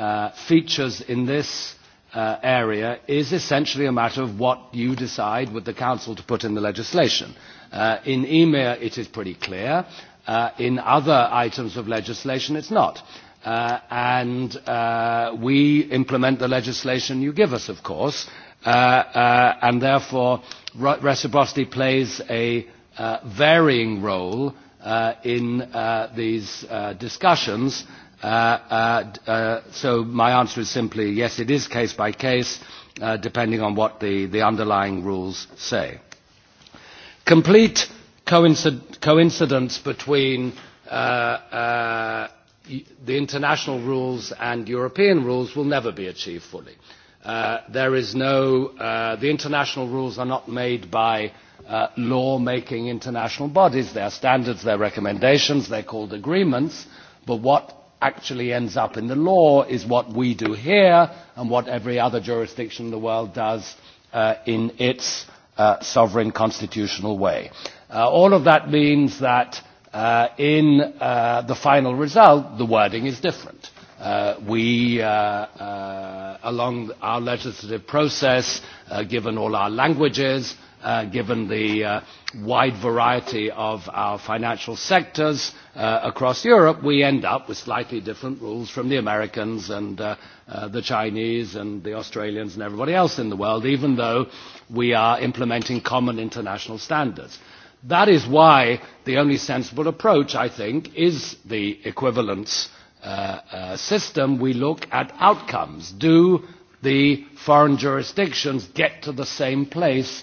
Uh, features in this uh, area is essentially a matter of what you decide with the Council to put in the legislation. Uh, in EMEA it is pretty clear. in other items of legislation it's not. and we implement the legislation you give us, of course, and therefore reciprocity plays a varying role in these discussions Uh, uh, uh, so my answer is simply yes, it is case by case, uh, depending on what the, underlying rules say. Complete coincidence between the international rules and European rules will never be achieved fully. there is no the international rules are not made by law making international bodies. They are standards, they are recommendations, they are called agreements, but what actually ends up in the law is what we do here and what every other jurisdiction in the world does uh, in its uh, sovereign constitutional way. Uh, all of that means that uh, in uh, the final result, the wording is different. Uh, we, along our legislative process, given all our languages, Uh, given the uh, wide variety of our financial sectors uh, across Europe, we end up with slightly different rules from the Americans and the Chinese and the Australians and everybody else in the world, even though we are implementing common international standards. That is why the only sensible approach, I think, is the equivalence system. We look at outcomes. Do the foreign jurisdictions get to the same place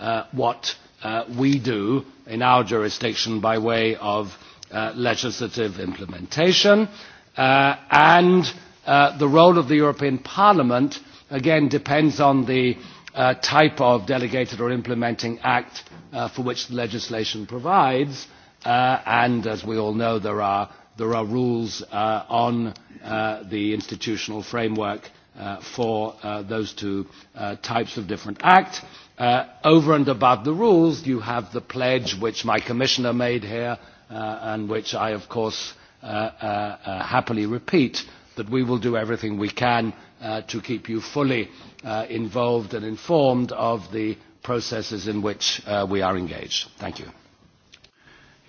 Uh, what uh, we do in our jurisdiction by way of uh, legislative implementation and the role of the European Parliament again depends on the type of delegated or implementing act for which the legislation provides and as we all know there are there are rules on the institutional framework for those two types of different act Uh, over and above the rules, you have the pledge which my commissioner made here uh, and which I, of course, uh, happily repeat, that we will do everything we can to keep you fully involved and informed of the processes in which we are engaged. Thank you.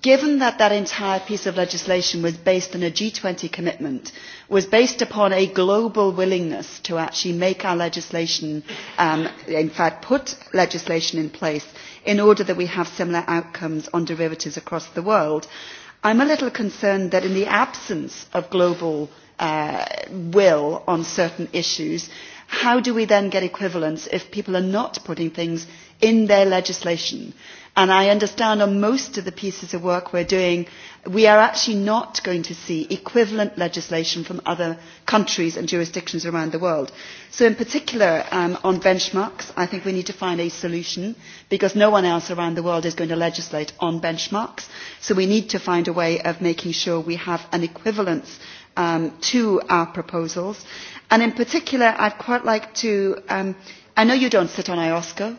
given that that entire piece of legislation was based on a g twenty commitment was based upon a global willingness to actually make our legislation um, in fact put legislation in place in order that we have similar outcomes on derivatives across the world i am a little concerned that in the absence of global uh, will on certain issues how do we then get equivalence if people are not putting things in their legislation and i understand on most of the pieces of work we are doing we are actually not going to see equivalent legislation from other countries and jurisdictions around the world. so in particular um, on benchmarks i think we need to find a solution because no one else around the world is going to legislate on benchmarks so we need to find a way of making sure we have an equivalence um, to our proposals and in particular i quite like to um, i know you do not sit on iosco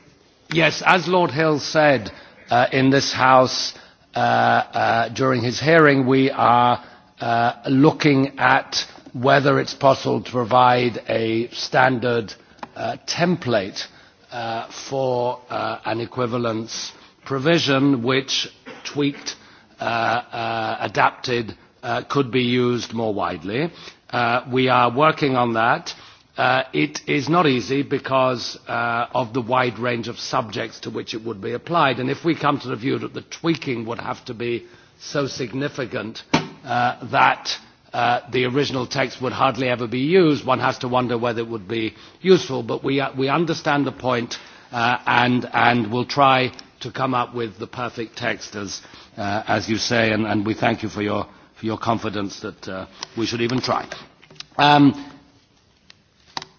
yes as lord hill said uh, in this house uh, uh during his hearing we are uh, looking at whether it's possible to provide a standard uh, template for an equivalence provision which tweaked adapted could be used more widely we are working on that Uh, it is not easy because uh, of the wide range of subjects to which it would be applied and if we come to the view that the tweaking would have to be so significant uh, that the original text would hardly ever be used one has to wonder whether it would be useful but we, we understand the point and, and will try to come up with the perfect text as, as you say and, and we thank you for your, for your confidence that we should even try. Um,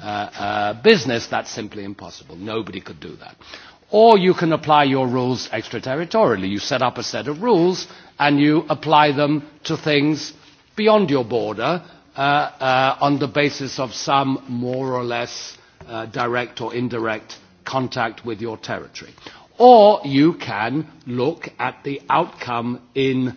Uh, uh, business, that's simply impossible. Nobody could do that. Or you can apply your rules extraterritorially. You set up a set of rules and you apply them to things beyond your border uh, uh, on the basis of some more or less direct or indirect contact with your territory. Or you can look at the outcome in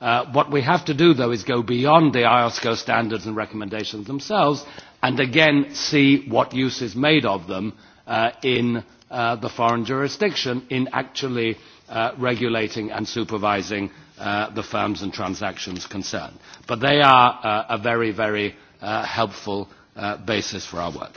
Uh, what we have to do, though, is go beyond the IOSCO standards and recommendations themselves and again see what use is made of them uh, in uh, the foreign jurisdiction in actually regulating and supervising the firms and transactions concerned. But they are a very, very helpful basis for our work.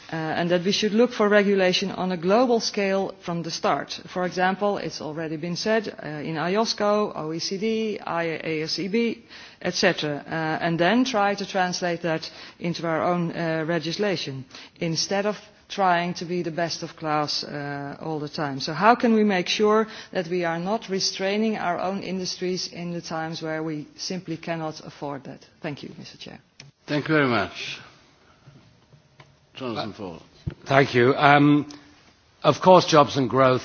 Uh, and that we should look for regulation on a global scale from the start. For example, it's already been said uh, in IOSCO, OECD, IASEB, etc. Uh, and then try to translate that into our own uh, legislation instead of trying to be the best of class all the time. So how can we make sure that we are not restraining our own industries in the times where we simply cannot afford that? Thank you, Mr. Chair. Thank you very much. Uh, thank you. Um, of course, jobs and growth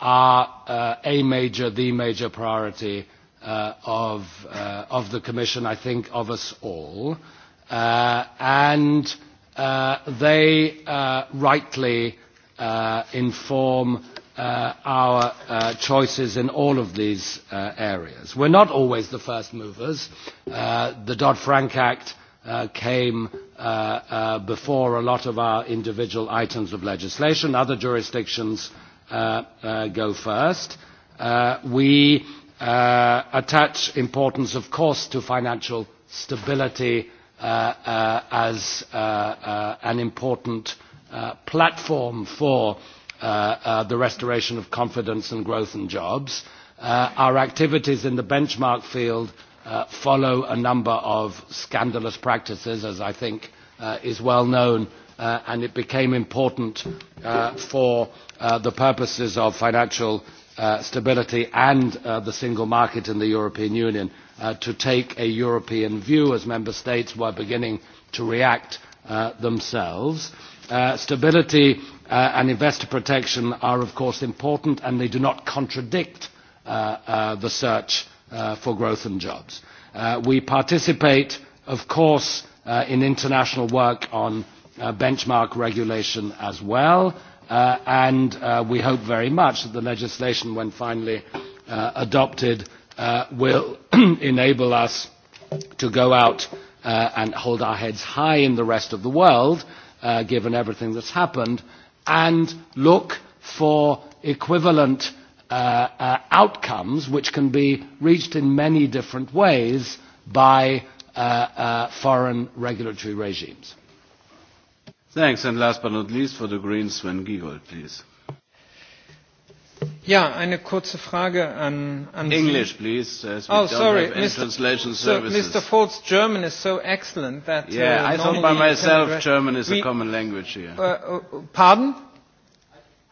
are uh, a major, the major priority uh, of, the Commission, I think, of us all. and they rightly inform our choices in all of these areas. We're not always the first movers. the Dodd-Frank Act came Uh, uh, before a lot of our individual items of legislation. Other jurisdictions uh, go first. We attach importance, of course, to financial stability as an important platform for the restoration of confidence and growth and jobs. Our activities in the benchmark field Uh, follow a number of scandalous practices, as I think uh, is well known, uh, and it became important for the purposes of financial stability and the single market in the European Union to take a European view as Member States were beginning to react themselves. Stability and investor protection are of course important and they do not contradict the search uh, for growth and jobs. Uh, we participate, of course, uh, in international work on uh, benchmark regulation as well, uh, and uh, we hope very much that the legislation, when finally adopted, will enable us to go out and hold our heads high in the rest of the world, given everything that's happened, and look for equivalent uh, uh, outcomes which can be reached in many different ways by uh uh foreign regulatory regimes. Thanks. And last but not least, for the Greens, Sven Giegold, please. Ja, eine kurze Frage an, an English, Sie. please. As we oh, don't sorry, have Mr. Translation so services. Mr. Ford's German is so excellent that. Yeah, uh, I thought by myself German is we, a common language here. Uh, uh, pardon?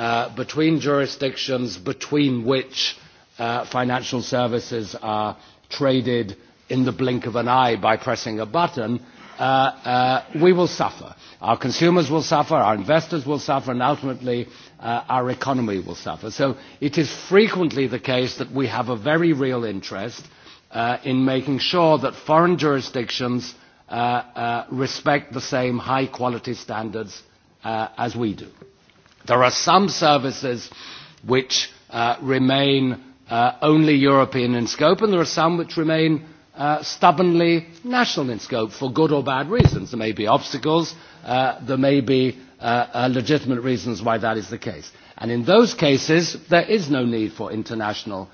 Uh, between jurisdictions between which uh, financial services are traded in the blink of an eye by pressing a button, uh, we will suffer. Our consumers will suffer, our investors will suffer, and ultimately our economy will suffer. So it is frequently the case that we have a very real interest in making sure that foreign jurisdictions Uh, uh, respect the same high quality standards uh, as we do. There are some services which uh, remain uh, only European in scope and there are some which remain uh, stubbornly national in scope for good or bad reasons. There may be obstacles, there may be legitimate reasons why that is the case. And in those cases there is no need for international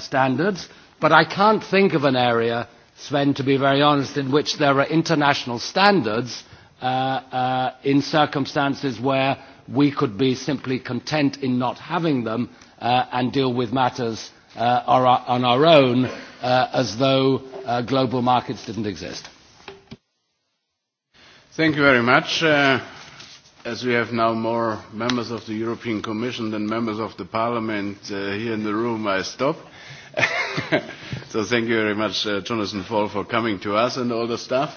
standards, but I can't think of an area, Sven, to be very honest, in which there are international standards Uh, uh, in circumstances where we could be simply content in not having them uh, and deal with matters on our own as though global markets didn't exist. Thank you very much. As we have now more members of the European Commission than members of the Parliament here in the room, I stop. so thank you very much, Jonathan Fall, for coming to us and all the stuff